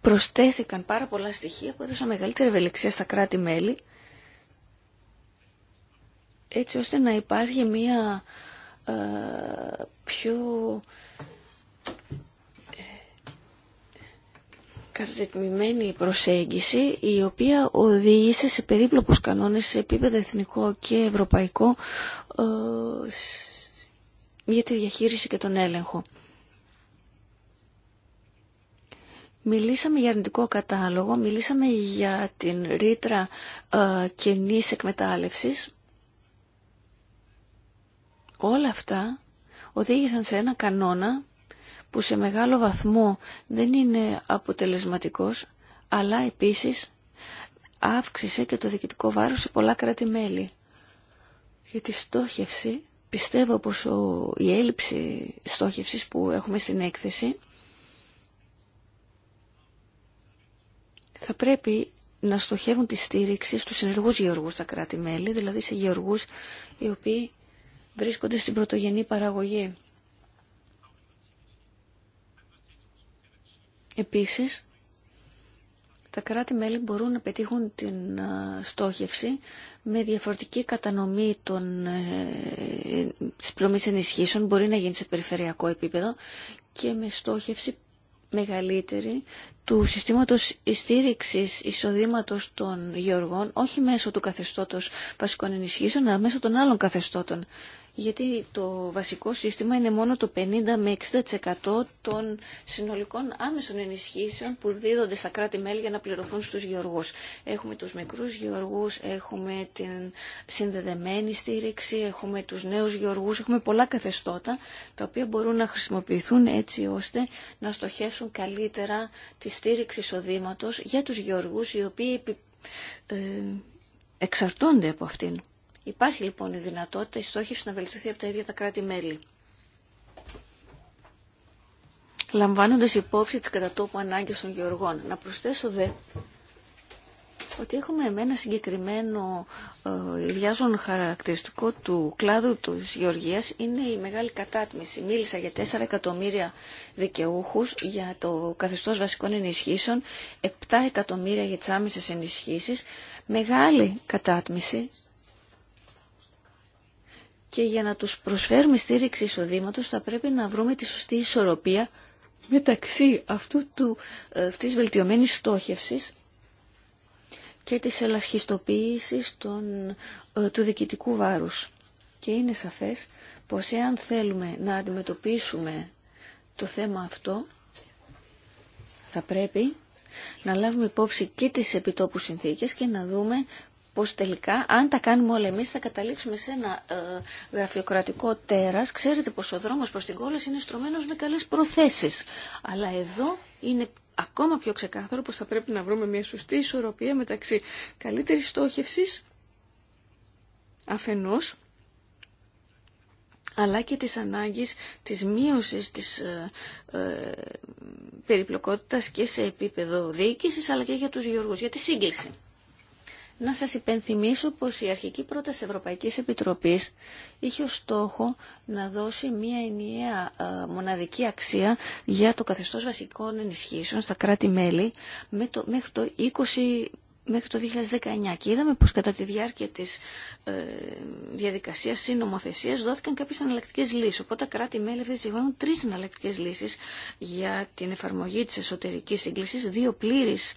προστέθηκαν πάρα πολλά στοιχεία που έδωσαν μεγαλύτερη ευελιξία στα κράτη-μέλη έτσι ώστε να υπάρχει μία ε, πιο ε, καθετμημένη προσέγγιση η οποία οδήγησε σε περίπλοκους κανόνες σε επίπεδο εθνικό και ευρωπαϊκό ε, για τη διαχείριση και τον έλεγχο. Μιλήσαμε για αρνητικό κατάλογο, μιλήσαμε για την ρήτρα ε, κενής εκμετάλλευσης Όλα αυτά οδήγησαν σε ένα κανόνα που σε μεγάλο βαθμό δεν είναι αποτελεσματικός, αλλά επίσης αύξησε και το διοικητικό βάρος σε πολλά κράτη-μέλη. Για τη στόχευση, πιστεύω πως η έλλειψη στόχευσης που έχουμε στην έκθεση θα πρέπει να στοχεύουν τη στήριξη στους ενεργούς γεωργούς στα κράτη-μέλη, δηλαδή σε γεωργούς οι οποίοι βρίσκονται στην πρωτογενή παραγωγή. Επίσης, τα κράτη-μέλη μπορούν να πετύχουν την στόχευση με διαφορετική κατανομή των ε, ενισχύσεων, μπορεί να γίνει σε περιφερειακό επίπεδο και με στόχευση μεγαλύτερη του συστήματος στήριξης εισοδήματος των γεωργών, όχι μέσω του καθεστώτος βασικών ενισχύσεων, αλλά μέσω των άλλων καθεστώτων γιατί το βασικό σύστημα είναι μόνο το 50 με 60% των συνολικών άμεσων ενισχύσεων που δίδονται στα κράτη-μέλη για να πληρωθούν στους γεωργούς. Έχουμε τους μικρούς γεωργούς, έχουμε την συνδεδεμένη στήριξη, έχουμε τους νέους γεωργούς, έχουμε πολλά καθεστώτα τα οποία μπορούν να χρησιμοποιηθούν έτσι ώστε να στοχεύσουν καλύτερα τη στήριξη εισοδήματος για τους γεωργούς οι οποίοι ε, εξαρτώνται από αυτήν. Υπάρχει λοιπόν η δυνατότητα η στόχευση να βελτιωθεί από τα ίδια τα κράτη-μέλη. Λαμβάνοντας υπόψη τις κατατόπου ανάγκες των γεωργών. Να προσθέσω δε ότι έχουμε με ένα συγκεκριμένο ε, ιδιάζον χαρακτηριστικό του κλάδου της γεωργίας είναι η μεγάλη κατάτμιση. Μίλησα για 4 εκατομμύρια δικαιούχους για το καθεστώς βασικών ενισχύσεων, 7 εκατομμύρια για τι άμεσε ενισχύσεις, μεγάλη κατάτμιση και για να τους προσφέρουμε στήριξη εισοδήματο θα πρέπει να βρούμε τη σωστή ισορροπία μεταξύ αυτού του, ε, αυτής βελτιωμένης στόχευσης και της ελαχιστοποίησης των, ε, του διοικητικού βάρους. Και είναι σαφές πως εάν θέλουμε να αντιμετωπίσουμε το θέμα αυτό, θα πρέπει να λάβουμε υπόψη και τις επιτόπου συνθήκες και να δούμε πως τελικά αν τα κάνουμε όλα εμείς θα καταλήξουμε σε ένα ε, γραφειοκρατικό τέρας. Ξέρετε πως ο δρόμος προς την κόλαση είναι στρωμένος με καλές προθέσεις. Αλλά εδώ είναι ακόμα πιο ξεκάθαρο πως θα πρέπει να βρούμε μια σωστή ισορροπία μεταξύ καλύτερης στόχευσης αφενός αλλά και της ανάγκης της μείωσης της ε, ε περιπλοκότητας και σε επίπεδο διοίκησης, αλλά και για τους γεωργούς, για τη σύγκληση. Να σας υπενθυμίσω πως η αρχική πρόταση Ευρωπαϊκής Επιτροπής είχε ως στόχο να δώσει μια ενιαία ε, μοναδική αξία για το καθεστώς βασικών ενισχύσεων στα κράτη-μέλη μέχρι το 20 μέχρι το 2019 και είδαμε πως κατά τη διάρκεια της ε, διαδικασίας συνομοθεσίας δόθηκαν κάποιες αναλλακτικές λύσεις. Οπότε τα κράτη-μέλη στιγμή έχουν τρεις αναλλακτικέ λύσεις για την εφαρμογή της εσωτερικής σύγκλησης, δύο πλήρης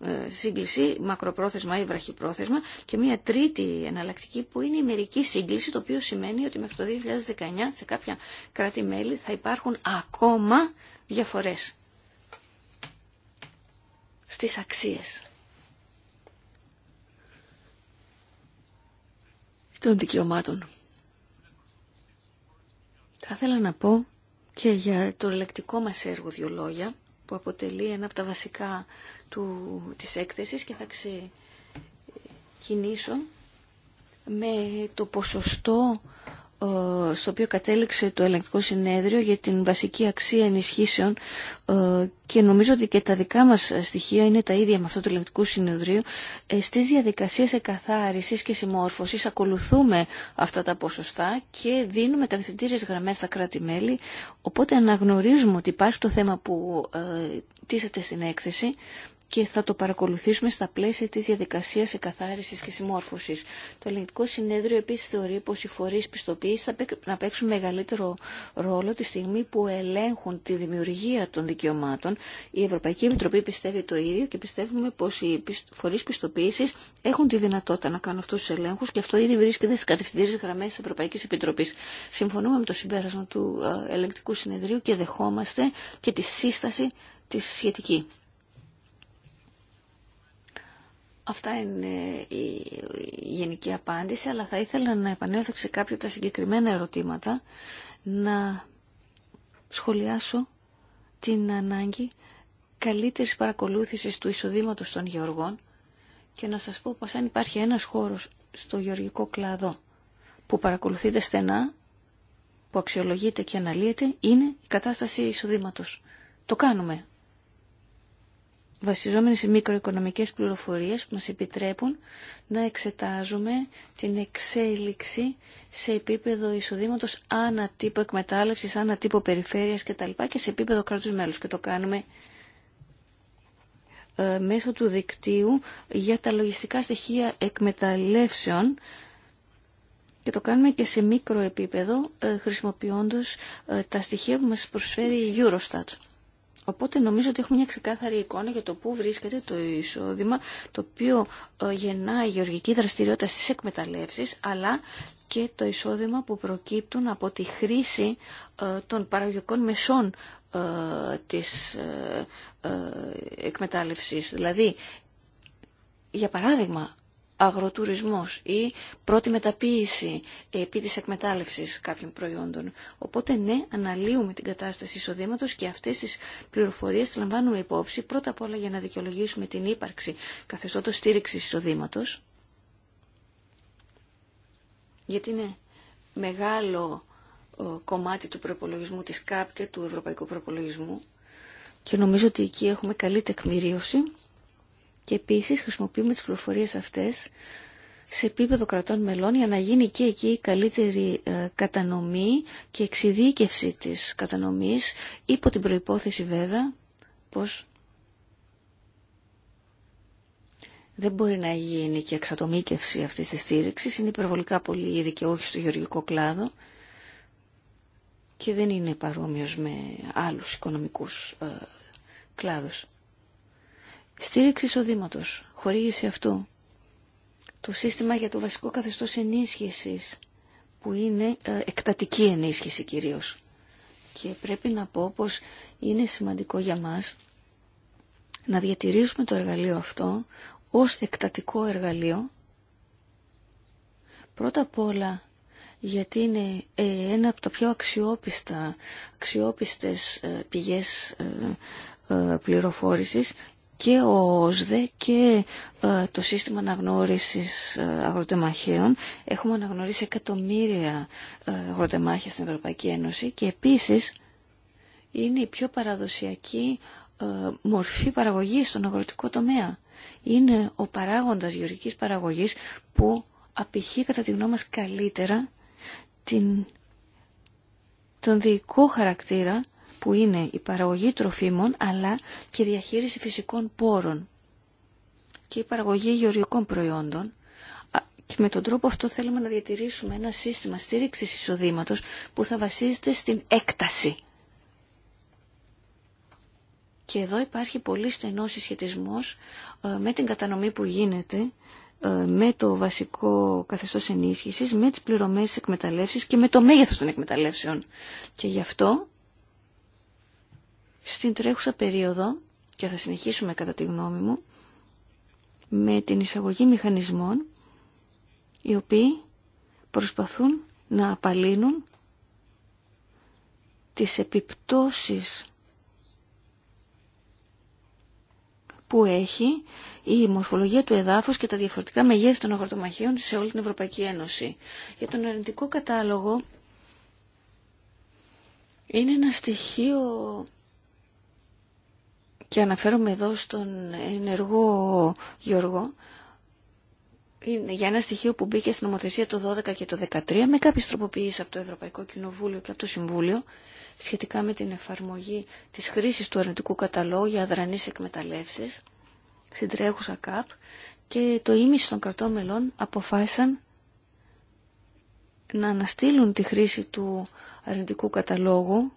ε, ε σύγκληση, μακροπρόθεσμα ή βραχυπρόθεσμα και μια τρίτη εναλλακτική που είναι η μερική σύγκληση, το οποίο σημαίνει ότι μέχρι το 2019 σε κάποια κράτη-μέλη θα υπάρχουν ακόμα διαφορές στις αξίες των δικαιωμάτων. Θα ήθελα να πω και για το λεκτικό μας έργο δύο λόγια, που αποτελεί ένα από τα βασικά του, της έκθεσης και θα ξεκινήσω με το ποσοστό στο οποίο κατέληξε το ελεγκτικό συνέδριο για την βασική αξία ενισχύσεων και νομίζω ότι και τα δικά μας στοιχεία είναι τα ίδια με αυτό το ελεγκτικό συνέδριο. Ε, στις διαδικασίες εκαθάρισης και συμμόρφωσης ακολουθούμε αυτά τα ποσοστά και δίνουμε κατευθυντήριες γραμμές στα κράτη-μέλη, οπότε αναγνωρίζουμε ότι υπάρχει το θέμα που ε, τίθεται στην έκθεση και θα το παρακολουθήσουμε στα πλαίσια της διαδικασίας εκαθάρισης και συμμόρφωσης. Το Ελληνικό Συνέδριο επίσης θεωρεί πως οι φορείς πιστοποίησης θα να παίξουν μεγαλύτερο ρόλο τη στιγμή που ελέγχουν τη δημιουργία των δικαιωμάτων. Η Ευρωπαϊκή Επιτροπή πιστεύει το ίδιο και πιστεύουμε πως οι φορείς πιστοποίησης έχουν τη δυνατότητα να κάνουν αυτούς τους ελέγχους και αυτό ήδη βρίσκεται στις κατευθυντήριες γραμμές της Ευρωπαϊκής Επιτροπής. Συμφωνούμε με το συμπέρασμα του ε, Ελεγκτικού Συνεδρίου και δεχόμαστε και τη σύσταση της σχετική. Αυτά είναι η γενική απάντηση, αλλά θα ήθελα να επανέλθω σε κάποια από τα συγκεκριμένα ερωτήματα, να σχολιάσω την ανάγκη καλύτερης παρακολούθησης του εισοδήματος των γεωργών και να σας πω πως αν υπάρχει ένας χώρος στο γεωργικό κλάδο που παρακολουθείται στενά, που αξιολογείται και αναλύεται, είναι η κατάσταση εισοδήματος. Το κάνουμε βασιζόμενοι σε μικροοικονομικές πληροφορίες που μας επιτρέπουν να εξετάζουμε την εξέλιξη σε επίπεδο εισοδήματος ανά τύπο εκμετάλλευσης, ανά τύπο περιφέρειας κτλ. και σε επίπεδο κράτους μέλους. Και το κάνουμε ε, μέσω του δικτύου για τα λογιστικά στοιχεία εκμεταλλεύσεων και το κάνουμε και σε μικροεπίπεδο ε, χρησιμοποιώντας ε, τα στοιχεία που μας προσφέρει η Eurostat. Οπότε νομίζω ότι έχουμε μια ξεκάθαρη εικόνα για το πού βρίσκεται το εισόδημα το οποίο ε, γεννά η γεωργική δραστηριότητα στις εκμεταλλεύσεις αλλά και το εισόδημα που προκύπτουν από τη χρήση ε, των παραγωγικών μεσών ε, της εκμετάλλευσης. Δηλαδή, για παράδειγμα, αγροτουρισμός ή πρώτη μεταποίηση επί της εκμετάλλευσης κάποιων προϊόντων. Οπότε ναι, αναλύουμε την κατάσταση εισοδήματο και αυτές τις πληροφορίες τις λαμβάνουμε υπόψη πρώτα απ' όλα για να δικαιολογήσουμε την ύπαρξη καθεστώτος στήριξης εισοδήματο. γιατί είναι μεγάλο κομμάτι του προπολογισμού της ΚΑΠ και του ευρωπαϊκού προπολογισμού και νομίζω ότι εκεί έχουμε καλή τεκμηρίωση και επίσης χρησιμοποιούμε τις πληροφορίες αυτές σε επίπεδο κρατών μελών για να γίνει και εκεί η καλύτερη ε, κατανομή και εξειδίκευση της κατανομής υπό την προϋπόθεση βέβαια πως δεν μπορεί να γίνει και εξατομίκευση αυτής της στήριξη. Είναι υπερβολικά ήδη και όχι στο γεωργικό κλάδο και δεν είναι παρόμοιος με άλλους οικονομικούς ε, κλάδους. Στήριξη εισοδήματο, χορήγηση αυτού. Το σύστημα για το βασικό καθεστώ ενίσχυση, που είναι ε, εκτατική ενίσχυση κυρίω. Και πρέπει να πω πως είναι σημαντικό για μας να διατηρήσουμε το εργαλείο αυτό ως εκτατικό εργαλείο. Πρώτα απ' όλα γιατί είναι ε, ένα από τα πιο αξιόπιστα, αξιόπιστες ε, πηγές πληροφόρησης και ο ΟΣΔΕ και ε, το σύστημα αναγνώρισης ε, αγροτεμαχίων. Έχουμε αναγνωρίσει εκατομμύρια ε, αγροτεμάχια στην Ευρωπαϊκή Ένωση και επίσης είναι η πιο παραδοσιακή μορφή παραγωγής στον αγροτικό τομέα. Είναι ο παράγοντας γεωργικής παραγωγής που απηχεί κατά τη γνώμη μας καλύτερα την, τον διοικό χαρακτήρα που είναι η παραγωγή τροφίμων αλλά και διαχείριση φυσικών πόρων και η παραγωγή γεωργικών προϊόντων. Και με τον τρόπο αυτό θέλουμε να διατηρήσουμε ένα σύστημα στήριξης εισοδήματος που θα βασίζεται στην έκταση. Και εδώ υπάρχει πολύ στενός συσχετισμός ε, με την κατανομή που γίνεται ε, με το βασικό καθεστώς ενίσχυσης, με τις πληρωμές εκμεταλλεύσεις και με το μέγεθος των εκμεταλλεύσεων. Και γι' αυτό στην τρέχουσα περίοδο, και θα συνεχίσουμε κατά τη γνώμη μου, με την εισαγωγή μηχανισμών οι οποίοι προσπαθούν να απαλύνουν τις επιπτώσεις που έχει η μορφολογία του εδάφους και τα διαφορετικά μεγέθη των αγροτομαχίων σε όλη την Ευρωπαϊκή Ένωση. Για τον αρνητικό κατάλογο είναι ένα στοιχείο και αναφέρομαι εδώ στον ενεργό Γιώργο, για ένα στοιχείο που μπήκε στην νομοθεσία το 12 και το 13 με κάποιες τροποποιήσεις από το Ευρωπαϊκό Κοινοβούλιο και από το Συμβούλιο σχετικά με την εφαρμογή της χρήσης του αρνητικού καταλόγου για αδρανείς εκμεταλλεύσεις στην τρέχουσα ΚΑΠ και το ίμιση των κρατών μελών αποφάσισαν να αναστείλουν τη χρήση του αρνητικού καταλόγου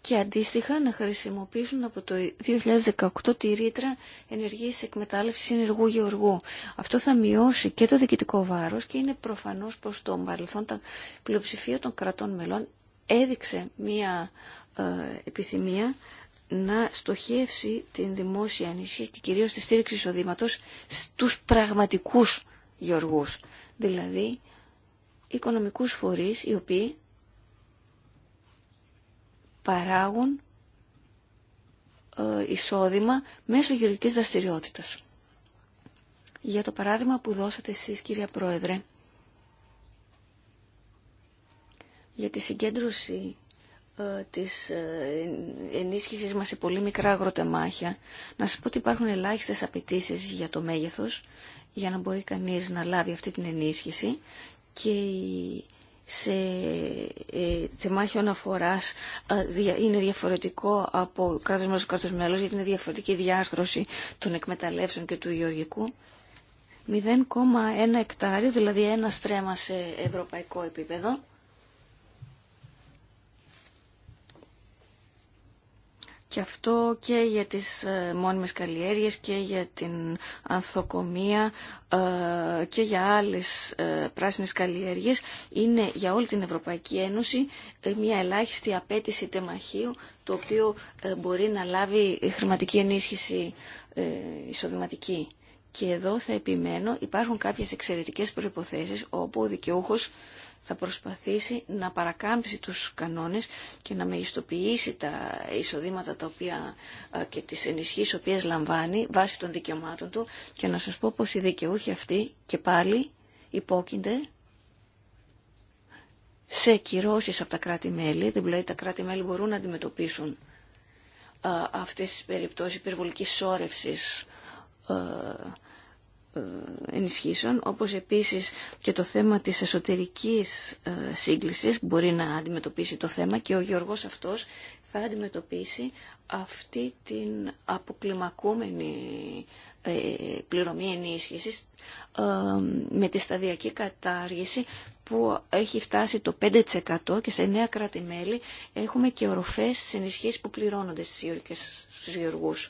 και αντίστοιχα να χρησιμοποιήσουν από το 2018 τη ρήτρα ενεργής εκμετάλλευσης ενεργού γεωργού. Αυτό θα μειώσει και το διοικητικό βάρος και είναι προφανώς πως το παρελθόν τα πλειοψηφία των κρατών μελών έδειξε μία ε, επιθυμία να στοχεύσει την δημόσια ενίσχυση και κυρίως τη στήριξη εισοδήματο στους πραγματικού γεωργούς, δηλαδή οικονομικούς φορείς οι οποίοι παράγουν ε, εισόδημα μέσω γεωργικής δραστηριότητας. Για το παράδειγμα που δώσατε εσείς κυρία Πρόεδρε, για τη συγκέντρωση ε, της ε, ενίσχυσης μας σε πολύ μικρά αγροτεμάχια, να σας πω ότι υπάρχουν ελάχιστες απαιτήσει για το μέγεθος, για να μπορεί κανείς να λάβει αυτή την ενίσχυση και η σε θεμάχιο αναφοράς ε, είναι διαφορετικό από κράτος μέλος κράτος μέλος γιατί είναι διαφορετική διάρθρωση των εκμεταλλεύσεων και του γεωργικού. 0,1 εκτάριο, δηλαδή ένα στρέμμα σε ευρωπαϊκό επίπεδο Και αυτό και για τις ε, μόνιμες καλλιέργειες και για την ανθοκομία ε, και για άλλες ε, πράσινες καλλιέργειες είναι για όλη την Ευρωπαϊκή Ένωση μια ελάχιστη απέτηση τεμαχίου το οποίο μπορεί να λάβει χρηματική ενίσχυση εισοδηματική. Και εδώ θα επιμένω υπάρχουν κάποιες εξαιρετικές προϋποθέσεις όπου ο δικαιούχος θα προσπαθήσει να παρακάμψει τους κανόνες και να μεγιστοποιήσει τα εισοδήματα τα οποία, και τις ενισχύσεις οποίες λαμβάνει βάσει των δικαιωμάτων του και να σας πω πως οι δικαιούχοι αυτοί και πάλι υπόκεινται σε κυρώσεις από τα κράτη-μέλη, δηλαδή τα κράτη-μέλη μπορούν να αντιμετωπίσουν αυτές τις περιπτώσεις υπερβολικής σώρευσης ε, ενισχύσεων, όπως επίσης και το θέμα της εσωτερικής ε, σύγκλησης μπορεί να αντιμετωπίσει το θέμα και ο Γιώργος αυτός θα αντιμετωπίσει αυτή την αποκλιμακούμενη ε, πληρωμή ενίσχυσης με τη σταδιακή κατάργηση που έχει φτάσει το 5% και σε νέα κράτη-μέλη έχουμε και οροφές στις ενισχύσεις που πληρώνονται στις γεωργούς.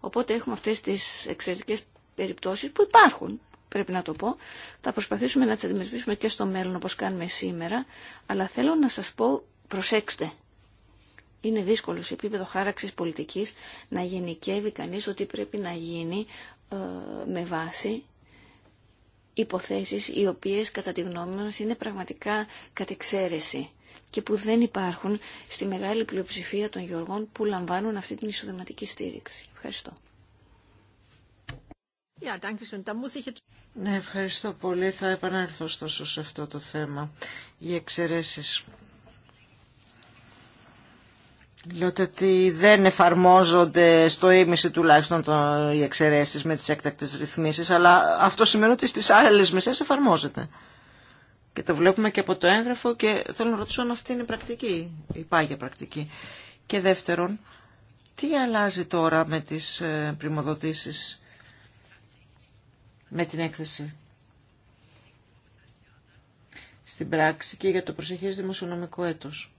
Οπότε έχουμε αυτές τις εξαιρετικές περιπτώσεις που υπάρχουν, πρέπει να το πω. Θα προσπαθήσουμε να τις αντιμετωπίσουμε και στο μέλλον όπως κάνουμε σήμερα, αλλά θέλω να σας πω, προσέξτε. Είναι δύσκολο σε επίπεδο χάραξης πολιτικής να γενικεύει κανείς ότι πρέπει να γίνει ε, με βάση υποθέσεις οι οποίες κατά τη γνώμη μας είναι πραγματικά κατεξαίρεση και που δεν υπάρχουν στη μεγάλη πλειοψηφία των γεωργών που λαμβάνουν αυτή την ισοδηματική στήριξη. Ευχαριστώ. Ναι, ευχαριστώ πολύ. Θα επανέλθω στόσο σε αυτό το θέμα. Οι εξαιρέσει. λέω ότι δεν εφαρμόζονται στο ίμιση τουλάχιστον το, οι εξαιρέσει με τι έκτακτες ρυθμίσει, αλλά αυτό σημαίνει ότι στι άλλε μισέ εφαρμόζεται. Και το βλέπουμε και από το έγγραφο και θέλω να ρωτήσω αν αυτή είναι η πρακτική, η πάγια πρακτική. Και δεύτερον, τι αλλάζει τώρα με τις ε, πρημοδοτήσεις με την έκθεση στην πράξη και για το προσεχές δημοσιονομικό έτος.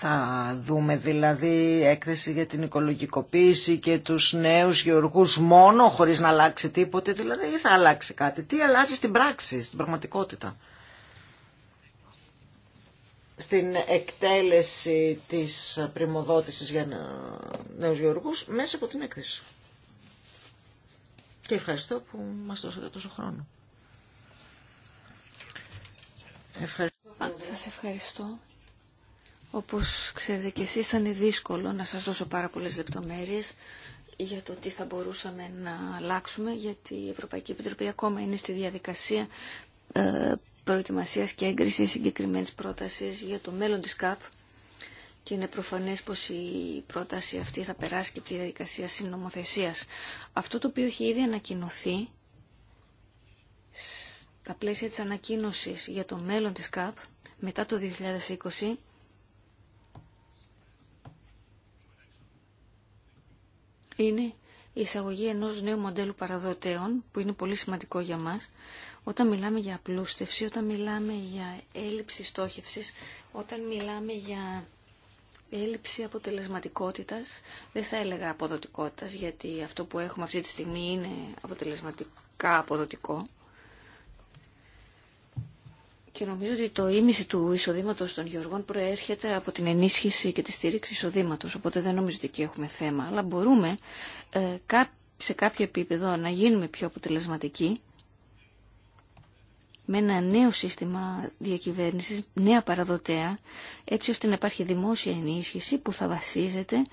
Θα δούμε δηλαδή έκθεση για την οικολογικοποίηση και τους νέους γεωργούς μόνο χωρίς να αλλάξει τίποτε, δηλαδή ή θα αλλάξει κάτι. Τι αλλάζει στην πράξη, στην πραγματικότητα στην εκτέλεση της πρημοδότησης για νέους γεωργούς μέσα από την έκθεση. Και ευχαριστώ που μας δώσατε τόσο χρόνο. Ευχαριστώ. σας ευχαριστώ. Όπως ξέρετε και εσείς ήταν δύσκολο να σας δώσω πάρα πολλές λεπτομέρειες για το τι θα μπορούσαμε να αλλάξουμε γιατί η Ευρωπαϊκή Επιτροπή ακόμα είναι στη διαδικασία ε, προετοιμασίας και έγκριση συγκεκριμένη πρόταση για το μέλλον τη ΚΑΠ και είναι προφανέ πως η πρόταση αυτή θα περάσει και από τη διαδικασία συνομοθεσίας. Αυτό το οποίο έχει ήδη ανακοινωθεί στα πλαίσια τη ανακοίνωση για το μέλλον τη ΚΑΠ μετά το 2020 είναι η εισαγωγή ενός νέου μοντέλου παραδοτέων, που είναι πολύ σημαντικό για μας, όταν μιλάμε για απλούστευση, όταν μιλάμε για έλλειψη στόχευσης, όταν μιλάμε για έλλειψη αποτελεσματικότητας, δεν θα έλεγα αποδοτικότητας, γιατί αυτό που έχουμε αυτή τη στιγμή είναι αποτελεσματικά αποδοτικό, και νομίζω ότι το ίμιση του εισοδήματο των γεωργών προέρχεται από την ενίσχυση και τη στήριξη εισοδήματο. Οπότε δεν νομίζω ότι εκεί έχουμε θέμα. Αλλά μπορούμε ε, σε κάποιο επίπεδο να γίνουμε πιο αποτελεσματικοί με ένα νέο σύστημα διακυβέρνηση, νέα παραδοτέα, έτσι ώστε να υπάρχει δημόσια ενίσχυση που θα βασίζεται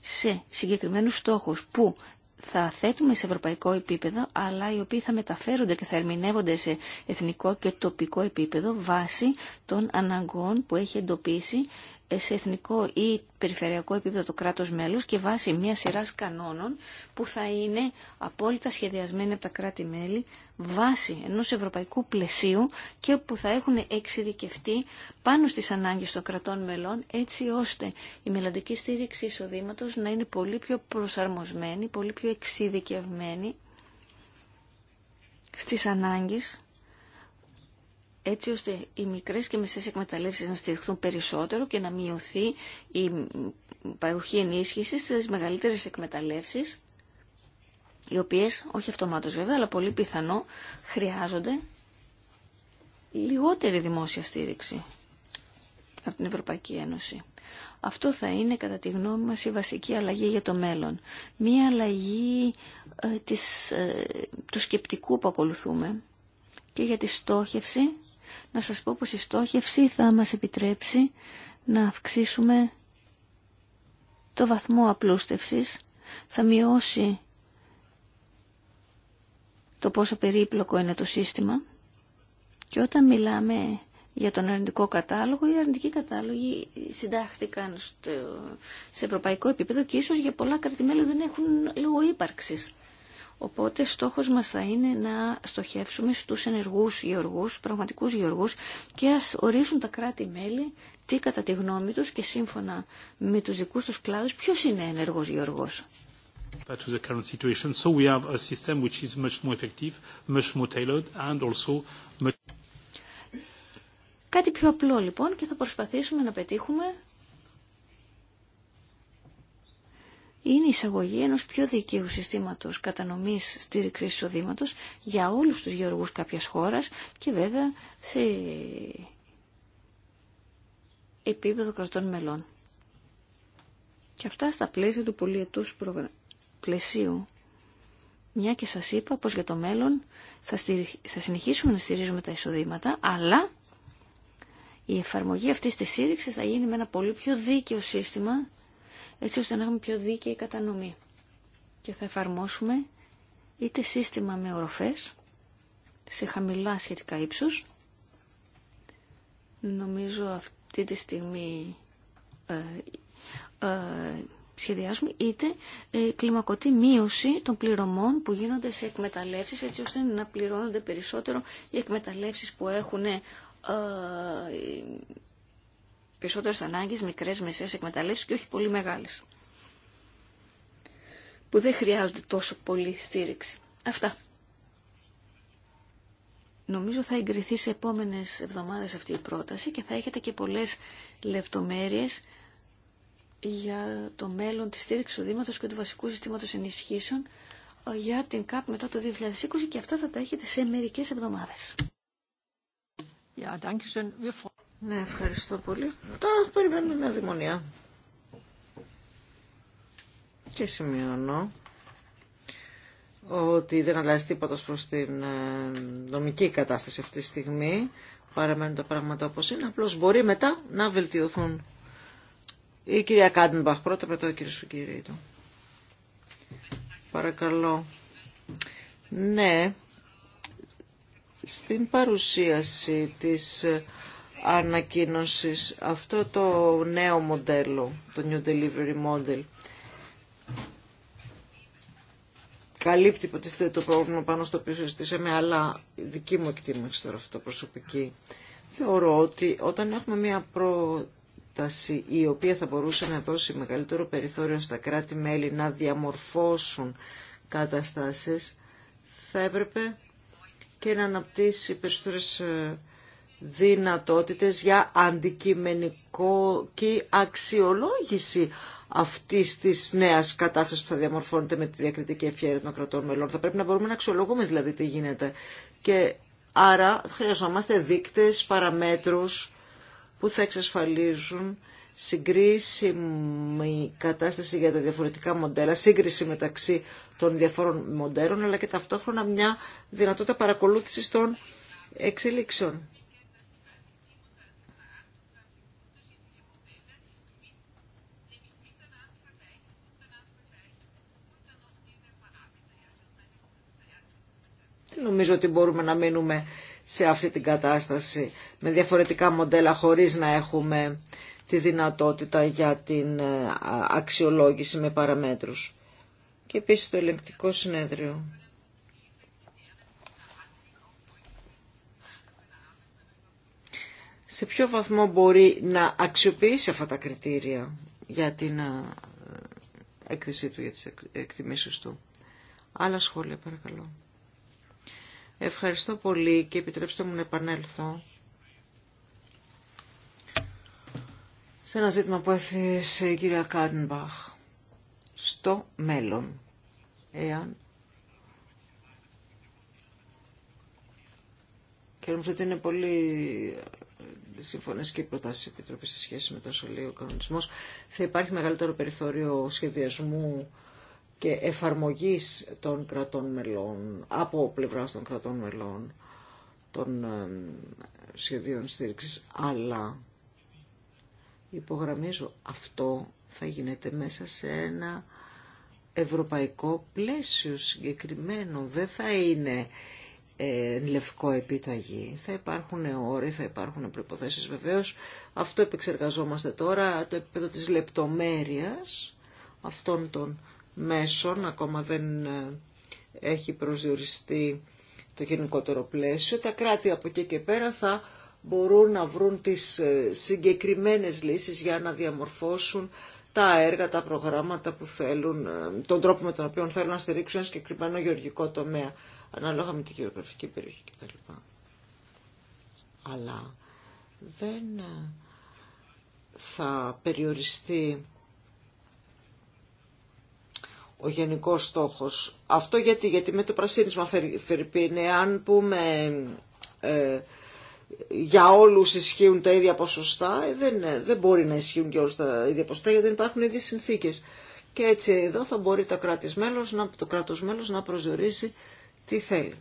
σε συγκεκριμένους στόχους που θα θέτουμε σε ευρωπαϊκό επίπεδο, αλλά οι οποίοι θα μεταφέρονται και θα ερμηνεύονται σε εθνικό και τοπικό επίπεδο βάσει των αναγκών που έχει εντοπίσει σε εθνικό ή περιφερειακό επίπεδο το κράτος μέλους και βάσει μια σειρά κανόνων που θα είναι απόλυτα σχεδιασμένοι από τα κράτη-μέλη βάσει ενός ευρωπαϊκού πλαισίου και που θα έχουν εξειδικευτεί πάνω στις ανάγκες των κρατών μελών έτσι ώστε η μελλοντική στήριξη εισοδήματο να είναι πολύ πιο προσαρμοσμένη, πολύ πιο εξειδικευμένη στις ανάγκες έτσι ώστε οι μικρές και μεσές εκμεταλλεύσεις να στηριχθούν περισσότερο και να μειωθεί η παροχή ενίσχυσης στις μεγαλύτερες εκμεταλλεύσεις, οι οποίες, όχι αυτομάτως βέβαια, αλλά πολύ πιθανό, χρειάζονται λιγότερη δημόσια στήριξη από την Ευρωπαϊκή Ένωση. Αυτό θα είναι, κατά τη γνώμη μας, η βασική αλλαγή για το μέλλον. Μία αλλαγή ε, της, ε, του σκεπτικού που ακολουθούμε και για τη στόχευση να σας πω πως η στόχευση θα μας επιτρέψει να αυξήσουμε το βαθμό απλούστευσης, θα μειώσει το πόσο περίπλοκο είναι το σύστημα και όταν μιλάμε για τον αρνητικό κατάλογο, οι αρνητικοί κατάλογοι συντάχθηκαν στο, σε ευρωπαϊκό επίπεδο και ίσως για πολλά κρατημέλη δεν έχουν λόγο ύπαρξης. Οπότε στόχος μας θα είναι να στοχεύσουμε στους ενεργούς γεωργούς, πραγματικούς γεωργούς και ας ορίσουν τα κράτη-μέλη τι κατά τη γνώμη τους και σύμφωνα με τους δικούς τους κλάδους ποιος είναι ενεργός γεωργός. To the current situation, so we have a system which is Κάτι πιο απλό λοιπόν και θα προσπαθήσουμε να πετύχουμε είναι η εισαγωγή ενό πιο δικαίου συστήματος κατανομής στήριξη εισοδήματο για όλους τους γεωργού κάποιας χώρας και βέβαια σε επίπεδο κρατών μελών. Και αυτά στα πλαίσια του πολιετούς προγρα... πλαισίου. Μια και σας είπα πως για το μέλλον θα, θα συνεχίσουμε να στηρίζουμε τα εισοδήματα, αλλά η εφαρμογή αυτής της στήριξης θα γίνει με ένα πολύ πιο δίκαιο σύστημα έτσι ώστε να έχουμε πιο δίκαιη κατανομή. Και θα εφαρμόσουμε είτε σύστημα με οροφές, σε χαμηλά σχετικά ύψους. Νομίζω αυτή τη στιγμή ε, ε, σχεδιάζουμε, είτε ε, κλιμακωτή μείωση των πληρωμών που γίνονται σε εκμεταλλεύσεις, έτσι ώστε να πληρώνονται περισσότερο οι εκμεταλλεύσεις που έχουν ε, ε, περισσότερες ανάγκες μικρές μεσαίες εκμεταλλεύσεις και όχι πολύ μεγάλες. Που δεν χρειάζονται τόσο πολύ στήριξη. Αυτά. Νομίζω θα εγκριθεί σε επόμενες εβδομάδες αυτή η πρόταση και θα έχετε και πολλές λεπτομέρειες για το μέλλον της στήριξης Δήματος και του βασικού συστήματος ενισχύσεων ε, για την ΚΑΠ μετά το 2020 και αυτά θα τα έχετε σε μερικές εβδομάδες. Yeah, ναι, ευχαριστώ πολύ. Τα περιμένουμε με αδημονία. Και σημειώνω ότι δεν αλλάζει τίποτα προς την ε, νομική κατάσταση αυτή τη στιγμή. Παραμένουν τα πράγματα όπως είναι, απλώς μπορεί μετά να βελτιωθούν. Η κυρία Κάντενμπαχ πρώτα, πρώτα ο κύριος του. Παρακαλώ. Ναι, στην παρουσίαση της ανακοίνωσης. Αυτό το νέο μοντέλο, το New Delivery Model, καλύπτει υποτίθεται το πρόβλημα πάνω στο οποίο συζητήσαμε, αλλά δική μου εκτίμηση τώρα αυτό προσωπική. Θεωρώ ότι όταν έχουμε μια πρόταση η οποία θα μπορούσε να δώσει μεγαλύτερο περιθώριο στα κράτη-μέλη να διαμορφώσουν καταστάσεις, θα έπρεπε και να αναπτύσσει περισσότερες ε, δυνατότητες για αντικειμενικό και αξιολόγηση αυτή τη νέα κατάσταση που θα διαμορφώνεται με τη διακριτική ευχαίρεια των κρατών μελών. Θα πρέπει να μπορούμε να αξιολογούμε δηλαδή τι γίνεται. Και άρα χρειαζόμαστε δείκτε, παραμέτρου που θα εξασφαλίζουν συγκρίσιμη κατάσταση για τα διαφορετικά μοντέλα, σύγκριση μεταξύ των διαφόρων μοντέλων, αλλά και ταυτόχρονα μια δυνατότητα παρακολούθηση των εξελίξεων. νομίζω ότι μπορούμε να μείνουμε σε αυτή την κατάσταση με διαφορετικά μοντέλα χωρίς να έχουμε τη δυνατότητα για την ε, αξιολόγηση με παραμέτρους. Και επίσης το ελεγκτικό συνέδριο. Σε ποιο βαθμό μπορεί να αξιοποιήσει αυτά τα κριτήρια για την ε, έκθεσή του, για τις εκτιμήσεις του. Άλλα σχόλια παρακαλώ. Ευχαριστώ πολύ και επιτρέψτε μου να επανέλθω σε ένα ζήτημα που έθεσε η κυρία Κάντενμπαχ. Στο μέλλον, εάν και νομίζω ότι είναι πολύ συμφωνές και προτάσεις Επιτροπής σε σχέση με τον σωλείο κανονισμός, θα υπάρχει μεγαλύτερο περιθώριο σχεδιασμού και εφαρμογής των κρατών μελών, από πλευρά των κρατών μελών, των ε, σχεδίων στήριξης, αλλά υπογραμμίζω αυτό θα γίνεται μέσα σε ένα ευρωπαϊκό πλαίσιο συγκεκριμένο. Δεν θα είναι ε, λευκό επιταγή. Θα υπάρχουν όροι, θα υπάρχουν προϋποθέσεις βεβαίως. Αυτό επεξεργαζόμαστε τώρα, το επίπεδο της λεπτομέρειας αυτών των μέσων, ακόμα δεν ε, έχει προσδιοριστεί το γενικότερο πλαίσιο. Τα κράτη από εκεί και πέρα θα μπορούν να βρουν τις ε, συγκεκριμένες λύσεις για να διαμορφώσουν τα έργα, τα προγράμματα που θέλουν, ε, τον τρόπο με τον οποίο θέλουν να στηρίξουν ένα συγκεκριμένο γεωργικό τομέα, ανάλογα με τη γεωγραφική περιοχή κτλ. Αλλά δεν θα περιοριστεί ο γενικός στόχος. Αυτό γιατί, γιατί με το πρασίνισμα Φερρυπίνη, αν πούμε ε, για όλους ισχύουν τα ίδια ποσοστά, ε, δεν, ε, δεν μπορεί να ισχύουν και όλους τα ίδια ποσοστά γιατί δεν υπάρχουν οι ίδιες συνθήκες. Και έτσι εδώ θα μπορεί το να, το κράτος μέλος να προσδιορίσει τι θέλει.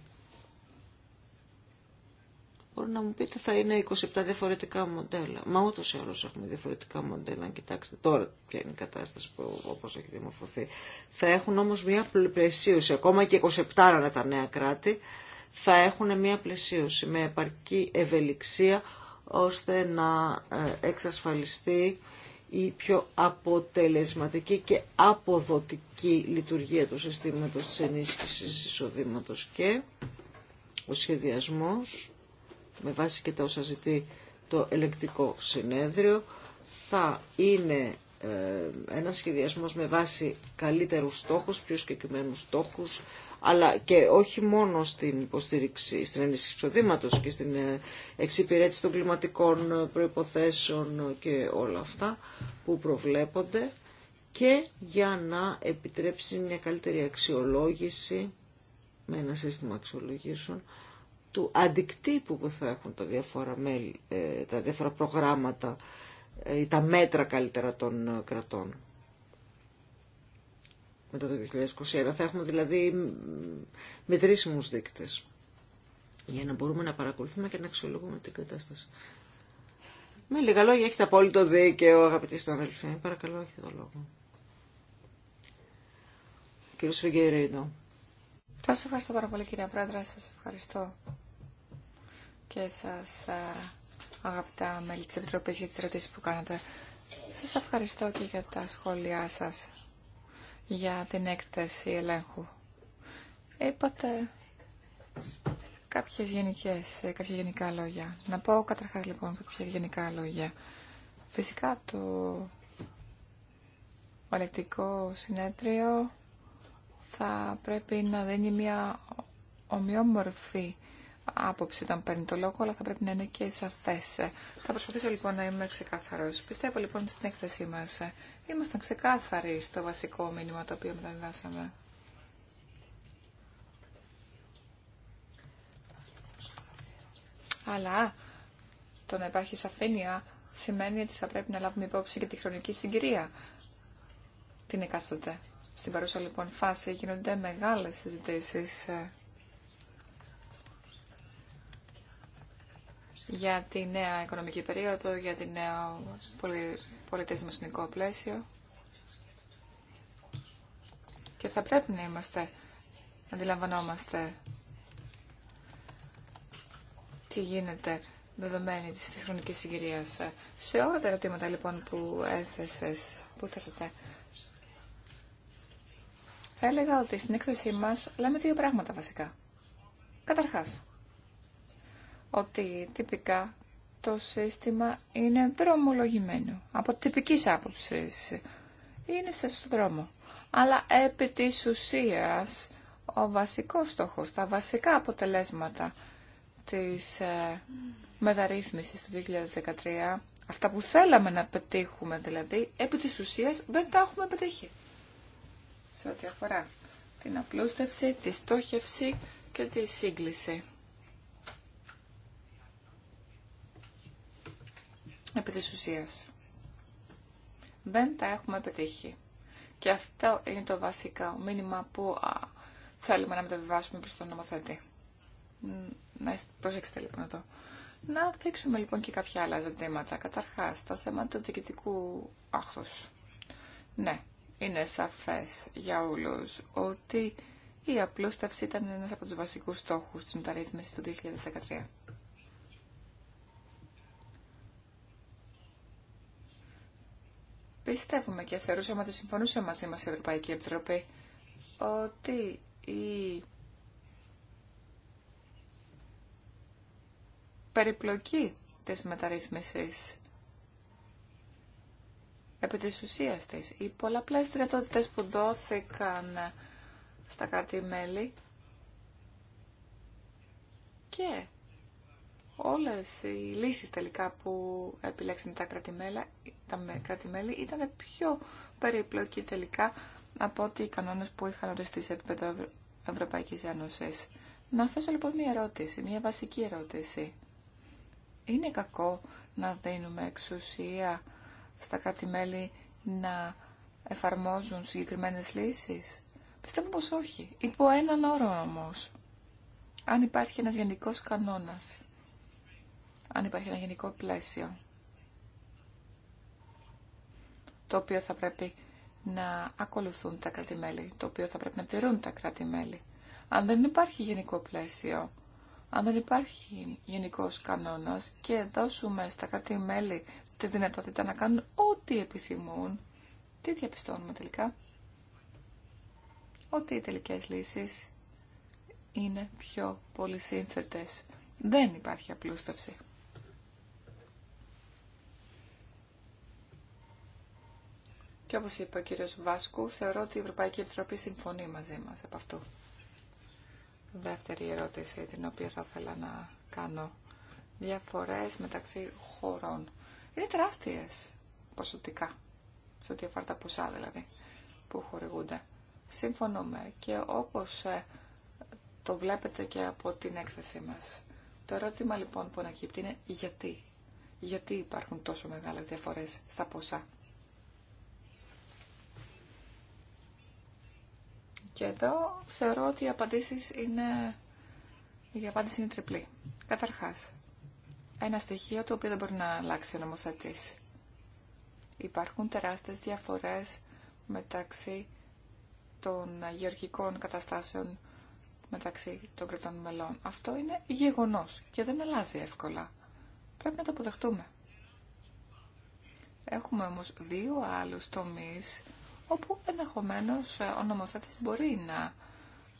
Μπορεί να μου πείτε θα είναι 27 διαφορετικά μοντέλα. Μα ούτως ή άλλως έχουμε διαφορετικά μοντέλα. Κοιτάξτε τώρα ποια είναι η κατάσταση αν που όπως έχει δημοφωθεί. Θα έχουν όμως μια πλαισίωση, ακόμα και 27 άρα τα νέα κράτη, θα έχουν μια πλαισίωση με επαρκή ευελιξία ώστε να ε, εξασφαλιστεί η πιο αποτελεσματική και αποδοτική λειτουργία του συστήματος της ενίσχυσης εισοδήματος και ο σχεδιασμός με βάση και τα όσα ζητεί το ελεκτικό συνέδριο, θα είναι ε, ένα σχεδιασμός με βάση καλύτερους στόχους, πιο συγκεκριμένους στόχους, αλλά και όχι μόνο στην υποστήριξη, στην ενίσχυση και στην ε, εξυπηρέτηση των κλιματικών προϋποθέσεων και όλα αυτά που προβλέπονται και για να επιτρέψει μια καλύτερη αξιολόγηση με ένα σύστημα αξιολογήσεων του αντικτύπου που θα έχουν τα διάφορα, μέλη, ε, τα διάφορα προγράμματα ε, ή τα μέτρα καλύτερα των ε, κρατών. Μετά το 2021 θα έχουμε δηλαδή μετρήσιμους δείκτες για να μπορούμε να παρακολουθούμε και να αξιολογούμε την κατάσταση. Με λίγα λόγια έχετε απόλυτο δίκαιο αγαπητοί συναδελφοί. Παρακαλώ έχετε το λόγο. Κύριος Φιγκερίνο. Σας ευχαριστώ πάρα πολύ κυρία Πρόεδρε, σας ευχαριστώ και σας αγαπητά μέλη της Επιτροπής για τις ερωτήσεις που κάνατε. Σας ευχαριστώ και για τα σχόλιά σας για την έκθεση ελέγχου. Είπατε κάποιες γενικές, κάποια γενικά λόγια. Να πω καταρχάς λοιπόν κάποια γενικά λόγια. Φυσικά το ολεκτικό συνέδριο θα πρέπει να δίνει μια ομοιόμορφη άποψη όταν παίρνει το λόγο, αλλά θα πρέπει να είναι και σαφέ. Θα προσπαθήσω λοιπόν να είμαι ξεκάθαρο. Πιστεύω λοιπόν στην έκθεσή μα. Ήμασταν ξεκάθαροι στο βασικό μήνυμα το οποίο μεταβιβάσαμε. Αλλά το να υπάρχει σαφήνεια σημαίνει ότι θα πρέπει να λάβουμε υπόψη και τη χρονική συγκυρία. Την εκάστοτε. Στην παρούσα λοιπόν φάση γίνονται μεγάλες συζητήσεις ε, για τη νέα οικονομική περίοδο, για τη νέα πολιτές πλαίσιο. Και θα πρέπει να είμαστε, να αντιλαμβανόμαστε τι γίνεται δεδομένη της, της χρονικής συγκυρίας. Σε όλα τα ερωτήματα λοιπόν που έθεσες, που θέσατε, θα έλεγα ότι στην έκθεσή μας λέμε δύο πράγματα βασικά. Καταρχάς, ότι τυπικά το σύστημα είναι δρομολογημένο. Από τυπική άποψη είναι στο δρόμο. Αλλά επί της ουσίας ο βασικός στόχος, τα βασικά αποτελέσματα της ε, μεταρρύθμισης του 2013, αυτά που θέλαμε να πετύχουμε δηλαδή, επί της ουσίας δεν τα έχουμε πετύχει. Σε ό,τι αφορά την απλούστευση, τη στόχευση και τη σύγκληση. επί της ουσίας. Δεν τα έχουμε πετύχει. Και αυτό είναι το βασικό μήνυμα που θέλουμε να μεταβιβάσουμε προς τον νομοθέτη. Να προσέξετε λοιπόν εδώ. Να δείξουμε λοιπόν και κάποια άλλα ζητήματα. Καταρχάς, το θέμα του διοικητικού άχθους. Ναι, είναι σαφές για όλους ότι η απλούστευση ήταν ένας από τους βασικούς στόχους της μεταρρύθμισης του 2013. Πιστεύουμε και θεωρούσαμε ότι συμφωνούσε μαζί μας η Ευρωπαϊκή Επιτροπή ότι η περιπλοκή της μεταρρύθμισης επί της ουσίας της. Οι πολλαπλές δυνατότητες που δόθηκαν στα κράτη-μέλη και όλες οι λύσεις τελικά που επιλέξαν τα κρατημέλα τα κρατημέλη ήταν πιο περιπλοκή τελικά από ότι οι κανόνες που είχαν οριστεί σε επίπεδο Ευρωπαϊκής Ένωση. Να θέσω λοιπόν μια ερώτηση, μια βασική ερώτηση. Είναι κακό να δίνουμε εξουσία στα κρατη να εφαρμόζουν συγκεκριμένες λύσεις. Πιστεύω πως όχι. Υπό έναν όρο όμως. Αν υπάρχει ένα γενικό κανόνας αν υπάρχει ένα γενικό πλαίσιο το οποίο θα πρέπει να ακολουθούν τα κράτη-μέλη, το οποίο θα πρέπει να τηρούν τα κράτη-μέλη. Αν δεν υπάρχει γενικό πλαίσιο, αν δεν υπάρχει γενικός κανόνας και δώσουμε στα κράτη-μέλη τη δυνατότητα να κάνουν ό,τι επιθυμούν, τι διαπιστώνουμε τελικά. Ότι οι τελικές λύσεις είναι πιο πολύ σύνθετες. Δεν υπάρχει απλούστευση. Και όπως είπε ο κύριος Βάσκου, θεωρώ ότι η Ευρωπαϊκή Επιτροπή συμφωνεί μαζί μας από αυτού. Δεύτερη ερώτηση, την οποία θα ήθελα να κάνω. Διαφορές μεταξύ χωρών. Είναι τεράστιες ποσοτικά, σε ό,τι αφορά τα ποσά δηλαδή, που χορηγούνται. Συμφωνούμε και όπως ε, το βλέπετε και από την έκθεσή μας. Το ερώτημα λοιπόν που ανακύπτει είναι γιατί. Γιατί υπάρχουν τόσο μεγάλες διαφορές στα ποσά Και εδώ θεωρώ ότι οι είναι... Η απάντηση είναι τριπλή. Καταρχάς, ένα στοιχείο το οποίο δεν μπορεί να αλλάξει ο νομοθετής. Υπάρχουν τεράστιες διαφορές μεταξύ των γεωργικών καταστάσεων μεταξύ των κρατών μελών. Αυτό είναι γεγονός και δεν αλλάζει εύκολα. Πρέπει να το αποδεχτούμε. Έχουμε όμως δύο άλλους τομείς όπου ενδεχομένως ο νομοθέτης μπορεί να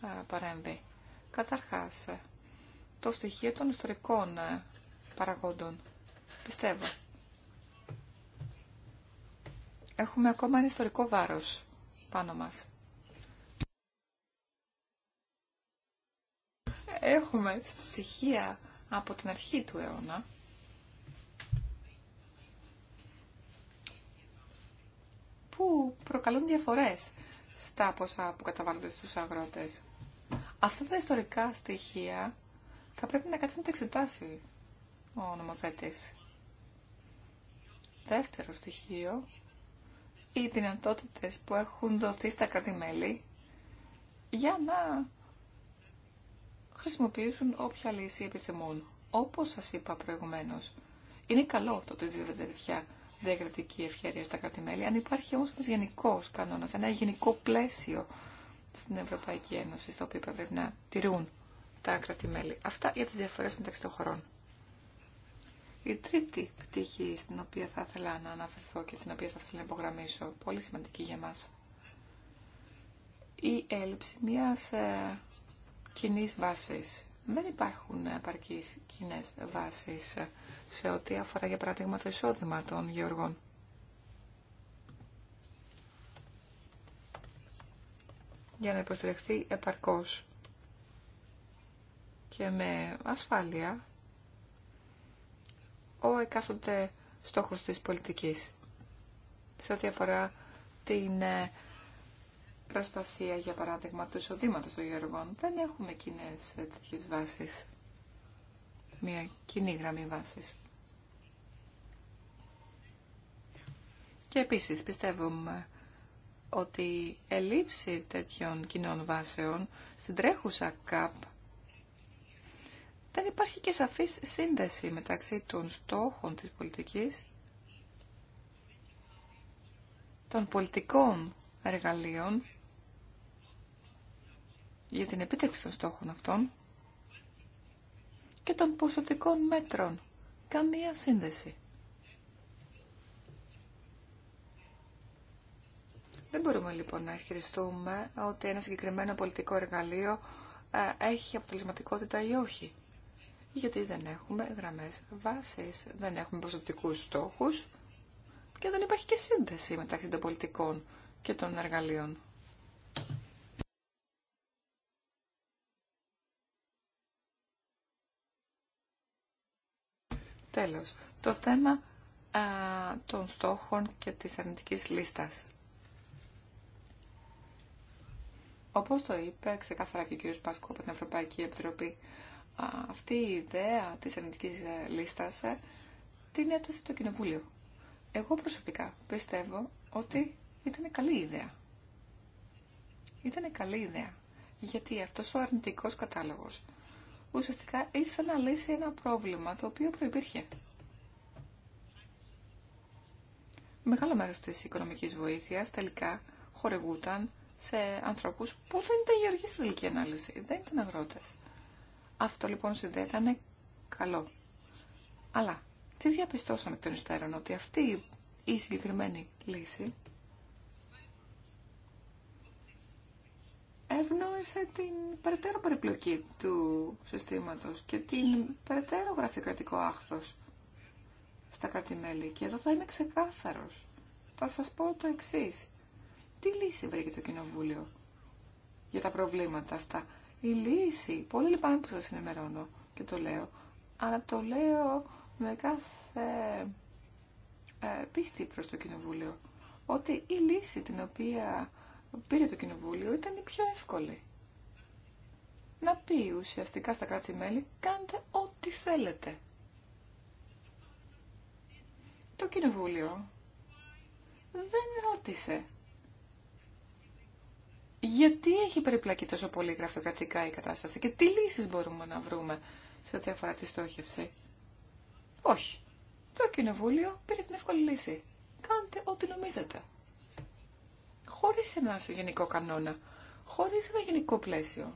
ε, παρέμβει. Καταρχάς, ε, το στοιχείο των ιστορικών ε, παραγόντων. Πιστεύω. Έχουμε ακόμα ένα ιστορικό βάρος πάνω μας. Έχουμε στοιχεία από την αρχή του αιώνα που προκαλούν διαφορές στα ποσά που καταβάλλονται στους αγρότες. Αυτά τα ιστορικά στοιχεία θα πρέπει να κάτσει να τα εξετάσει ο νομοθέτης. Δεύτερο στοιχείο, οι δυνατότητες που έχουν δοθεί στα κρατημέλη για να χρησιμοποιήσουν όποια λύση επιθυμούν. Όπως σας είπα προηγουμένως, είναι καλό το ότι δίδεται διακριτική ευχαίρεια στα κράτη-μέλη. Αν υπάρχει όμως ένας γενικός κανόνας, ένα γενικό πλαίσιο στην Ευρωπαϊκή Ένωση, στο οποίο πρέπει να τηρούν τα κράτη-μέλη. Αυτά για τις διαφορές μεταξύ των χωρών. Η τρίτη πτυχή στην οποία θα ήθελα να αναφερθώ και την οποία θα ήθελα να υπογραμμίσω, πολύ σημαντική για μας, η έλλειψη μιας ε, κοινή βάσης. Δεν υπάρχουν ε, επαρκείς κοινές βάσεις ε, σε ό,τι αφορά για παράδειγμα το εισόδημα των γεωργών. για να υποστηριχθεί επαρκώς και με ασφάλεια ο εκάστοτε στόχος της πολιτικής σε ό,τι αφορά την ε, προστασία, για παράδειγμα, του εισοδήματο των γεωργών. Δεν έχουμε κοινέ ε, τέτοιε βάσει. Μια κοινή γραμμή βάσεις. Και επίσης πιστεύουμε ότι η ελλείψη τέτοιων κοινών βάσεων στην τρέχουσα ΚΑΠ δεν υπάρχει και σαφής σύνδεση μεταξύ των στόχων της πολιτικής, των πολιτικών εργαλείων για την επίτευξη των στόχων αυτών και των ποσοτικών μέτρων. Καμία σύνδεση. Δεν μπορούμε λοιπόν να ισχυριστούμε ότι ένα συγκεκριμένο πολιτικό εργαλείο ε, έχει αποτελεσματικότητα ή όχι. Γιατί δεν έχουμε γραμμές βάσης, δεν έχουμε προσωπικούς στόχους και δεν υπάρχει και σύνδεση μεταξύ των πολιτικών και των εργαλείων. Τέλος, το θέμα ε, των στόχων και της αρνητικής λίστας. Όπως το είπε ξεκάθαρα και ο κύριος Πάσκο από την Ευρωπαϊκή Επιτροπή, αυτή η ιδέα της αρνητικής ε, λίστας ε, την έθεσε το Κοινοβούλιο. Εγώ προσωπικά πιστεύω ότι ήταν καλή ιδέα. Ήταν καλή ιδέα. Γιατί αυτός ο αρνητικός κατάλογος ουσιαστικά ήθελε να λύσει ένα πρόβλημα το οποίο προϋπήρχε. Μεγάλο μέρος της οικονομικής βοήθειας τελικά χορηγούταν σε ανθρώπους που δεν ήταν γεωργοί στην τελική ανάλυση, δεν ήταν αγρότες. Αυτό λοιπόν στην ήταν καλό. Αλλά τι διαπιστώσαμε τον των υστέρων, ότι αυτή η συγκεκριμένη λύση ευνόησε την περαιτέρω περιπλοκή του συστήματος και την περαιτέρω γραφειοκρατικό άχθος στα κράτη-μέλη. Και εδώ θα είμαι ξεκάθαρος. Θα σας πω το εξής. Τι λύση βρήκε το Κοινοβούλιο για τα προβλήματα αυτά. Η λύση, πολύ λυπάμαι που σας ενημερώνω και το λέω, αλλά το λέω με κάθε ε, πίστη προς το Κοινοβούλιο, ότι η λύση την οποία πήρε το Κοινοβούλιο ήταν η πιο εύκολη. Να πει ουσιαστικά στα κράτη-μέλη, κάντε ό,τι θέλετε. Το Κοινοβούλιο δεν ρώτησε γιατί έχει περιπλακεί τόσο πολύ γραφειοκρατικά η κατάσταση και τι λύσεις μπορούμε να βρούμε σε ό,τι αφορά τη στόχευση. Όχι. Το κοινοβούλιο πήρε την εύκολη λύση. Κάντε ό,τι νομίζετε. Χωρίς ένα γενικό κανόνα. Χωρίς ένα γενικό πλαίσιο.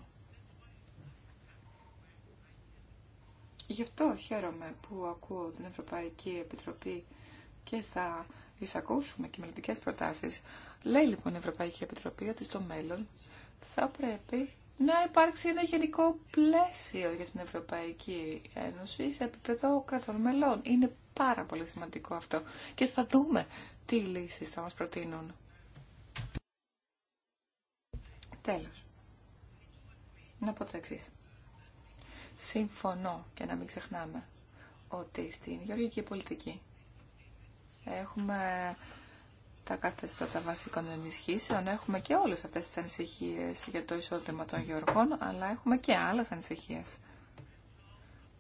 Γι' αυτό χαίρομαι που ακούω την Ευρωπαϊκή Επιτροπή και θα εισακούσουμε και μελλοντικέ προτάσει. Λέει λοιπόν η Ευρωπαϊκή Επιτροπή ότι στο μέλλον θα πρέπει να υπάρξει ένα γενικό πλαίσιο για την Ευρωπαϊκή Ένωση σε επίπεδο κρατών μελών. Είναι πάρα πολύ σημαντικό αυτό και θα δούμε τι λύσεις θα μας προτείνουν. Τέλος. Να πω το εξής. Συμφωνώ και να μην ξεχνάμε ότι στην γεωργική πολιτική Έχουμε τα καθεστώτα βασικών ενισχύσεων, έχουμε και όλες αυτές τις ανησυχίες για το εισόδημα των γεωργών, αλλά έχουμε και άλλες ανησυχίες.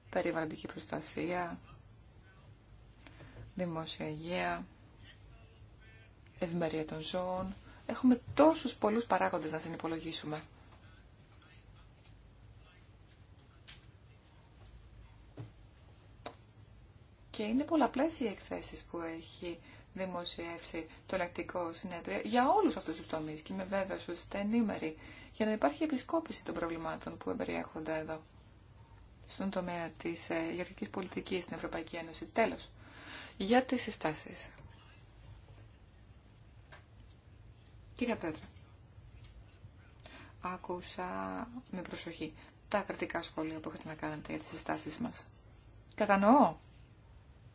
Περιβαλλοντική προστασία, δημόσια υγεία, ευημερία των ζώων. Έχουμε τόσους πολλούς παράγοντες να συνυπολογίσουμε. Και είναι πολλαπλές οι εκθέσεις που έχει δημοσιεύσει το ελεκτικό συνέδριο για όλους αυτούς τους τομείς και είμαι βέβαια ότι είστε για να υπάρχει επισκόπηση των προβλημάτων που εμπεριέχονται εδώ στον τομέα της ε, γεωργικής πολιτικής στην Ευρωπαϊκή Ένωση. Τέλος, για τις συστάσεις. Κύριε Πρόεδρε, άκουσα με προσοχή τα κρατικά σχόλια που έχετε να κάνετε για τις συστάσεις μας. Κατανοώ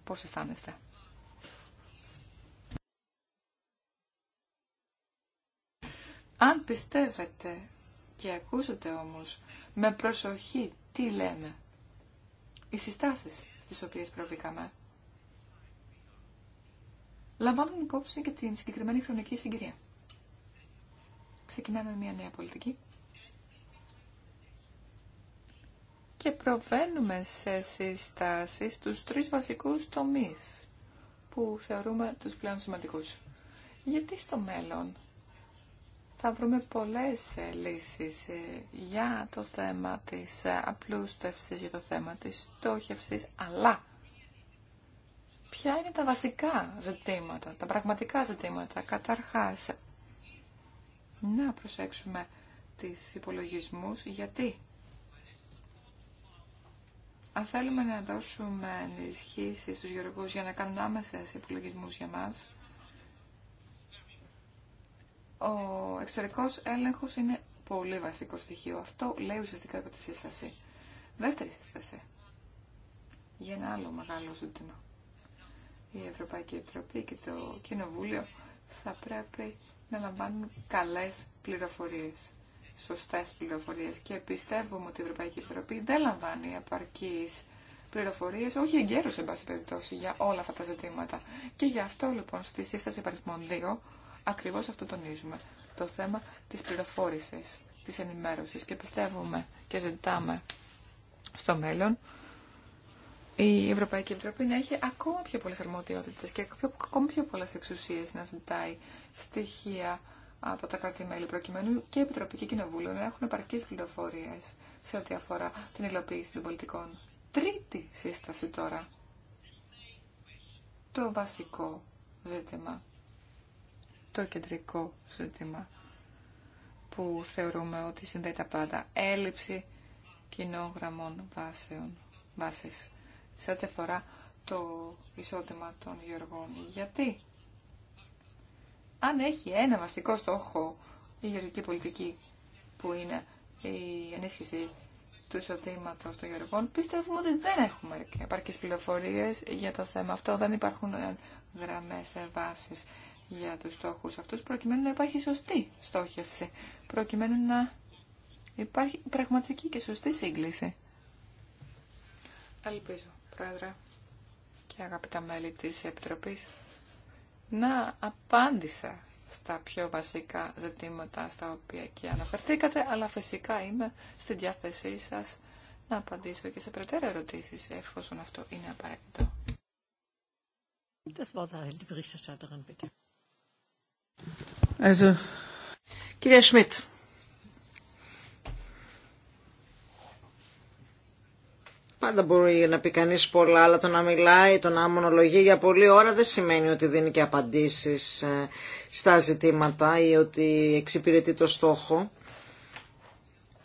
πώς αισθάνεστε. Αν πιστεύετε και ακούσετε όμως με προσοχή τι λέμε, οι συστάσεις στις οποίες προβήκαμε, λαμβάνουν υπόψη και την συγκεκριμένη χρονική συγκυρία. Ξεκινάμε μια νέα πολιτική και προβαίνουμε σε συστάσεις τους τρεις βασικούς τομείς που θεωρούμε τους πλέον σημαντικούς. Γιατί στο μέλλον θα βρούμε πολλές λύσεις ε, για το θέμα της ε, απλούστευσης, για το θέμα της στόχευσης, αλλά ποια είναι τα βασικά ζητήματα, τα πραγματικά ζητήματα. Καταρχάς, να προσέξουμε τις υπολογισμούς, γιατί αν θέλουμε να δώσουμε ενισχύσει στους γεωργούς για να κάνουν άμεσες υπολογισμού για μας, ο εξωτερικός έλεγχος είναι πολύ βασικό στοιχείο. Αυτό λέει ουσιαστικά από τη σύσταση. Δεύτερη σύσταση. Για ένα άλλο μεγάλο ζήτημα. Η Ευρωπαϊκή Επιτροπή και το Κοινοβούλιο θα πρέπει να λαμβάνουν καλές πληροφορίες σωστές πληροφορίες και πιστεύουμε ότι η Ευρωπαϊκή Επιτροπή δεν λαμβάνει επαρκείς πληροφορίε, όχι εγκαίρω, εν πάση περιπτώσει, για όλα αυτά τα ζητήματα. Και γι' αυτό λοιπόν στη σύσταση υπαριθμών 2 ακριβώ αυτό τονίζουμε, το θέμα τη πληροφόρηση τη ενημέρωση. και πιστεύουμε και ζητάμε στο μέλλον η Ευρωπαϊκή Επιτροπή να έχει ακόμα πιο πολλέ αρμοδιότητε και ακόμα πιο πολλέ εξουσίε να ζητάει στοιχεία από τα κράτη-μέλη προκειμένου και Επιτροπή και Κοινοβούλιο να έχουν επαρκεί πληροφορίε σε ό,τι αφορά την υλοποίηση των πολιτικών. Τρίτη σύσταση τώρα. Το βασικό ζήτημα. Το κεντρικό ζήτημα που θεωρούμε ότι συνδέει πάντα. Έλλειψη κοινών γραμμών βάσεων, βάσης σε ό,τι αφορά το εισόδημα των γεωργών. Γιατί αν έχει ένα βασικό στόχο η γεωργική πολιτική που είναι η ενίσχυση του εισοδήματο των γεωργών, πιστεύουμε ότι δεν έχουμε επαρκείς πληροφορίες για το θέμα αυτό. Δεν υπάρχουν γραμμές βάσει για τους στόχου αυτούς, προκειμένου να υπάρχει σωστή στόχευση, προκειμένου να υπάρχει πραγματική και σωστή σύγκληση. Ελπίζω, Πρόεδρε και αγαπητά μέλη της Επιτροπής, να απάντησα στα πιο βασικά ζητήματα στα οποία και αναφερθήκατε, αλλά φυσικά είμαι στη διάθεσή σας να απαντήσω και σε περαιτέρω ερωτήσεις, εφόσον αυτό είναι απαραίτητο. Also. Κυρία Πάντα μπορεί να πει κανεί πολλά, αλλά το να μιλάει, το να μονολογεί για πολλή ώρα δεν σημαίνει ότι δίνει και απαντήσεις ε, στα ζητήματα ή ότι εξυπηρετεί το στόχο.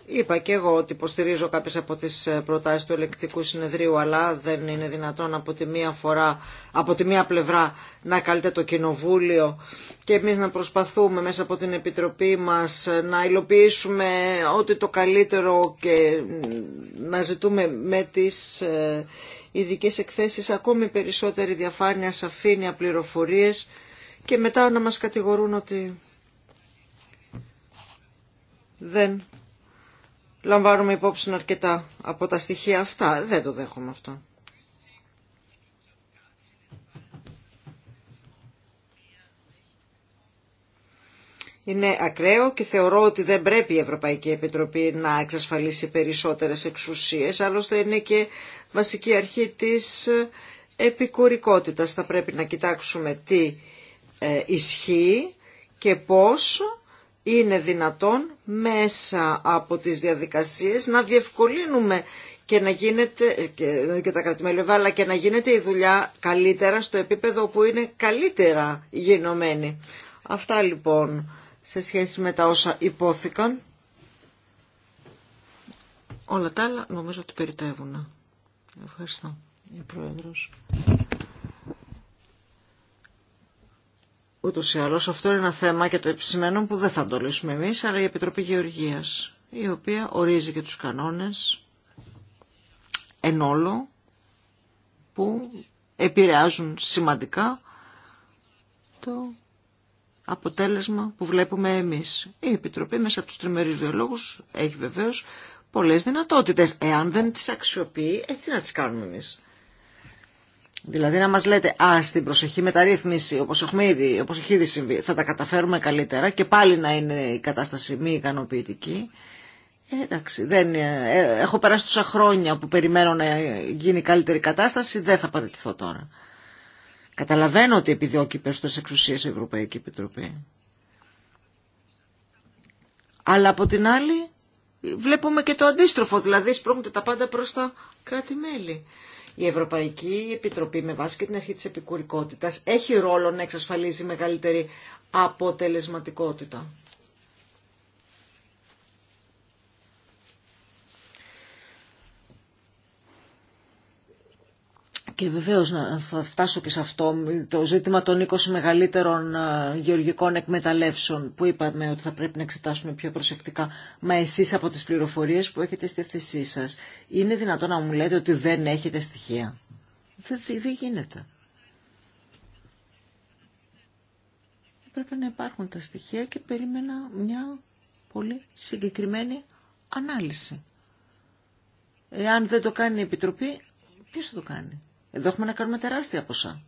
Είπα και εγώ ότι υποστηρίζω κάποιε από τις προτάσεις του ελεκτικού συνεδρίου, αλλά δεν είναι δυνατόν από τη μία, φορά, από τη μία πλευρά να καλείται το κοινοβούλιο και εμείς να προσπαθούμε μέσα από την Επιτροπή μας να υλοποιήσουμε ό,τι το καλύτερο και να ζητούμε με τι ε, ειδικέ εκθέσεις ακόμη περισσότερη διαφάνεια, σαφήνεια, πληροφορίε και μετά να μας κατηγορούν ότι δεν λαμβάνουμε υπόψη αρκετά από τα στοιχεία αυτά. Δεν το δέχομαι αυτό. Είναι ακραίο και θεωρώ ότι δεν πρέπει η Ευρωπαϊκή Επιτροπή να εξασφαλίσει περισσότερες εξουσίες. Άλλωστε είναι και βασική αρχή της ε, επικουρικότητας. Θα πρέπει να κοιτάξουμε τι ε, ισχύει και πώς είναι δυνατόν μέσα από τις διαδικασίες να διευκολύνουμε και, να γίνεται, και, και τα κρατημέλη αλλά και να γίνεται η δουλειά καλύτερα στο επίπεδο που είναι καλύτερα γενομένη. Αυτά λοιπόν σε σχέση με τα όσα υπόθηκαν. Όλα τα άλλα νομίζω ότι περιτεύουν. Ευχαριστώ, η Ούτω ή άλλω αυτό είναι ένα θέμα και το επισημένο που δεν θα το λύσουμε εμεί, αλλά η Επιτροπή Γεωργία, η οποία ορίζει και του κανόνε εν όλο που επηρεάζουν σημαντικά το αποτέλεσμα που βλέπουμε εμείς. Η Επιτροπή μέσα από τους τριμερείς βιολόγους έχει βεβαίως πολλές δυνατότητες. Εάν δεν τις αξιοποιεί, ε, τι να τις κάνουμε εμείς. Δηλαδή να μας λέτε «Α, στην προσοχή μεταρρύθμιση, όπως έχουμε έχει ήδη συμβεί, θα τα καταφέρουμε καλύτερα» και πάλι να είναι η κατάσταση μη ικανοποιητική. Ε, εντάξει, δεν, ε, έχω περάσει τόσα χρόνια που περιμένω να γίνει καλύτερη κατάσταση, δεν θα παραιτηθώ τώρα. Καταλαβαίνω ότι επιδιώκει περισσότερες εξουσίες η Ευρωπαϊκή Επιτροπή. Αλλά από την άλλη βλέπουμε και το αντίστροφο, δηλαδή σπρώχνουν τα πάντα προς τα κράτη-μέλη. Η Ευρωπαϊκή Επιτροπή με βάση και την αρχή της επικουρικότητας έχει ρόλο να εξασφαλίζει μεγαλύτερη αποτελεσματικότητα. Και βεβαίως να φτάσω και σε αυτό, το ζήτημα των 20 μεγαλύτερων ε, γεωργικών εκμεταλλεύσεων που είπαμε ότι θα πρέπει να εξετάσουμε πιο προσεκτικά, μα εσείς από τις πληροφορίες που έχετε στη θέσή σα. είναι δυνατόν να μου λέτε ότι δεν έχετε στοιχεία. Δεν, δεν γίνεται. Πρέπει να υπάρχουν τα στοιχεία και περίμενα μια πολύ συγκεκριμένη ανάλυση. Εάν δεν το κάνει η Επιτροπή, ποιος θα το κάνει. Εδώ έχουμε να κάνουμε τεράστια ποσά.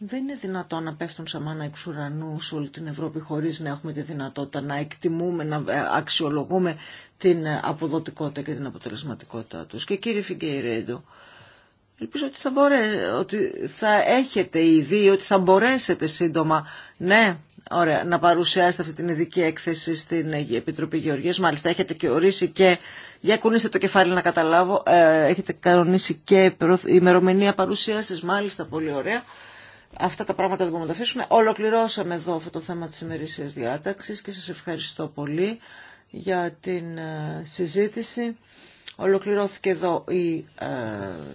Δεν είναι δυνατόν να πέφτουν σαμάνα εξ ουρανού σε όλη την Ευρώπη χωρίς να έχουμε τη δυνατότητα να εκτιμούμε, να αξιολογούμε την αποδοτικότητα και την αποτελεσματικότητα τους. Και κύριε Φιγκέιρέντο, ελπίζω ότι θα, μπορέ, ότι θα έχετε ήδη, ότι θα μπορέσετε σύντομα, ναι, Ωραία, να παρουσιάσετε αυτή την ειδική έκθεση στην Επιτροπή Γεωργίας. Μάλιστα, έχετε και ορίσει και, για κουνήστε το κεφάλι να καταλάβω, ε, έχετε κανονίσει και ημερομηνία παρουσίασης. Μάλιστα, πολύ ωραία. Αυτά τα πράγματα δεν μπορούμε να τα αφήσουμε. Ολοκληρώσαμε εδώ αυτό το θέμα της ημερήσιας διάταξης και σας ευχαριστώ πολύ για την ε, συζήτηση. Ολοκληρώθηκε εδώ η, ε,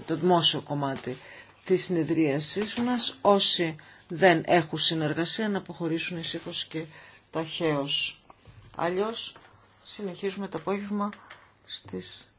το δημόσιο κομμάτι της συνεδρίασής μας. Όσοι δεν έχουν συνεργασία να αποχωρήσουν ησύχω και ταχαίως. Αλλιώς συνεχίζουμε το απόγευμα στις